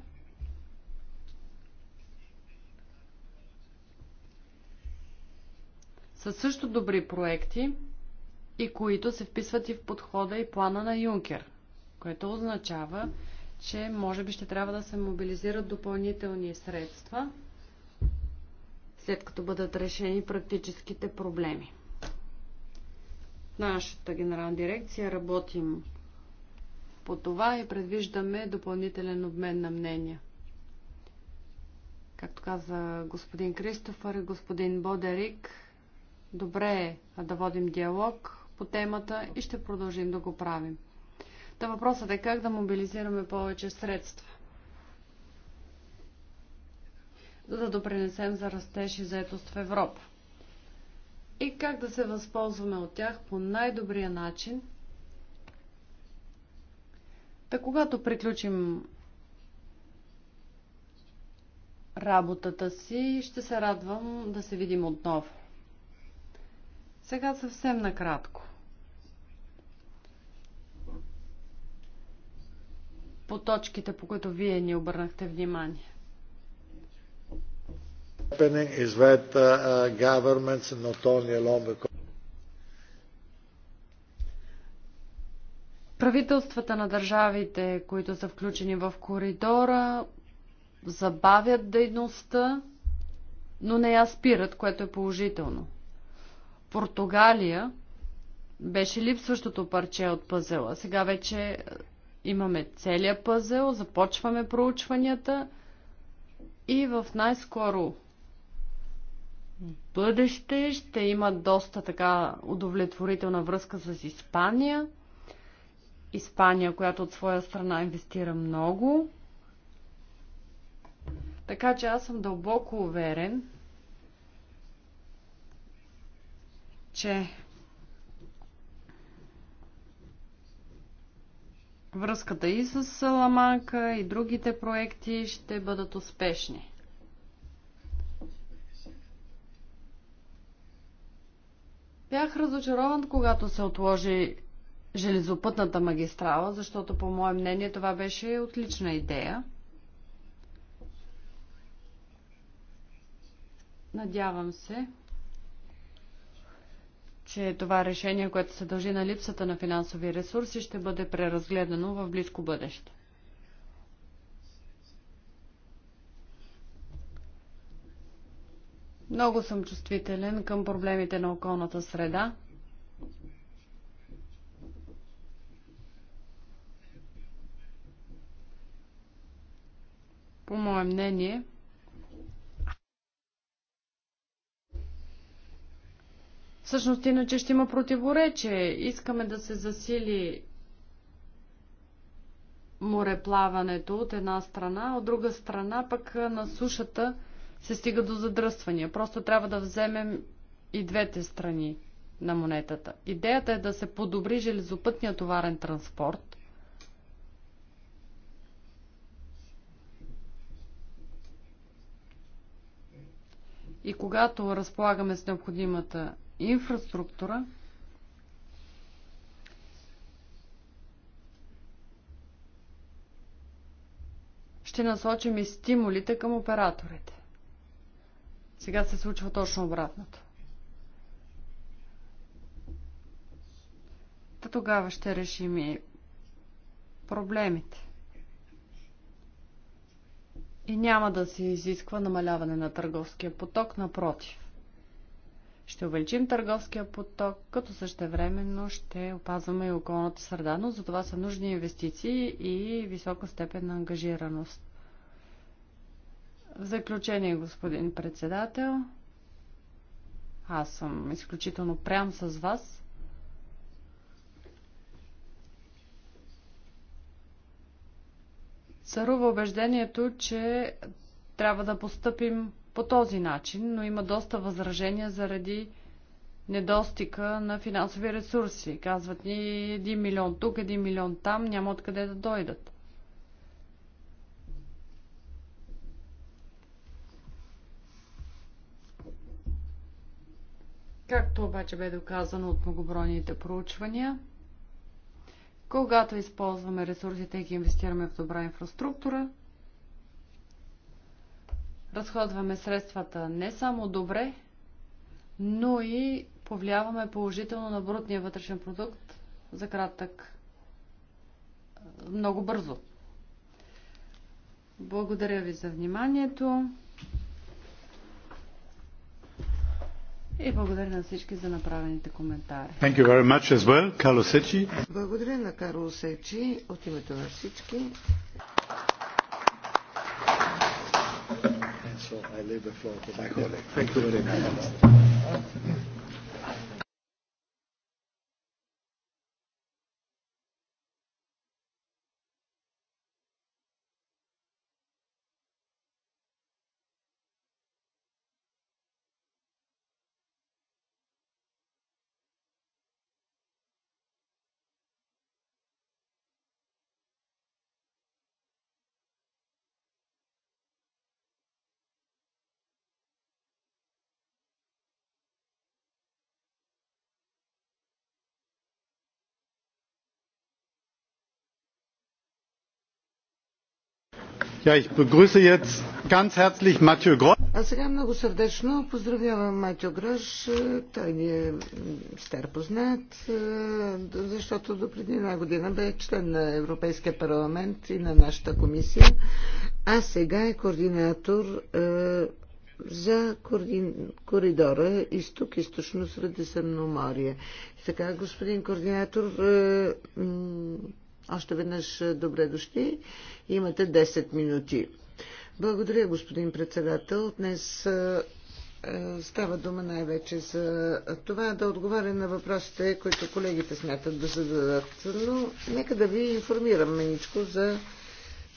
са също добри проекти и които се вписват и в подхода и плана на Юнкер, което означава, че може би ще трябва да се мобилизират допълнителни средства – след като бъдат решени практическите проблеми. В нашата генерална дирекция работим по това и предвиждаме допълнителен обмен на мнения. Както каза господин Кристофър и господин Бодерик, добре е да водим диалог по темата и ще продължим да го правим. Та въпросът е как да мобилизираме повече средства. за да допринесем за растеж и заетост в Европа. И как да се възползваме от тях по най-добрия начин. Та когато приключим работата си, ще се радвам да се видим отново. Сега съвсем накратко. По точките, по които вие ни обърнахте внимание. Uh, uh, Правителствата на държавите, които са включени в коридора, забавят дейността, но не я спират, което е положително. Португалия беше липсващото парче от пъзела. Сега вече имаме целият пъзел, започваме проучванията и в най-скоро бъдеще ще има доста така удовлетворителна връзка с Испания. Испания, която от своя страна инвестира много. Така че аз съм дълбоко уверен, че връзката и с Саламанка и другите проекти ще бъдат успешни. Бях разочарован, когато се отложи железопътната магистрала, защото по мое мнение това беше отлична идея. Надявам се, че това решение, което се дължи на липсата на финансови ресурси, ще бъде преразгледано в близко бъдеще. Много съм чувствителен към проблемите на околната среда. По мое мнение, всъщност иначе ще има противоречие. Искаме да се засили мореплаването от една страна, от друга страна пък на сушата – се стига до задръствания. Просто трябва да вземем и двете страни на монетата. Идеята е да се подобри железопътния товарен транспорт. И когато разполагаме с необходимата инфраструктура, ще насочим и стимулите към операторите. Сега се случва точно обратното. Та тогава ще решим и проблемите. И няма да се изисква намаляване на търговския поток, напротив. Ще увеличим търговския поток, като същевременно ще опазваме и околната среда, но за това са нужни инвестиции и висока степен на ангажираност. В заключение, господин председател, аз съм изключително прям с вас. Царува убеждението, че трябва да постъпим по този начин, но има доста възражения заради недостига на финансови ресурси. Казват ни 1 милион тук, 1 милион там, няма откъде да дойдат. Както обаче бе доказано от многобройните проучвания, когато използваме ресурсите и ги инвестираме в добра инфраструктура, разходваме средствата не само добре, но и повлияваме положително на брутния вътрешен продукт за кратък много бързо. Благодаря ви за вниманието. И благодаря на всички за направените коментари. Thank you very much as well, Карло Сечи. Благодаря на Карло Сечи от името на всички. so I leave the floor to my colleague. Thank you very much. ich begrüße jetzt ganz herzlich Mathieu Grosch. А сега много сърдечно поздравявам Матио Грош. Той ни е стар познат, защото до преди една година бе член на Европейския парламент и на нашата комисия, а сега е координатор за коридора изток-източно Средиземноморие. Сега, господин координатор, още веднъж е, добре дошли. Имате 10 минути. Благодаря, господин председател. Днес е, е, Става дума най-вече за това да отговаря на въпросите, които колегите смятат да зададат. Но нека да ви информирам меничко за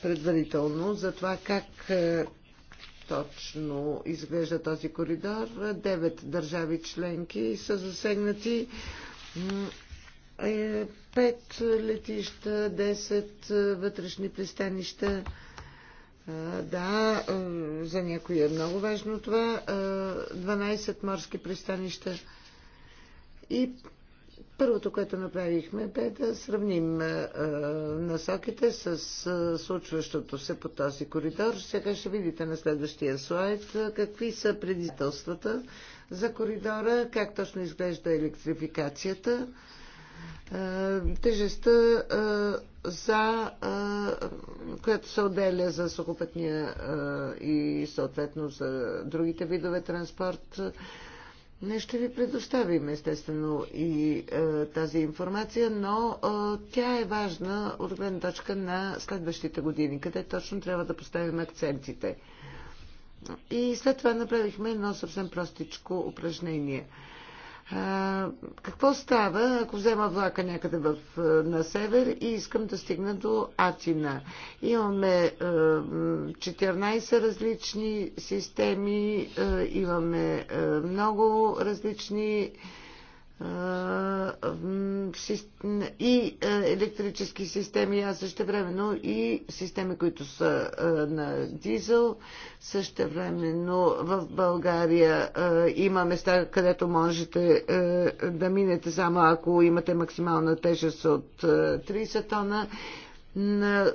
предварително за това как точно изглежда този коридор. Девет държави членки са засегнати е, пет летища, 10 е, вътрешни пристанища. Е, да, за някои е много важно това. 12 морски пристанища. И първото, което направихме, бе да сравним насоките с случващото се по този коридор. Сега ще видите на следващия слайд какви са предизвикателствата за коридора, как точно изглежда електрификацията. Е, тежестта е, за, е, която се отделя за сухопътния и съответно за другите видове транспорт. Не ще ви предоставим естествено и е, тази информация, но е, тя е важна от гледна точка на следващите години, къде точно трябва да поставим акцентите. И след това направихме едно съвсем простичко упражнение. А, какво става, ако взема влака някъде в, на север и искам да стигна до Атина? Имаме а, 14 различни системи, а, имаме а, много различни а, и електрически системи, а също времено и системи, които са на дизел. Също времено в България има места, където можете да минете само ако имате максимална тежест от 30 тона на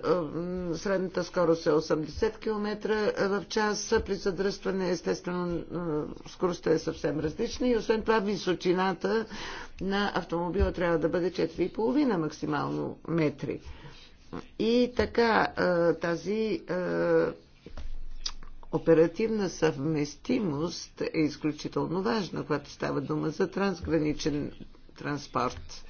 средната скорост е 80 км в час. При задръстване, естествено, скоростта е съвсем различна и освен това височината на автомобила трябва да бъде 4,5 максимално метри. И така тази оперативна съвместимост е изключително важна, когато става дума за трансграничен транспорт.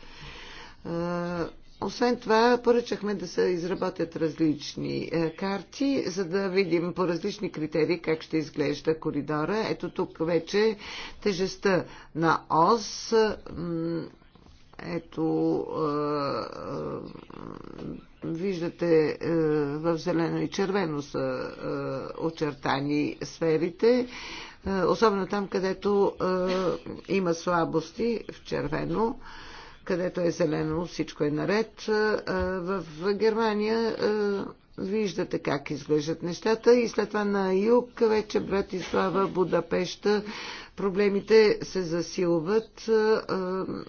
Освен това, поръчахме да се изработят различни е, карти, за да видим по различни критерии как ще изглежда коридора. Ето тук вече тежестта на ОС. Ето, е, е, виждате в зелено и червено са очертани сферите особено там, където е, има слабости в червено. Е, където е зелено, всичко е наред. В Германия виждате как изглеждат нещата и след това на юг вече Братислава, Будапешта, проблемите се засилват,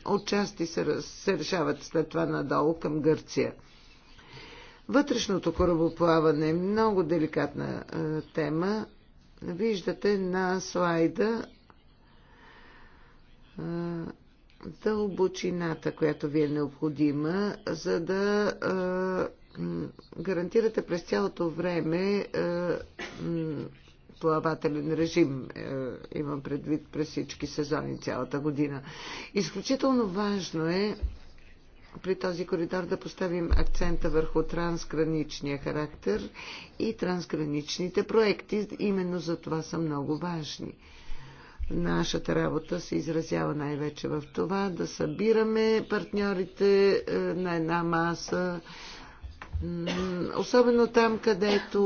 отчасти се, се решават след това надолу към Гърция. Вътрешното корабоплаване е много деликатна тема. Виждате на слайда дълбочината, която ви е необходима, за да гарантирате през цялото време плавателен режим, имам предвид през всички сезони цялата година. Изключително важно е при този коридор да поставим акцента върху трансграничния характер и трансграничните проекти. Именно за това са много важни. Нашата работа се изразява най-вече в това да събираме партньорите е, на една маса, особено там, където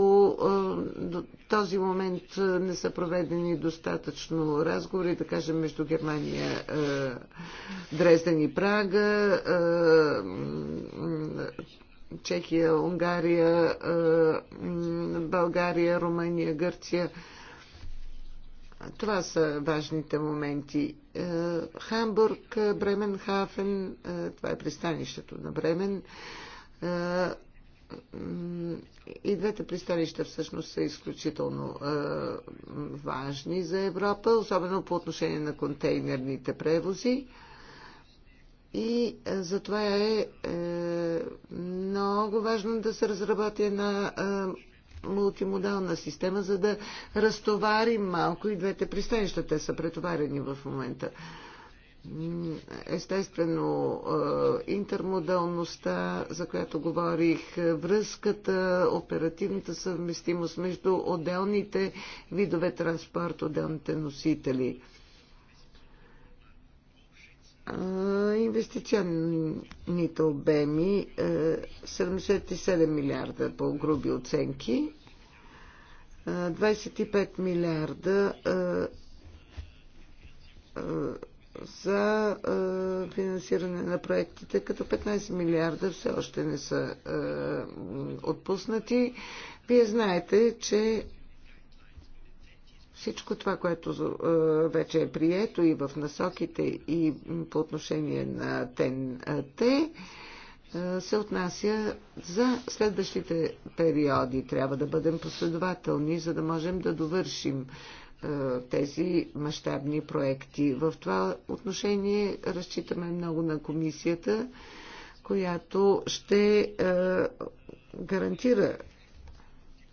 е, до този момент не са проведени достатъчно разговори, да кажем, между Германия, е, Дрезден и Прага, Чехия, Унгария, България, Румъния, Гърция – това са важните моменти. Е, Хамбург, е, Бремен, Хафен, е, това е пристанището на Бремен. И двете пристанища всъщност са изключително важни за Европа, особено по отношение на контейнерните превози. И затова е много важно да се разработи една мултимодална система, за да разтоварим малко и двете пристанища. Те са претоварени в момента. Естествено, е, интермодалността, за която говорих, е, връзката, оперативната съвместимост между отделните видове транспорт, отделните носители – инвестиционните обеми 77 е, милиарда по груби оценки, 25 е, милиарда е, за финансиране на проектите, като 15 милиарда все още не са отпуснати. Вие знаете, че всичко това, което е, вече е прието и в насоките, и по отношение на ТНТ, е, се отнася за следващите периоди. Трябва да бъдем последователни, за да можем да довършим е, тези мащабни проекти. В това отношение разчитаме много на комисията, която ще гарантира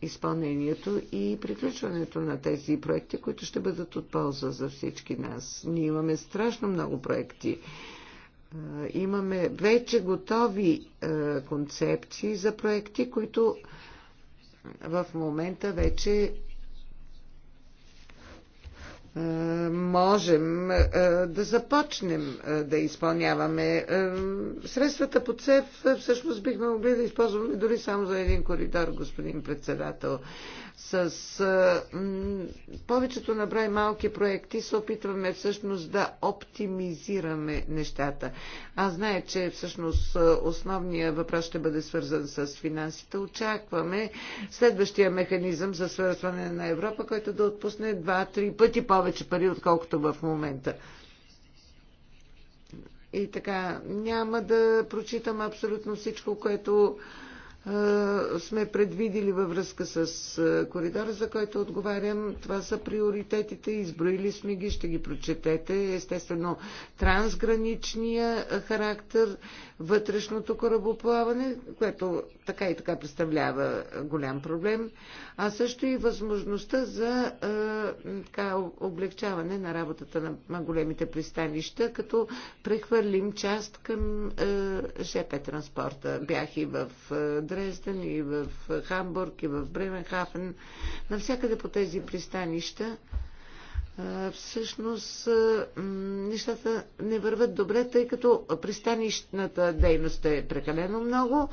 изпълнението и приключването на тези проекти, които ще бъдат от полза за всички нас. Ние имаме страшно много проекти. Имаме вече готови концепции за проекти, които в момента вече е, можем е, да започнем е, да изпълняваме. Средствата по ЦЕФ всъщност бихме могли да използваме дори само за един коридор, господин председател. С повечето набрай малки проекти се опитваме всъщност да оптимизираме нещата. Аз знае, че всъщност основният въпрос ще бъде свързан с финансите. Очакваме следващия механизъм за свързване на Европа, който да отпусне 2-3 пъти повече повече пари, отколкото в момента. И така, няма да прочитам абсолютно всичко, което е, сме предвидили във връзка с е, коридора, за който отговарям. Това са приоритетите, изброили сме ги, ще ги прочетете. Естествено, трансграничния е, характер, вътрешното корабоплаване, което така и така представлява голям проблем, а също и възможността за е, така, облегчаване на работата на големите пристанища, като прехвърлим част към е, ЖП транспорта. Бях и в е, Дрезден, и в Хамбург, и в Бременхафен, навсякъде по тези пристанища всъщност нещата не върват добре, тъй като пристанищната дейност е прекалено много,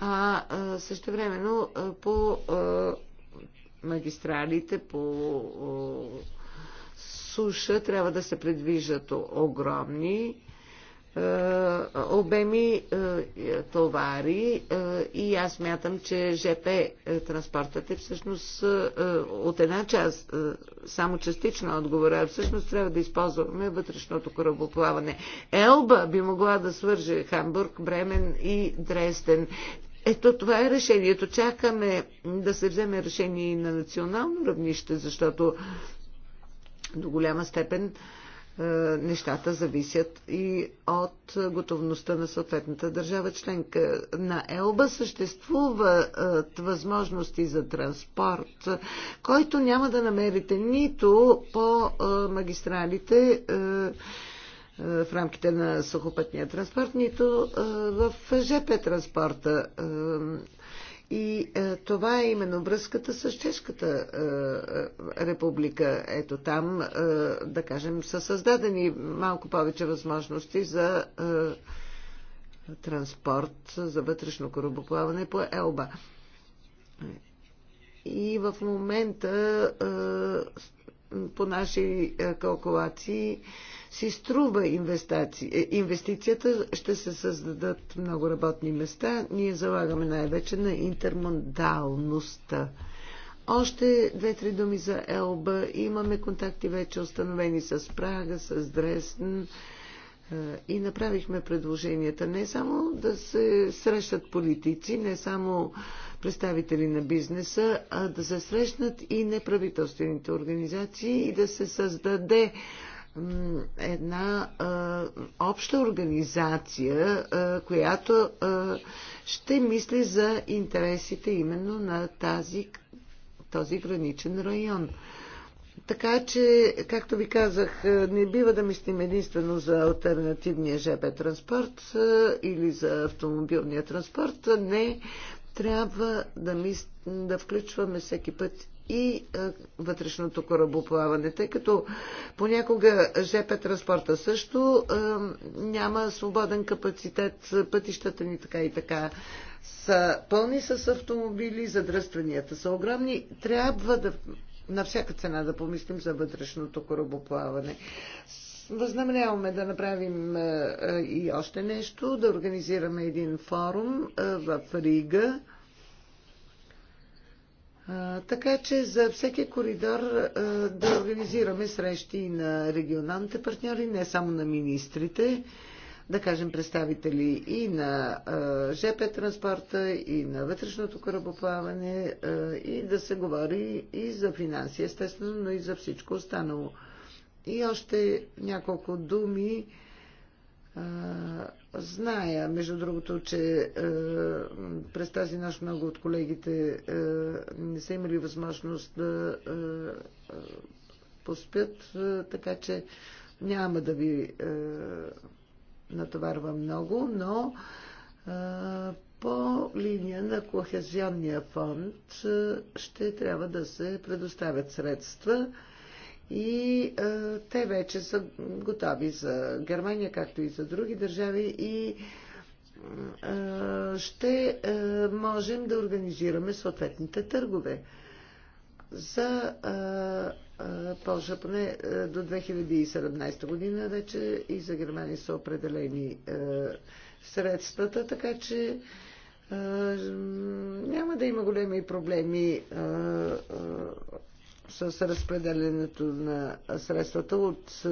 а също времено по магистралите, по суша трябва да се предвижат огромни е, обеми е, товари е, и аз мятам, че ЖП транспортът е всъщност от една част само частично отговора, всъщност трябва да използваме вътрешното корабоплаване. Елба би могла да свърже Хамбург, Бремен и Дрестен. Ето това е решението. Чакаме да се вземе решение и на национално равнище, защото до голяма степен а, е, нещата зависят и от готовността на съответната държава членка. На Елба съществуват е, възможности за транспорт, който няма да намерите нито по е, магистралите в рамките на сухопътния транспорт, нито в ЖП транспорта. И е, това е именно връзката с Чешката е, е, република. Ето там, е, да кажем, са създадени малко повече възможности за е, транспорт, за вътрешно корабоплаване по Елба. И в момента е, по наши е, калкулации си струва е, инвестицията. Ще се създадат много работни места. Ние залагаме най-вече на интермондалността. Още две-три думи за Елба. Имаме контакти вече установени с Прага, с Дресн, е, и направихме предложенията не само да се срещат политици, не само представители на бизнеса, а да се срещнат и неправителствените организации и да се създаде една а, обща организация, а, която а, ще мисли за интересите именно на тази, този граничен район. Така че, както ви казах, не бива да мислим единствено за альтернативния ЖП транспорт или за автомобилния транспорт. Не, трябва да, мис... да включваме всеки път и а, вътрешното корабоплаване, тъй като понякога ЖП транспорта също а, няма свободен капацитет, пътищата ни така и така са пълни с автомобили, задръстванията са огромни. Трябва да на всяка цена да помислим за вътрешното корабоплаване. Възнамеряваме да направим е, е, и още нещо, да организираме един форум е, в Рига. Така че за всеки коридор да организираме срещи и на регионалните партньори, не само на министрите, да кажем представители и на ЖП транспорта, и на вътрешното корабоплаване, и да се говори и за финанси, естествено, но и за всичко останало. И още няколко думи. Зная, между другото, че през тази наш много от колегите не са имали възможност да поспят, така че няма да ви натоварвам много, но по линия на Кохезионния фонд ще трябва да се предоставят средства и а, те вече са готови за Германия, както и за други държави и а, ще а, можем да организираме съответните търгове. За а, а, Польша поне а, до 2017 година вече и за Германия са определени а, средствата, така че а, няма да има големи проблеми. А, а, с разпределенето на средствата от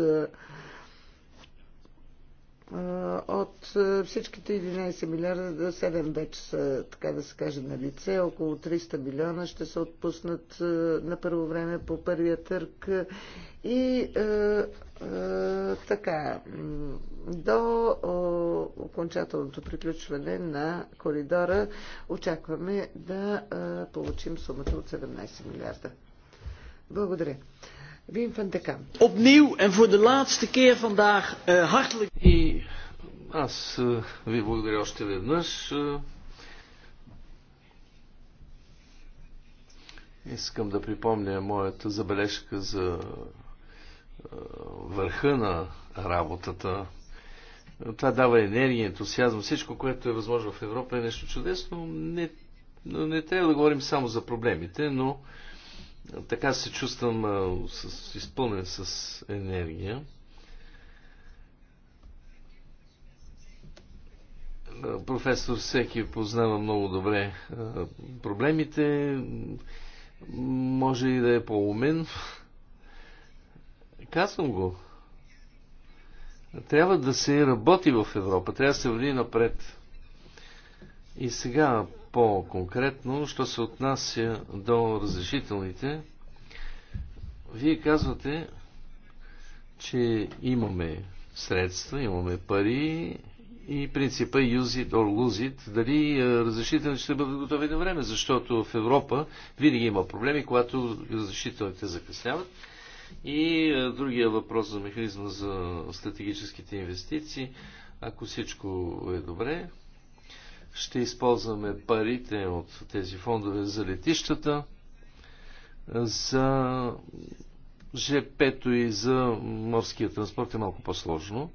от всичките 11 милиарда, 7 вече са, така да се каже, на лице. Около 300 милиона ще се отпуснат на първо време по първия търг. И е, е, така, до окончателното приключване на коридора очакваме да получим сумата от 17 милиарда. Благодаря. Вим van de Kamp. Opnieuw en voor de laatste keer vandaag uh, hartelijk... И аз uh, ви благодаря още веднъж. Uh, искам да припомня моята забележка за uh, върха на работата. Това дава енергия, ентусиазъм. Всичко, което е възможно в Европа е нещо чудесно. Не, не трябва да говорим само за проблемите, но uh, така се чувствам а, с, изпълнен с енергия. професор всеки познава много добре а, проблемите. Може и да е по-умен. Казвам го. Трябва да се работи в Европа. Трябва да се върви напред. И сега по-конкретно, що се отнася до разрешителните, вие казвате, че имаме средства, имаме пари и принципа use it or lose it, дали разрешителните ще бъдат готови на време, защото в Европа винаги има проблеми, когато разрешителните закъсняват. И другия въпрос за механизма за стратегическите инвестиции, ако всичко е добре, ще използваме парите от тези фондове за летищата, за ЖП-то и за морския транспорт е малко по-сложно.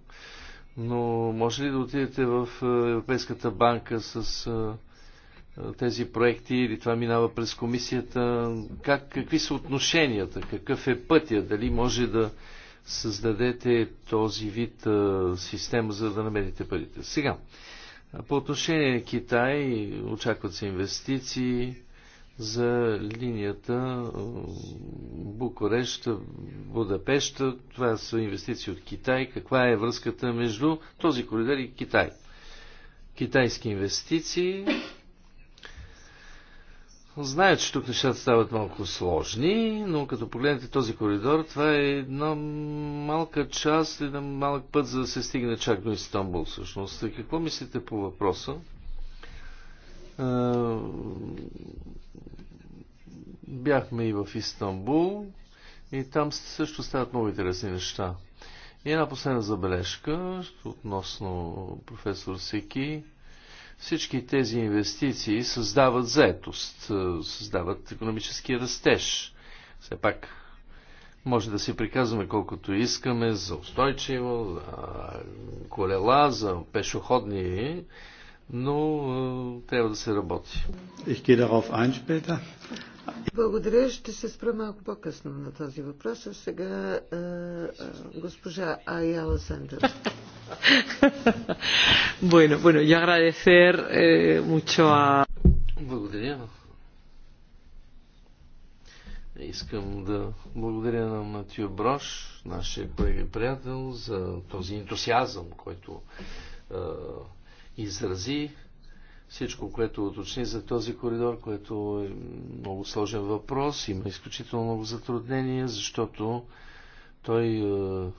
Но може ли да отидете в е, Европейската банка с е, тези проекти или това минава през комисията? Как, какви са отношенията? Какъв е пътя? Дали може да създадете този вид е, система, за да намерите парите? Сега, по отношение на Китай очакват се инвестиции за линията Букурещ, Будапешта. Това са инвестиции от Китай. Каква е връзката между този коридор и Китай? Китайски инвестиции Знаят, че тук нещата стават малко сложни, но като погледнете този коридор, това е една малка част, един малък път, за да се стигне чак до Истанбул всъщност. И какво мислите по въпроса? Бяхме и в Истанбул и там също стават много интересни неща. И една последна забележка относно професор Сики всички тези инвестиции създават заетост, е, създават економически растеж. Все пак може да си приказваме колкото искаме за устойчиво, за колела, за пешеходни, но е, трябва да се работи. Ich gehe darauf ein später. Благодаря. Ще се спра малко по-късно на този въпрос. А сега е, е, госпожа Айала Сандър. bueno, bueno, yo agradecer eh, mucho a... Благодаря. Искам да благодаря на Матио Брош, нашия приятел, за този ентусиазъм, който е, изрази всичко, което уточни за този коридор, което е много сложен въпрос, има изключително много затруднения, защото той е,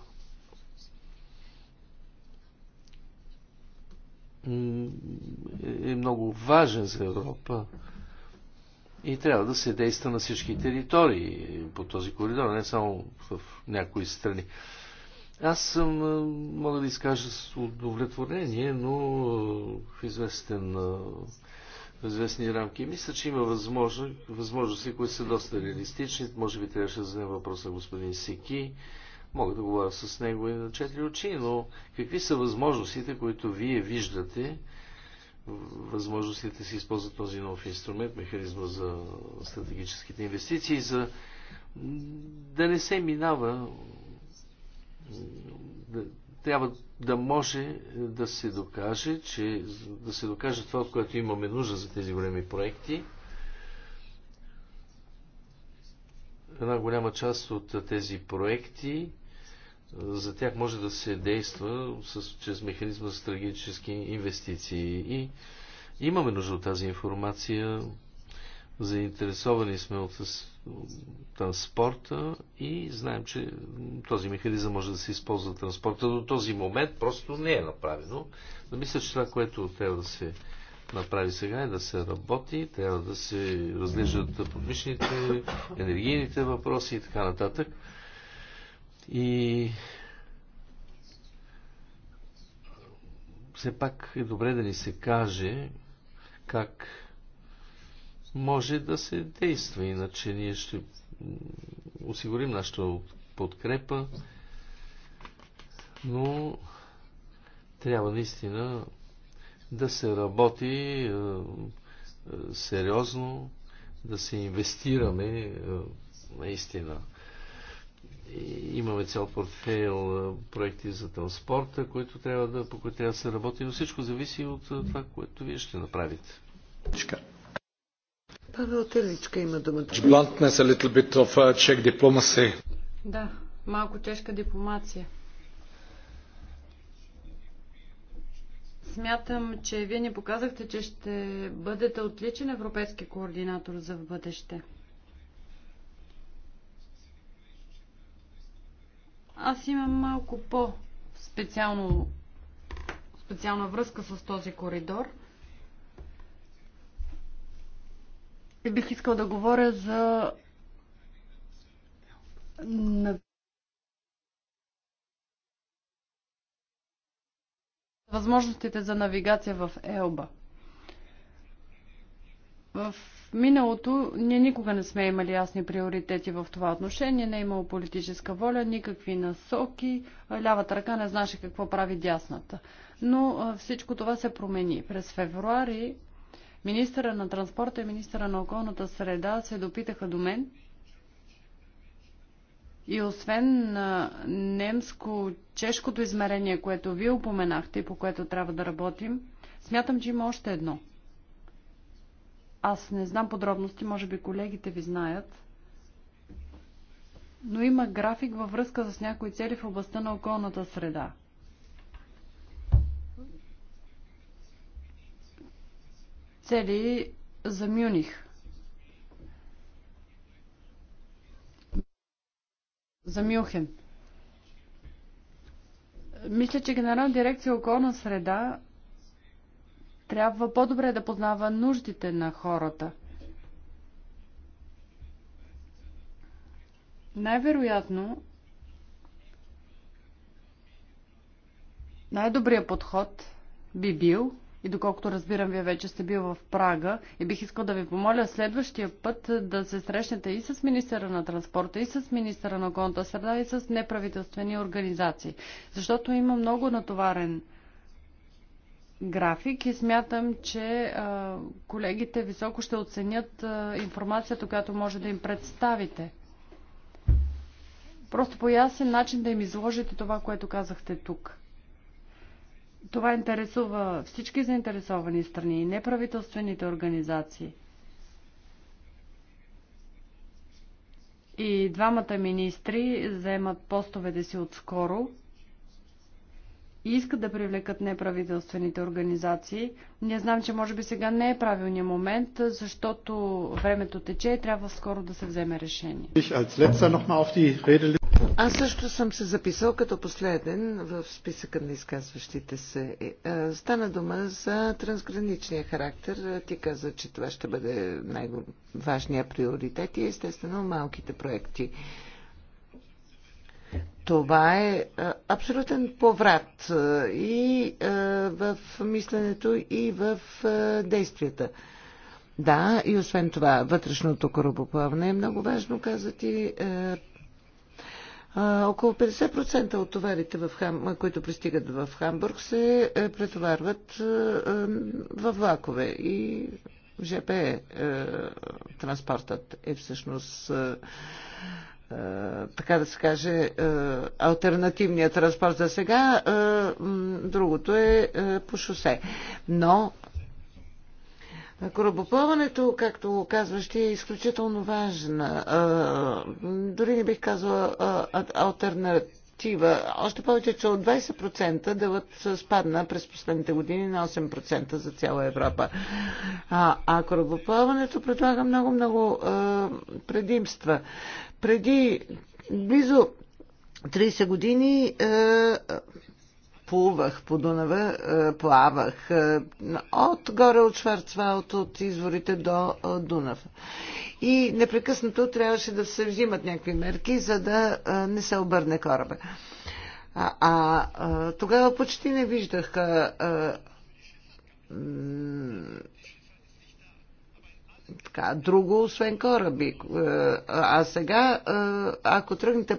е много важен за Европа и трябва да се действа на всички територии по този коридор, не само в някои страни. Аз съм, мога да изкажа с удовлетворение, но в, известен, в известни рамки. Мисля, че има възможно, възможности, които са доста реалистични. Може би трябваше да задам въпрос на господин Сики. Мога да говоря с него и на четири очи, но какви са възможностите, които вие виждате, възможностите да се използват този нов инструмент, механизма за стратегическите инвестиции, за да не се минава трябва да може да се докаже, че да се докаже това, от което имаме нужда за тези големи проекти. Една голяма част от тези проекти, за тях може да се действа с, чрез механизма за стратегически инвестиции. И имаме нужда от тази информация Заинтересовани сме от транспорта и знаем, че този механизъм може да се използва транспорта. До този момент просто не е направено. Но мисля, че това, което трябва да се направи сега е да се работи, трябва да се разглеждат подвижните енергийните въпроси и така нататък. И все пак е добре да ни се каже как може да се действа. Иначе ние ще осигурим нашата подкрепа, но трябва наистина да се работи е, е, сериозно, да се инвестираме е, наистина. имаме цял портфейл проекти за транспорта, които трябва да, по които трябва да се работи, но всичко зависи от това, което вие ще направите. Павел Теличка има думата. Uh, да, малко чешка дипломация. Смятам, че вие ни показахте, че ще бъдете отличен европейски координатор за в бъдеще. Аз имам малко по-специално специална връзка с този коридор – Бих искал да говоря за възможностите за навигация в Елба. В миналото ние никога не сме имали ясни приоритети в това отношение, не е имало политическа воля, никакви насоки, лявата ръка не знаеше какво прави дясната. Но всичко това се промени. През февруари Министъра на транспорта и министъра на околната среда се допитаха до мен и освен на немско-чешкото измерение, което вие упоменахте и по което трябва да работим, смятам, че има още едно. Аз не знам подробности, може би колегите ви знаят, но има график във връзка с някои цели в областта на околната среда – цели за Мюних. За Мюхен. Мисля, че Генерална дирекция околна среда трябва по-добре да познава нуждите на хората. Най-вероятно, най-добрият подход би бил и доколкото разбирам, вие вече сте бил в Прага и бих искал да ви помоля следващия път да се срещнете и с министъра на транспорта, и с министъра на околната среда, и с неправителствени организации. Защото има много натоварен график и смятам, че а, колегите високо ще оценят а, информацията, която може да им представите. Просто по ясен начин да им изложите това, което казахте тук. Това интересува всички заинтересовани страни и неправителствените организации. И двамата министри заемат постовете си отскоро и искат да привлекат неправителствените организации. Не знам, че може би сега не е правилният момент, защото времето тече и трябва скоро да се вземе решение. Аз също съм се записал като последен в списъка на изказващите се. Е, е, стана дума за трансграничния характер. Ти каза, че това ще бъде най-важният приоритет и естествено малките проекти. Това е, е абсолютен поврат е, и е, в мисленето, и в действията. Да, и освен това, вътрешното корабоплаване е много важно, каза ти. около 50% от товарите, в Хам, които пристигат в Хамбург, се претоварват в във влакове и ЖП транспортът е всъщност е, така да се каже, е, альтернативния транспорт за сега, е, другото е по шосе. Но Корабоплаването, както казваш, ти е изключително важна. дори не бих казала альтернатива. Още повече, че от 20% дълът спадна през последните години на 8% за цяла Европа. А, а корабоплаването предлага много-много предимства. Преди близо 30 години е, плувах по Дунава, е, плавах е, отгоре от Шварцвалт, от изворите до Дунав. И непрекъснато трябваше да се взимат някакви мерки, за да не се обърне кораба. А, а, тогава почти не виждах е, така, друго, освен кораби. Е, а сега, е, ако тръгнете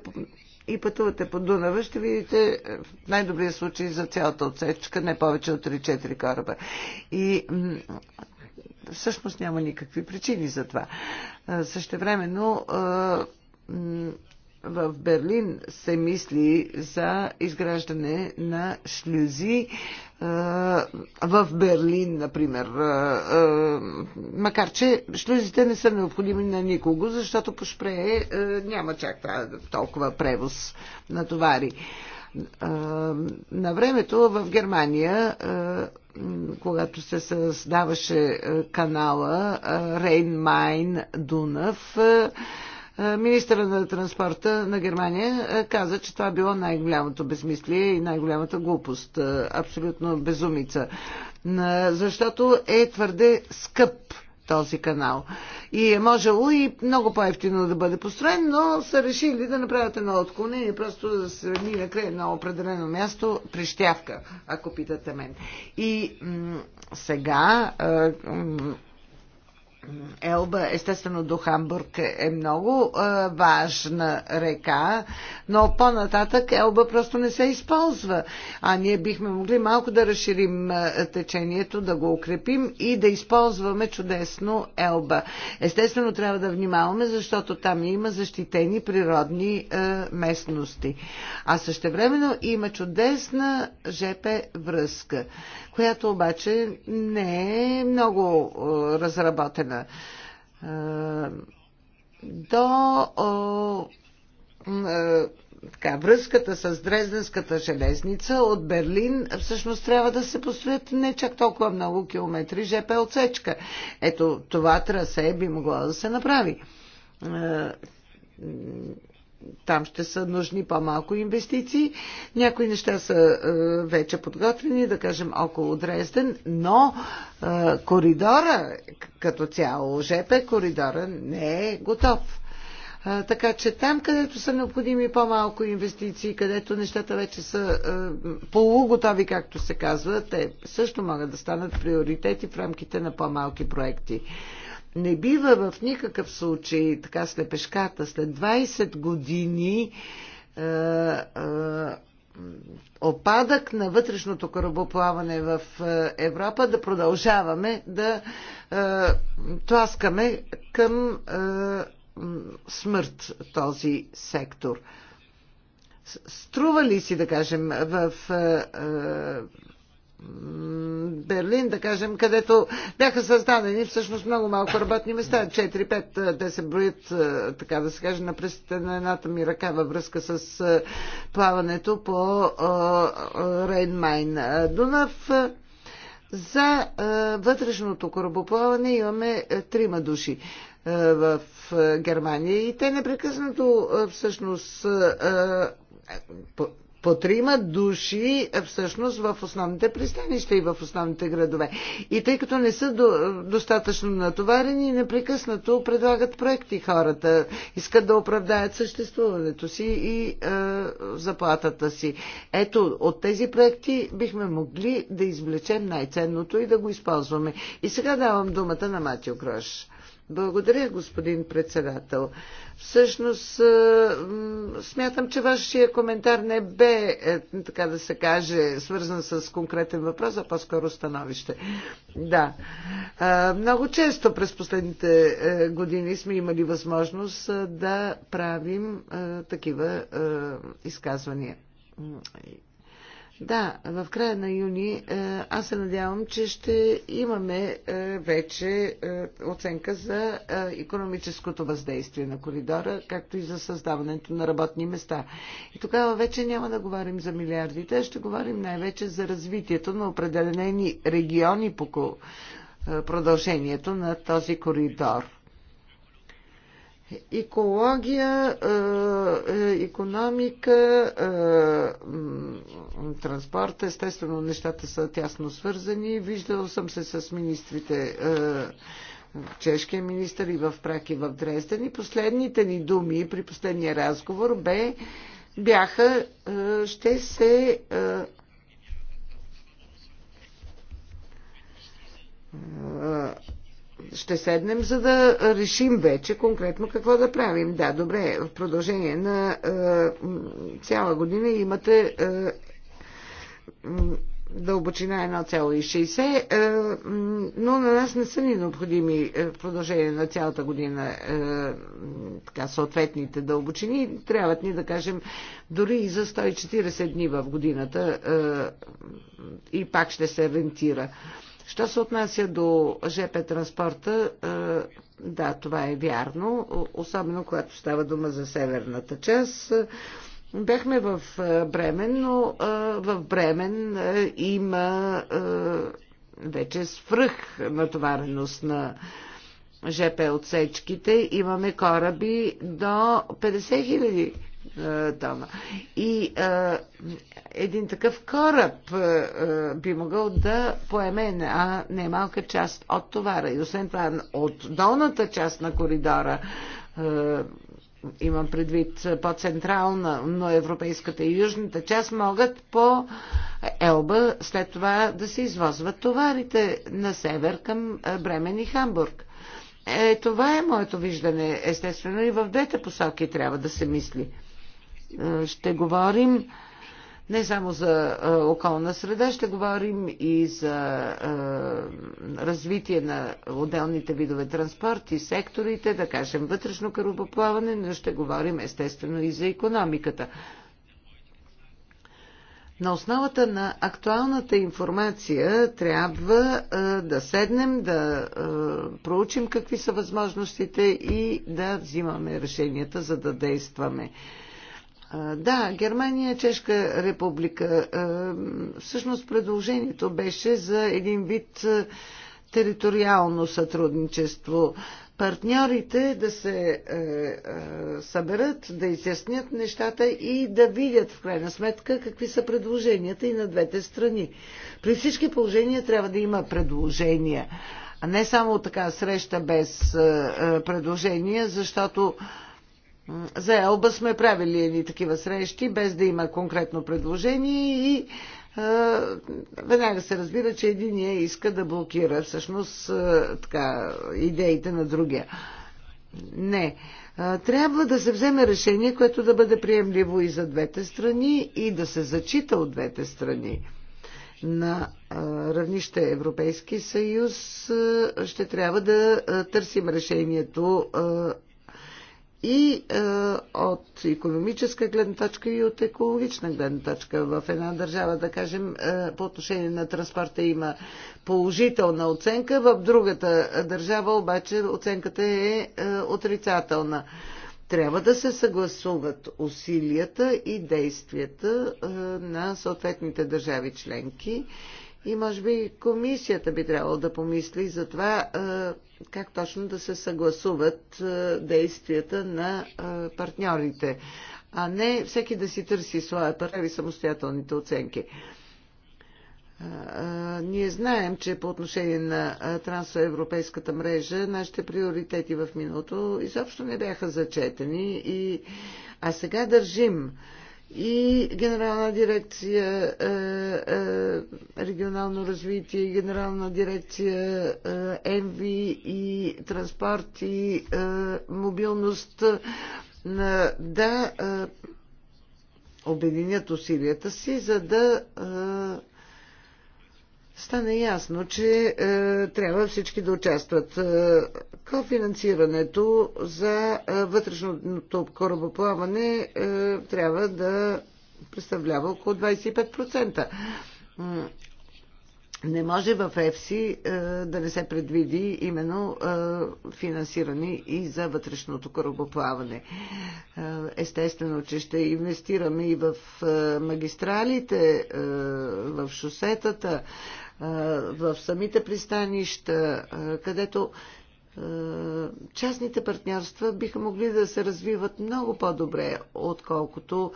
и пътувате по Дунава, ще видите в е, най-добрия случай за цялата отсечка не повече от 3-4 кораба. И всъщност няма никакви причини за това. времено в Берлин се мисли за изграждане на шлюзи в Берлин, например. Макар, че шлюзите не са необходими на никого, защото по Шпрее няма чак толкова превоз на товари. На времето в Германия, когато се създаваше канала Рейн-Майн-Дунав, е, министъра на транспорта на Германия е, каза, че това било най-голямото безмислие и най-голямата глупост. Е, абсолютно безумица. Защото е твърде скъп този канал. И е можело и много по-ефтино да бъде построен, но са решили да направят едно отклонение, просто да се мине край на определено място, прищявка, ако питате мен. И сега Елба, естествено до Хамбург е много а, важна река, но по-нататък Елба просто не се използва. А ние бихме могли малко да разширим а, течението, да го укрепим и да използваме чудесно Елба. Естествено трябва да внимаваме, защото там има защитени природни а, местности. А същевременно има чудесна ЖП връзка, която обаче не е много а, разработена година. До така, връзката с Дрезденската железница от Берлин, всъщност трябва да се построят не чак толкова много километри ЖП отсечка. Ето това трасе би могло да се направи там ще са нужни по-малко инвестиции. Някои неща са е, вече подготвени, да кажем около Дрезден, но е, коридора като цяло, ЖП коридора не е готов. Е, така че там, където са необходими по-малко инвестиции, където нещата вече са полуготови, както се казва, те също могат да станат приоритети в рамките на по-малки проекти не бива в никакъв случай, така слепешката, след 20 години е, е, опадък на вътрешното корабоплаване в е, Европа да продължаваме да е, тласкаме към е, смърт този сектор. Струва ли си, да кажем, в е, е Берлин, да кажем, където бяха създадени всъщност много малко работни места. 4-5 те се броят, така да се каже, на пръстите на едната ми ръка във връзка с плаването по Рейнмайн Дунав. За вътрешното корабоплаване имаме трима души в Германия и те непрекъснато всъщност по трима души е, всъщност в основните пристанища и в основните градове. И тъй като не са до, достатъчно натоварени, непрекъснато предлагат проекти хората, искат да оправдаят съществуването си и е, заплатата си. Ето, от тези проекти бихме могли да извлечем най-ценното и да го използваме. И сега давам думата на Матио Крош. Благодаря, господин председател. Всъщност, е, смятам, че вашия коментар не бе, е, така да се каже, свързан с конкретен въпрос, а по-скоро становище. Да. Е, много често през последните години сме имали възможност да правим такива изказвания да, в края на юни е, аз се надявам, че ще имаме е, вече е, оценка за економическото въздействие на коридора, както и за създаването на работни места. И тогава вече няма да говорим за милиардите, а ще говорим най-вече за развитието на определени региони по продължението на този коридор екология, е, е, економика, е, транспорт, естествено нещата са тясно свързани. Виждал съм се с министрите, чешкия министр и в Прак и в Дрезден и последните ни думи при последния разговор бе, бяха, ще се ще седнем, за да решим вече конкретно какво да правим. Да, добре, в продължение на е, цяла година имате е, дълбочина 1,60, е, но на нас не са ни необходими е, в продължение на цялата година е, така, съответните дълбочини. Трябват ни да кажем дори и за 140 дни в годината е, и пак ще се рентира. Е, Що се отнася до ЖП транспорта, е, да, това е вярно, особено когато става дума за северната част. Бехме е, е, в Бремен, но в Бремен има вече свръх натовареност на ЖП отсечките. Имаме кораби до 50 000 Тома. Е, и а, е, един такъв кораб а, е, би могъл да поеме една немалка част от товара. И освен това, от долната част на коридора, а, имам предвид по-централна, но европейската и южната част, могат по Елба след това да се извозват товарите на север към Бремен и Хамбург. Е, това е моето виждане. Естествено и в двете посоки трябва да се мисли. Е, ще говорим не само за е, околна среда, ще говорим и за е, развитие на отделните видове транспорт и секторите, да кажем вътрешно корабоплаване, но ще говорим естествено и за економиката. На основата на актуалната информация трябва да седнем, да проучим какви са възможностите и да взимаме решенията, за да действаме. Да, Германия е чешка република. Всъщност предложението беше за един вид териториално сътрудничество. Партньорите да се е, е, съберат, да изяснят нещата и да видят в крайна сметка какви са предложенията и на двете страни. При всички положения трябва да има предложения, а не само така среща без е, предложения, защото за Елба сме правили едни такива срещи, без да има конкретно предложение и е, веднага се разбира, че единия иска да блокира всъщност е, така, идеите на другия. Не. Е, трябва да се вземе решение, което да бъде приемливо и за двете страни и да се зачита от двете страни. На е, равнище Европейски съюз е, ще трябва да търсим решението и е, от економическа гледна точка и от екологична гледна точка. В една държава, да кажем, е, по отношение на транспорта има положителна оценка, в другата държава обаче оценката е, е отрицателна. Трябва да се съгласуват усилията и действията е, на съответните държави членки. Е, и може би комисията би трябвало да помисли за това как точно да се съгласуват действията на партньорите, а не всеки да си търси своя партньор и самостоятелните оценки. Ние знаем, че по отношение на трансевропейската мрежа нашите приоритети в миналото изобщо не бяха зачетени, и... а сега държим и Генерална дирекция е, е, регионално развитие, Генерална дирекция е, МВ ЕМВИ и транспорт и мобилност да обединят усилията си, за да стана ясно, че е, трябва всички да участват. Е, кофинансирането за е, вътрешното корабоплаване е, трябва да представлява около 25%. Не може в ЕФСИ е, да не се предвиди именно е, финансиране и за вътрешното корабоплаване. Е, естествено, че ще инвестираме и в е, магистралите, е, в шосетата. Е, в самите пристанища, където частните партньорства биха могли да се развиват много по-добре, отколкото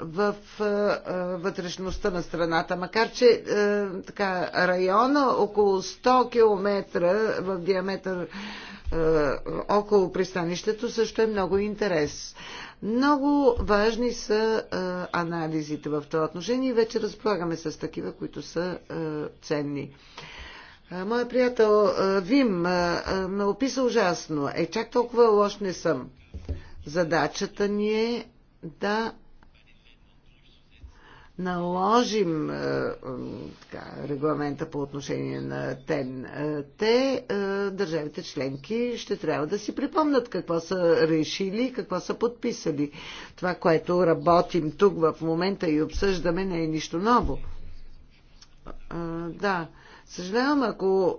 в вътрешността на страната. Макар, че така, района около 100 км в диаметър около пристанището също е много интерес. Много важни са а, анализите в това отношение и вече разполагаме с такива, които са а, ценни. Моя приятел Вим ме описа ужасно. Е, чак толкова лош не съм. Задачата ни е да наложим е, е, така, регламента по отношение на ТЕН. Те, държавите членки, ще трябва да си припомнат какво са решили и какво са подписали. Това, което работим тук в момента и обсъждаме, не е нищо ново. Е, да. Съжалявам, ако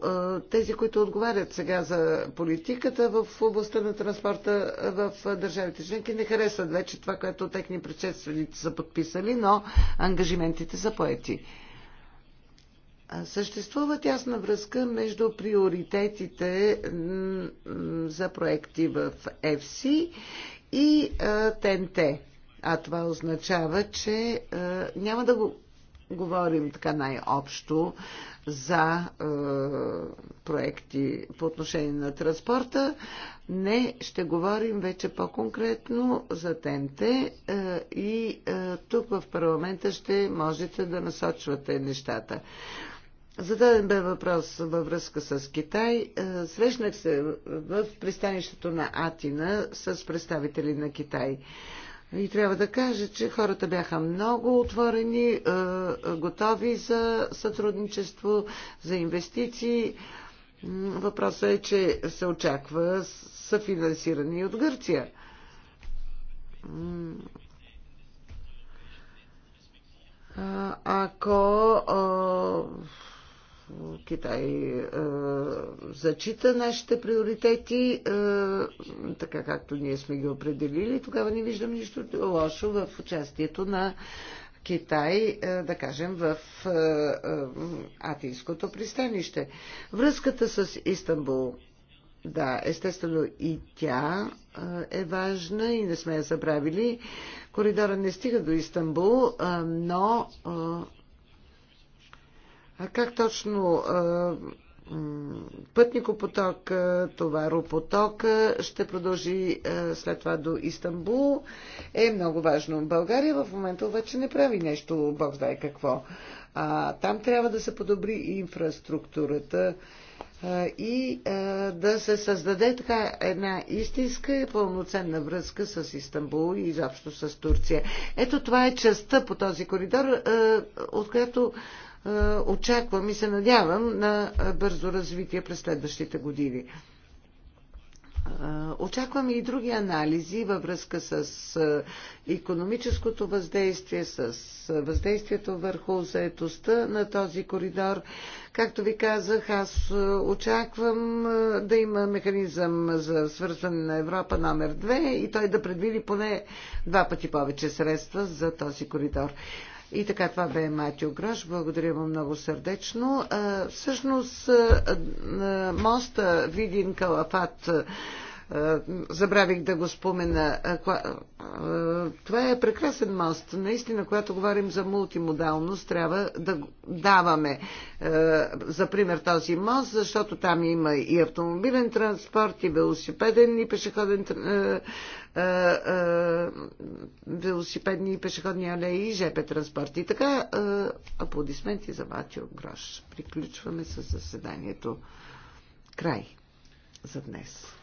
тези, които отговарят сега за политиката в областта на транспорта в държавите членки, не харесват вече това, което техни предшественици са подписали, но ангажиментите са поети. Съществува тясна връзка между приоритетите за проекти в ЕФСИ и ТНТ. А това означава, че няма да го говорим така най-общо за е, проекти по отношение на транспорта. Не, ще говорим вече по-конкретно за темте е, и е, тук в парламента ще можете да насочвате нещата. Зададен бе въпрос във връзка с Китай. Е, срещнах се в пристанището на Атина с представители на Китай. И трябва да кажа, че хората бяха много отворени, е, е, готови за сътрудничество, за инвестиции. Въпросът е, че се очаква съфинансиране от Гърция. Ако Китай е, зачита нашите приоритети, е, така както ние сме ги определили, тогава не виждам нищо лошо в участието на Китай, е, да кажем, в Атинското пристанище. Връзката с Истанбул, да, естествено и тя е важна и не сме я забравили. Коридора не стига до Истанбул, но а как точно пътникопоток, товаропоток ще продължи след това до Истанбул е много важно. България в момента обаче не прави нещо, бог знае какво. А, там трябва да се подобри инфраструктурата и да се създаде така една истинска и пълноценна връзка с Истанбул и изобщо с Турция. Ето това е частта по този коридор, от която е, очаквам и се надявам на бързо развитие през следващите години. Е, Очакваме и други анализи във връзка с економическото въздействие, с е, въздействието върху заетостта на този коридор. Както ви казах, аз очаквам да има механизъм за свързване на Европа номер 2 и той да предвиди поне два пъти повече средства за този коридор. И така, това бе Матио Грош. Благодаря му много сърдечно. всъщност, моста Видин Калафат забравих да го спомена. Това е прекрасен мост. Наистина, когато говорим за мултимодалност, трябва да даваме за пример този мост, защото там има и автомобилен транспорт, и велосипеден, и пешеходен е, е, велосипедни и пешеходни алеи и ЖП транспорт. И така, е, аплодисменти за Матио Грош. Приключваме с заседанието. Край за днес.